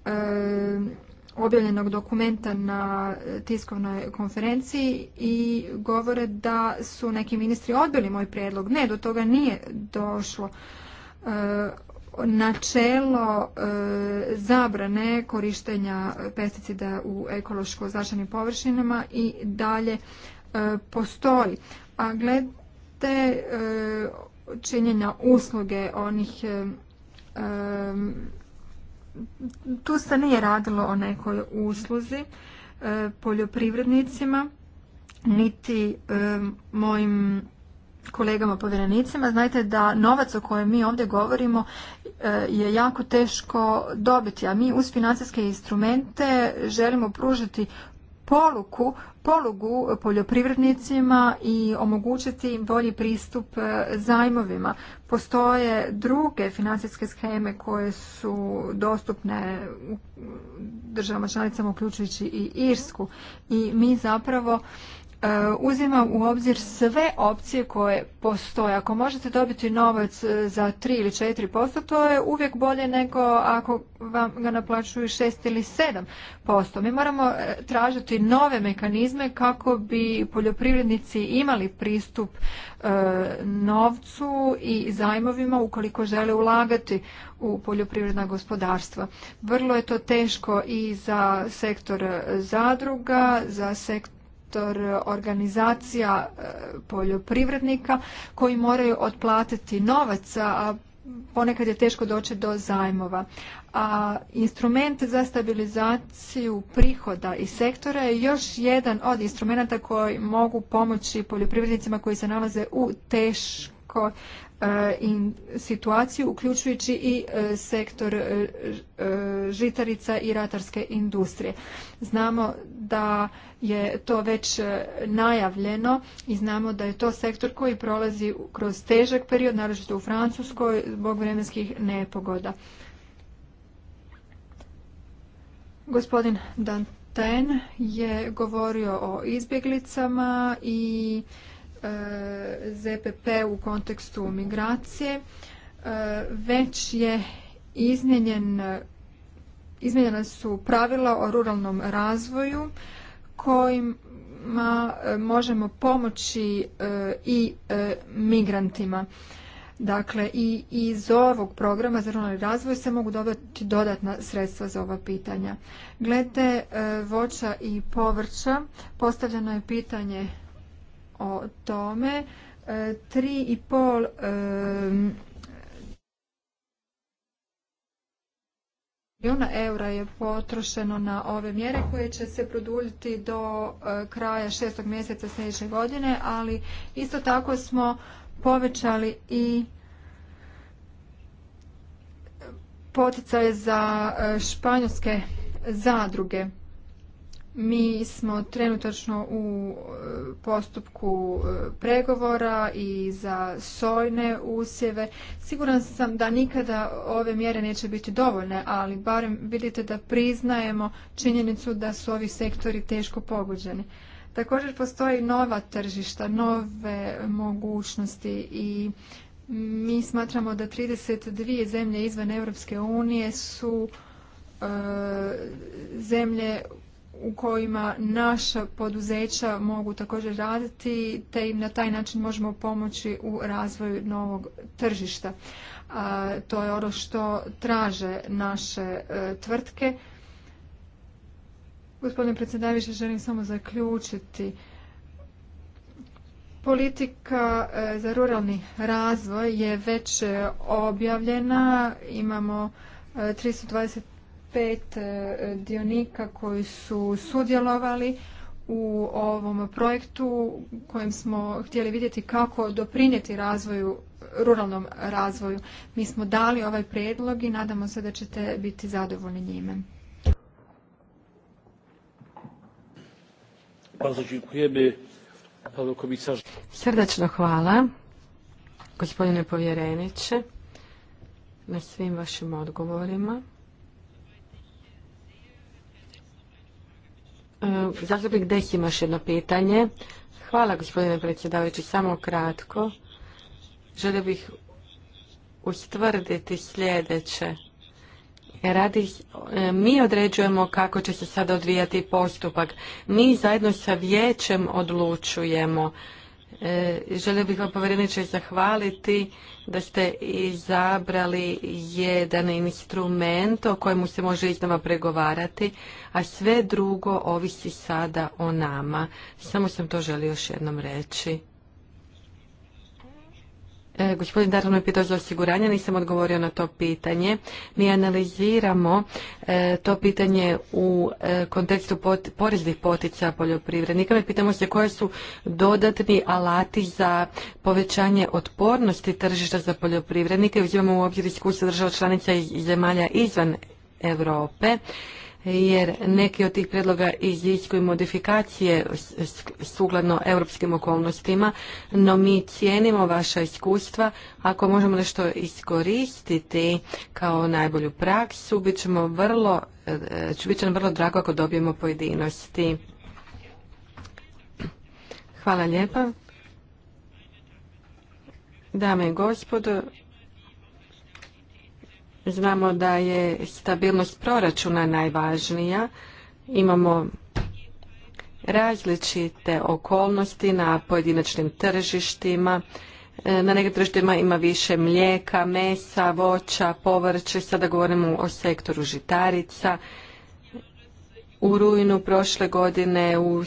e, objavljenog dokumenta na tiskovnoj konferenciji i govore da su neki ministri odbili moj prijedlog. Ne, do toga nije došlo načelo zabrane korištenja pesticida u ekološko označenim površinama i dalje postoji. A gled, te e, činjenja usluge onih e, e, tu se nije radilo o nekoj usluzi poljoprivrednicima niti mojim kolegama povjerenicima. Znajte da novac o kojem mi ovdje govorimo je jako teško dobiti, a mi uz financijske instrumente želimo pružiti poluku, polugu poljoprivrednicima i omogućiti im bolji pristup e, zajmovima. Postoje druge financijske scheme koje su dostupne državama članicama uključujući i Irsku i mi zapravo E, uzimam u obzir sve opcije koje postoje. Ako možete dobiti novac e, za 3 ili 4%, to je uvijek bolje nego ako vam ga naplaćuju 6 ili 7%. Mi moramo e, tražiti nove mekanizme kako bi poljoprivrednici imali pristup novcu i zajmovima ukoliko žele ulagati u poljoprivredna gospodarstva. Vrlo je to teško i za sektor zadruga, za sektor sektor organizacija e, poljoprivrednika koji moraju otplatiti novaca, a ponekad je teško doći do zajmova. A instrument za stabilizaciju prihoda i sektora je još jedan od instrumenta koji mogu pomoći poljoprivrednicima koji se nalaze u teškoj Eh, i situaciju, uključujući i eh, sektor eh, žitarica i ratarske industrije. Znamo da je to već najavljeno i znamo da je to sektor koji prolazi kroz težak period, naročito u Francuskoj, zbog vremenskih nepogoda. Gospodin Danten je govorio o izbjeglicama i Eh, ZPP u kontekstu migracije eh, već je izmijenjen izmijenjena su pravila o ruralnom razvoju kojima eh, možemo pomoći i migrantima. Dakle, i iz ovog programa za ruralni razvoj se mogu dodati dodatna sredstva za ova pitanja. Glede voća i povrća, postavljeno je pitanje o tome. E, tri i pol e, milijuna eura je potrošeno na ove mjere koje će se produljiti do e, kraja šestog mjeseca sljedeće godine, ali isto tako smo povećali i poticaje za španjolske zadruge. Mi smo trenutačno u e, postupku e, pregovora i za sojne usjeve. Siguran sam da nikada ove mjere neće biti dovoljne, ali barem vidite da priznajemo činjenicu da su ovi sektori teško pogođeni. Također postoji nova tržišta, nove mogućnosti i mi smatramo da 32 zemlje izvan Europske unije su e, zemlje u kojima naša poduzeća mogu također raditi te im na taj način možemo pomoći u razvoju novog tržišta. to je ono što traže naše e, tvrtke. Gospodine predsjedavajući, želim samo zaključiti. Politika e, za ruralni razvoj je već e, objavljena. Imamo 320 pet e, dionika koji su sudjelovali u ovom projektu kojem smo htjeli vidjeti kako doprinijeti razvoju, ruralnom razvoju. Mi smo dali ovaj prijedlog i nadamo se da ćete biti zadovoljni njime. Srdačno hvala, gospodine povjereniče, na svim vašim odgovorima. E, zastupnik Deh imaš jedno pitanje. Hvala gospodine predsjedavajući, samo kratko. Želio bih ustvrditi sljedeće. E, mi određujemo kako će se sada odvijati postupak. Mi zajedno sa vijećem odlučujemo. E, želio bih vam povjereniče zahvaliti da ste izabrali jedan instrument o kojemu se može iznova pregovarati, a sve drugo ovisi sada o nama. Samo sam to želio još jednom reći. E, gospodin Darno je pitao za osiguranje, nisam odgovorio na to pitanje. Mi analiziramo e, to pitanje u e, kontekstu poreznih potica poljoprivrednika. Mi pitamo se koje su dodatni alati za povećanje otpornosti tržišta za poljoprivrednike. Uzimamo u obzir iskustva država članica i zemalja izvan Europe jer neki od tih predloga iziskuju modifikacije sukladno europskim okolnostima, no mi cijenimo vaša iskustva. Ako možemo nešto iskoristiti kao najbolju praksu, bit ćemo vrlo, e, bit će nam vrlo drago ako dobijemo pojedinosti. Hvala lijepa. Dame i gospodo, Znamo da je stabilnost proračuna najvažnija. Imamo različite okolnosti na pojedinačnim tržištima. E, na nekim tržištima ima više mlijeka, mesa, voća, povrće. Sada govorimo o sektoru žitarica. U rujnu prošle godine, u,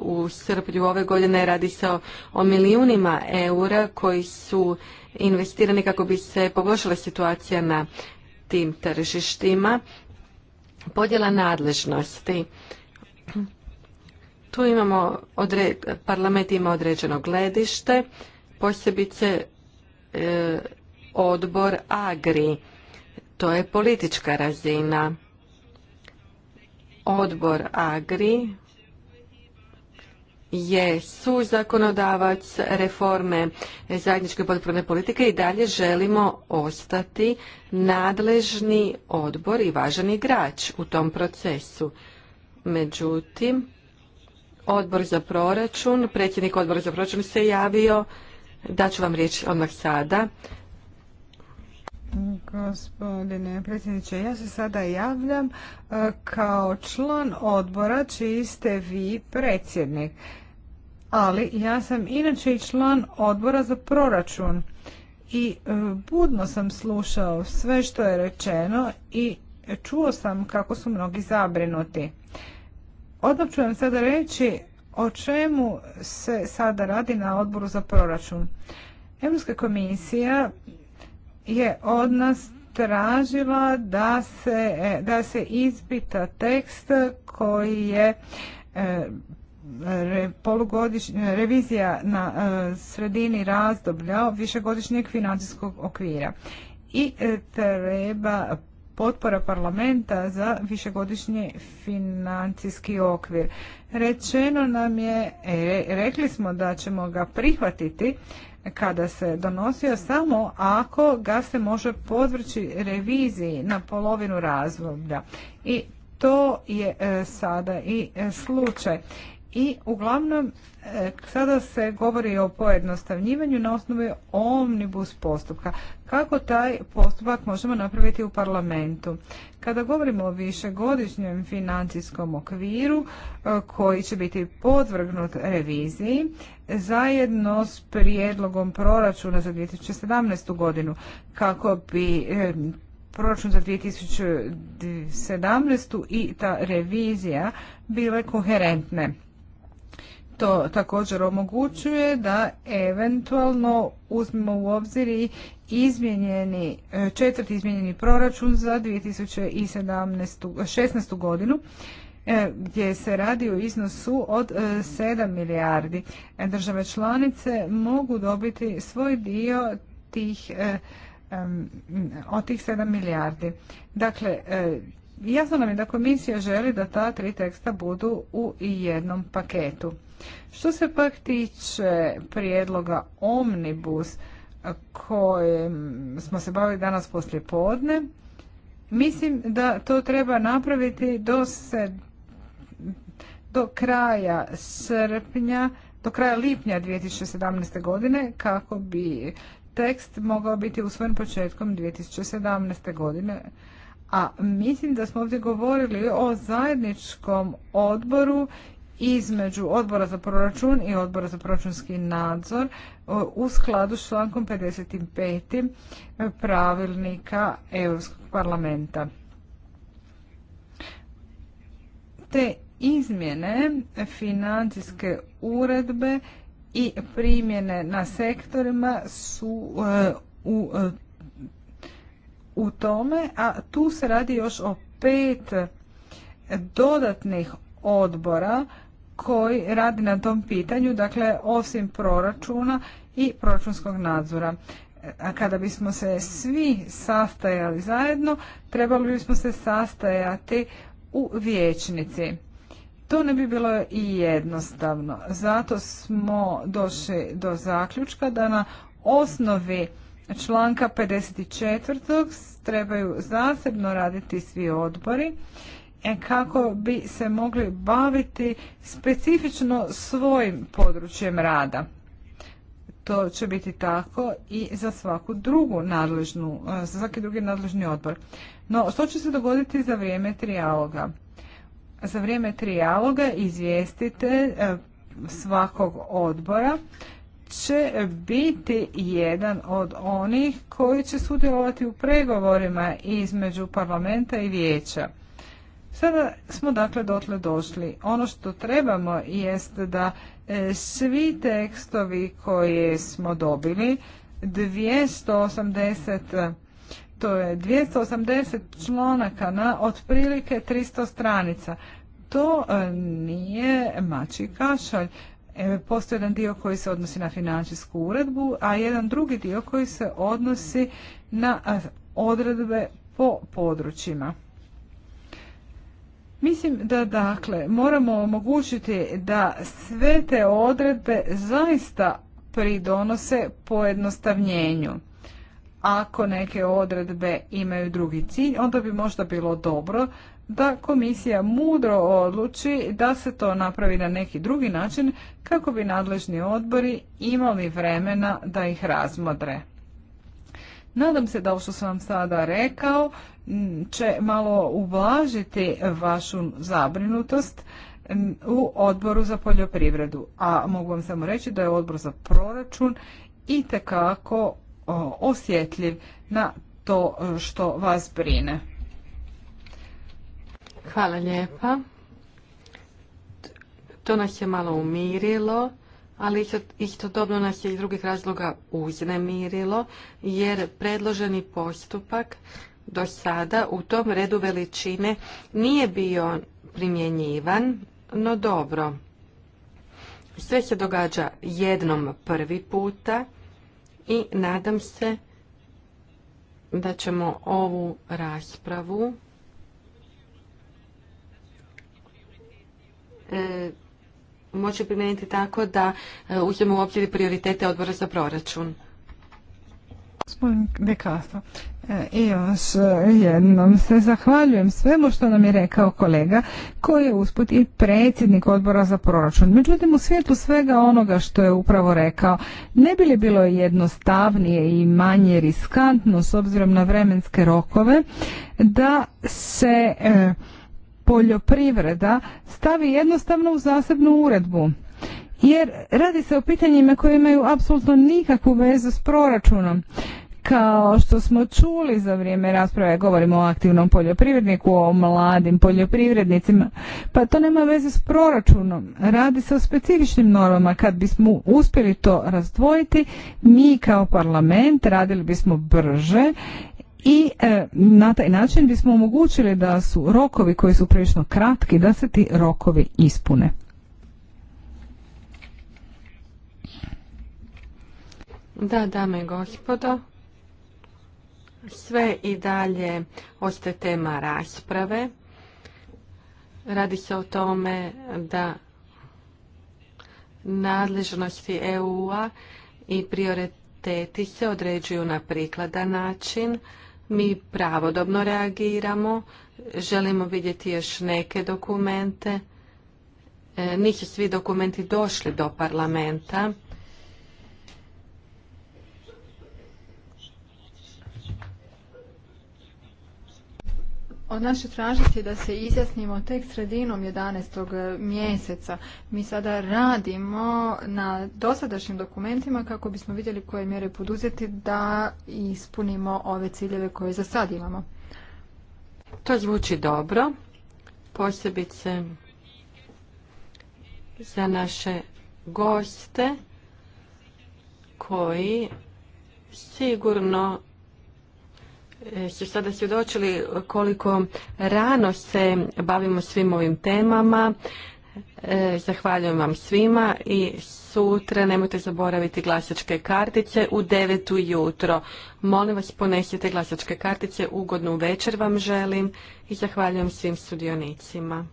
u srpnju ove godine radi se o, o milijunima eura koji su investirani kako bi se poboljšala situacija na tim tržištima. Podjela nadležnosti. Tu imamo, parlament ima određeno gledište, posebice e, odbor Agri. To je politička razina. Odbor Agri je zakonodavac reforme zajedničke potporne politike i dalje želimo ostati nadležni odbor i važan igrač u tom procesu. Međutim, odbor za proračun, predsjednik odbora za proračun se javio, ću vam riječ odmah sada. Gospodine predsjedniče, ja se sada javljam e, kao član odbora čiji ste vi predsjednik. Ali ja sam inače i član odbora za proračun i e, budno sam slušao sve što je rečeno i čuo sam kako su mnogi zabrinuti. Odmah ću vam sada reći o čemu se sada radi na odboru za proračun. Europska komisija je od nas tražila da se, da se izbita tekst koji je e, polugodišnja revizija na e, sredini razdoblja višegodišnjeg financijskog okvira i e, treba potpora parlamenta za višegodišnji financijski okvir. Rečeno nam je, rekli smo da ćemo ga prihvatiti, kada se donosio samo ako ga se može podvrći reviziji na polovinu razdoblja. I to je e, sada i e, slučaj. I uglavnom, e, sada se govori o pojednostavnjivanju na osnovi omnibus postupka. Kako taj postupak možemo napraviti u parlamentu? Kada govorimo o višegodišnjem financijskom okviru e, koji će biti podvrgnut reviziji, zajedno s prijedlogom proračuna za 2017. godinu, kako bi e, proračun za 2017. i ta revizija bile koherentne to također omogućuje da eventualno uzmemo u obzir i e, četvrti izmijenjeni proračun za 2016. godinu e, gdje se radi o iznosu od 7 e, milijardi. Države članice mogu dobiti svoj dio tih od tih 7 milijardi. Dakle, Jasno nam je da komisija želi da ta tri teksta budu u jednom paketu. Što se pak tiče prijedloga Omnibus kojem smo se bavili danas poslije podne, mislim da to treba napraviti do, se, do kraja srpnja, do kraja lipnja 2017. godine kako bi tekst mogao biti usvojen početkom 2017. godine a mislim da smo ovdje govorili o zajedničkom odboru između odbora za proračun i odbora za proračunski nadzor e, u skladu s člankom 55. pravilnika Europskog parlamenta. Te izmjene financijske uredbe i primjene na sektorima su e, u e, u tome, a tu se radi još o pet dodatnih odbora koji radi na tom pitanju, dakle osim proračuna i proračunskog nadzora. A kada bismo se svi sastajali zajedno, trebali bismo se sastajati u vijećnici. To ne bi bilo i jednostavno. Zato smo došli do zaključka da na osnovi članka 54. trebaju zasebno raditi svi odbori e, kako bi se mogli baviti specifično svojim područjem rada. To će biti tako i za svaku drugu nadležnu, e, za svaki drugi nadležni odbor. No, što će se dogoditi za vrijeme trijaloga? Za vrijeme trijaloga izvijestite e, svakog odbora će biti jedan od onih koji će sudjelovati u pregovorima između parlamenta i vijeća. Sada smo dakle dotle došli. Ono što trebamo jest da e, svi tekstovi koje smo dobili, 280 to je 280 članaka na otprilike 300 stranica. To e, nije mači kašalj. E, postoji jedan dio koji se odnosi na financijsku uredbu, a jedan drugi dio koji se odnosi na odredbe po područjima. Mislim da dakle moramo omogućiti da sve te odredbe zaista pridonose pojednostavnjenju. Ako neke odredbe imaju drugi cilj, onda bi možda bilo dobro da komisija mudro odluči da se to napravi na neki drugi način kako bi nadležni odbori imali vremena da ih razmodre. Nadam se da ovo što sam vam sada rekao će malo ublažiti vašu zabrinutost u odboru za poljoprivredu. A mogu vam samo reći da je odbor za proračun i tekako osjetljiv na to što vas brine. Hvala lijepa. To nas je malo umirilo, ali istodobno nas je iz drugih razloga uznemirilo, jer predloženi postupak do sada u tom redu veličine nije bio primjenjivan, no dobro. Sve se događa jednom prvi puta i nadam se da ćemo ovu raspravu E, moći primijeniti tako da e, uzmemo u obzir prioritete odbora za proračun. Gospodin Dekasa, e, i još jednom se zahvaljujem svemu što nam je rekao kolega koji je usput i predsjednik odbora za proračun. Međutim, u svijetu svega onoga što je upravo rekao, ne bi li bilo jednostavnije i manje riskantno s obzirom na vremenske rokove da se poljoprivreda stavi jednostavno u zasebnu uredbu. Jer radi se o pitanjima koje imaju apsolutno nikakvu vezu s proračunom. Kao što smo čuli za vrijeme rasprave, govorimo o aktivnom poljoprivredniku, o mladim poljoprivrednicima, pa to nema veze s proračunom. Radi se o specifičnim normama. Kad bismo uspjeli to razdvojiti, mi kao parlament radili bismo brže i e, na taj način bismo omogućili da su rokovi koji su prilično kratki, da se ti rokovi ispune. Da, dame i gospodo, sve i dalje ostaje tema rasprave. Radi se o tome da nadležnosti EU-a i prioriteti se određuju na prikladan način mi pravodobno reagiramo, želimo vidjeti još neke dokumente. E, nisu svi dokumenti došli do parlamenta. od naše će tražiti da se izjasnimo tek sredinom 11. Eh, mjeseca. Mi sada radimo na dosadašnjim dokumentima kako bismo vidjeli koje mjere poduzeti da ispunimo ove ciljeve koje za sad imamo. To zvuči dobro, posebice za naše goste koji sigurno E, su sada svjedočili koliko rano se bavimo svim ovim temama. E, zahvaljujem vam svima i sutra nemojte zaboraviti glasačke kartice u 9 jutro. Molim vas ponesite glasačke kartice, ugodnu večer vam želim i zahvaljujem svim sudionicima.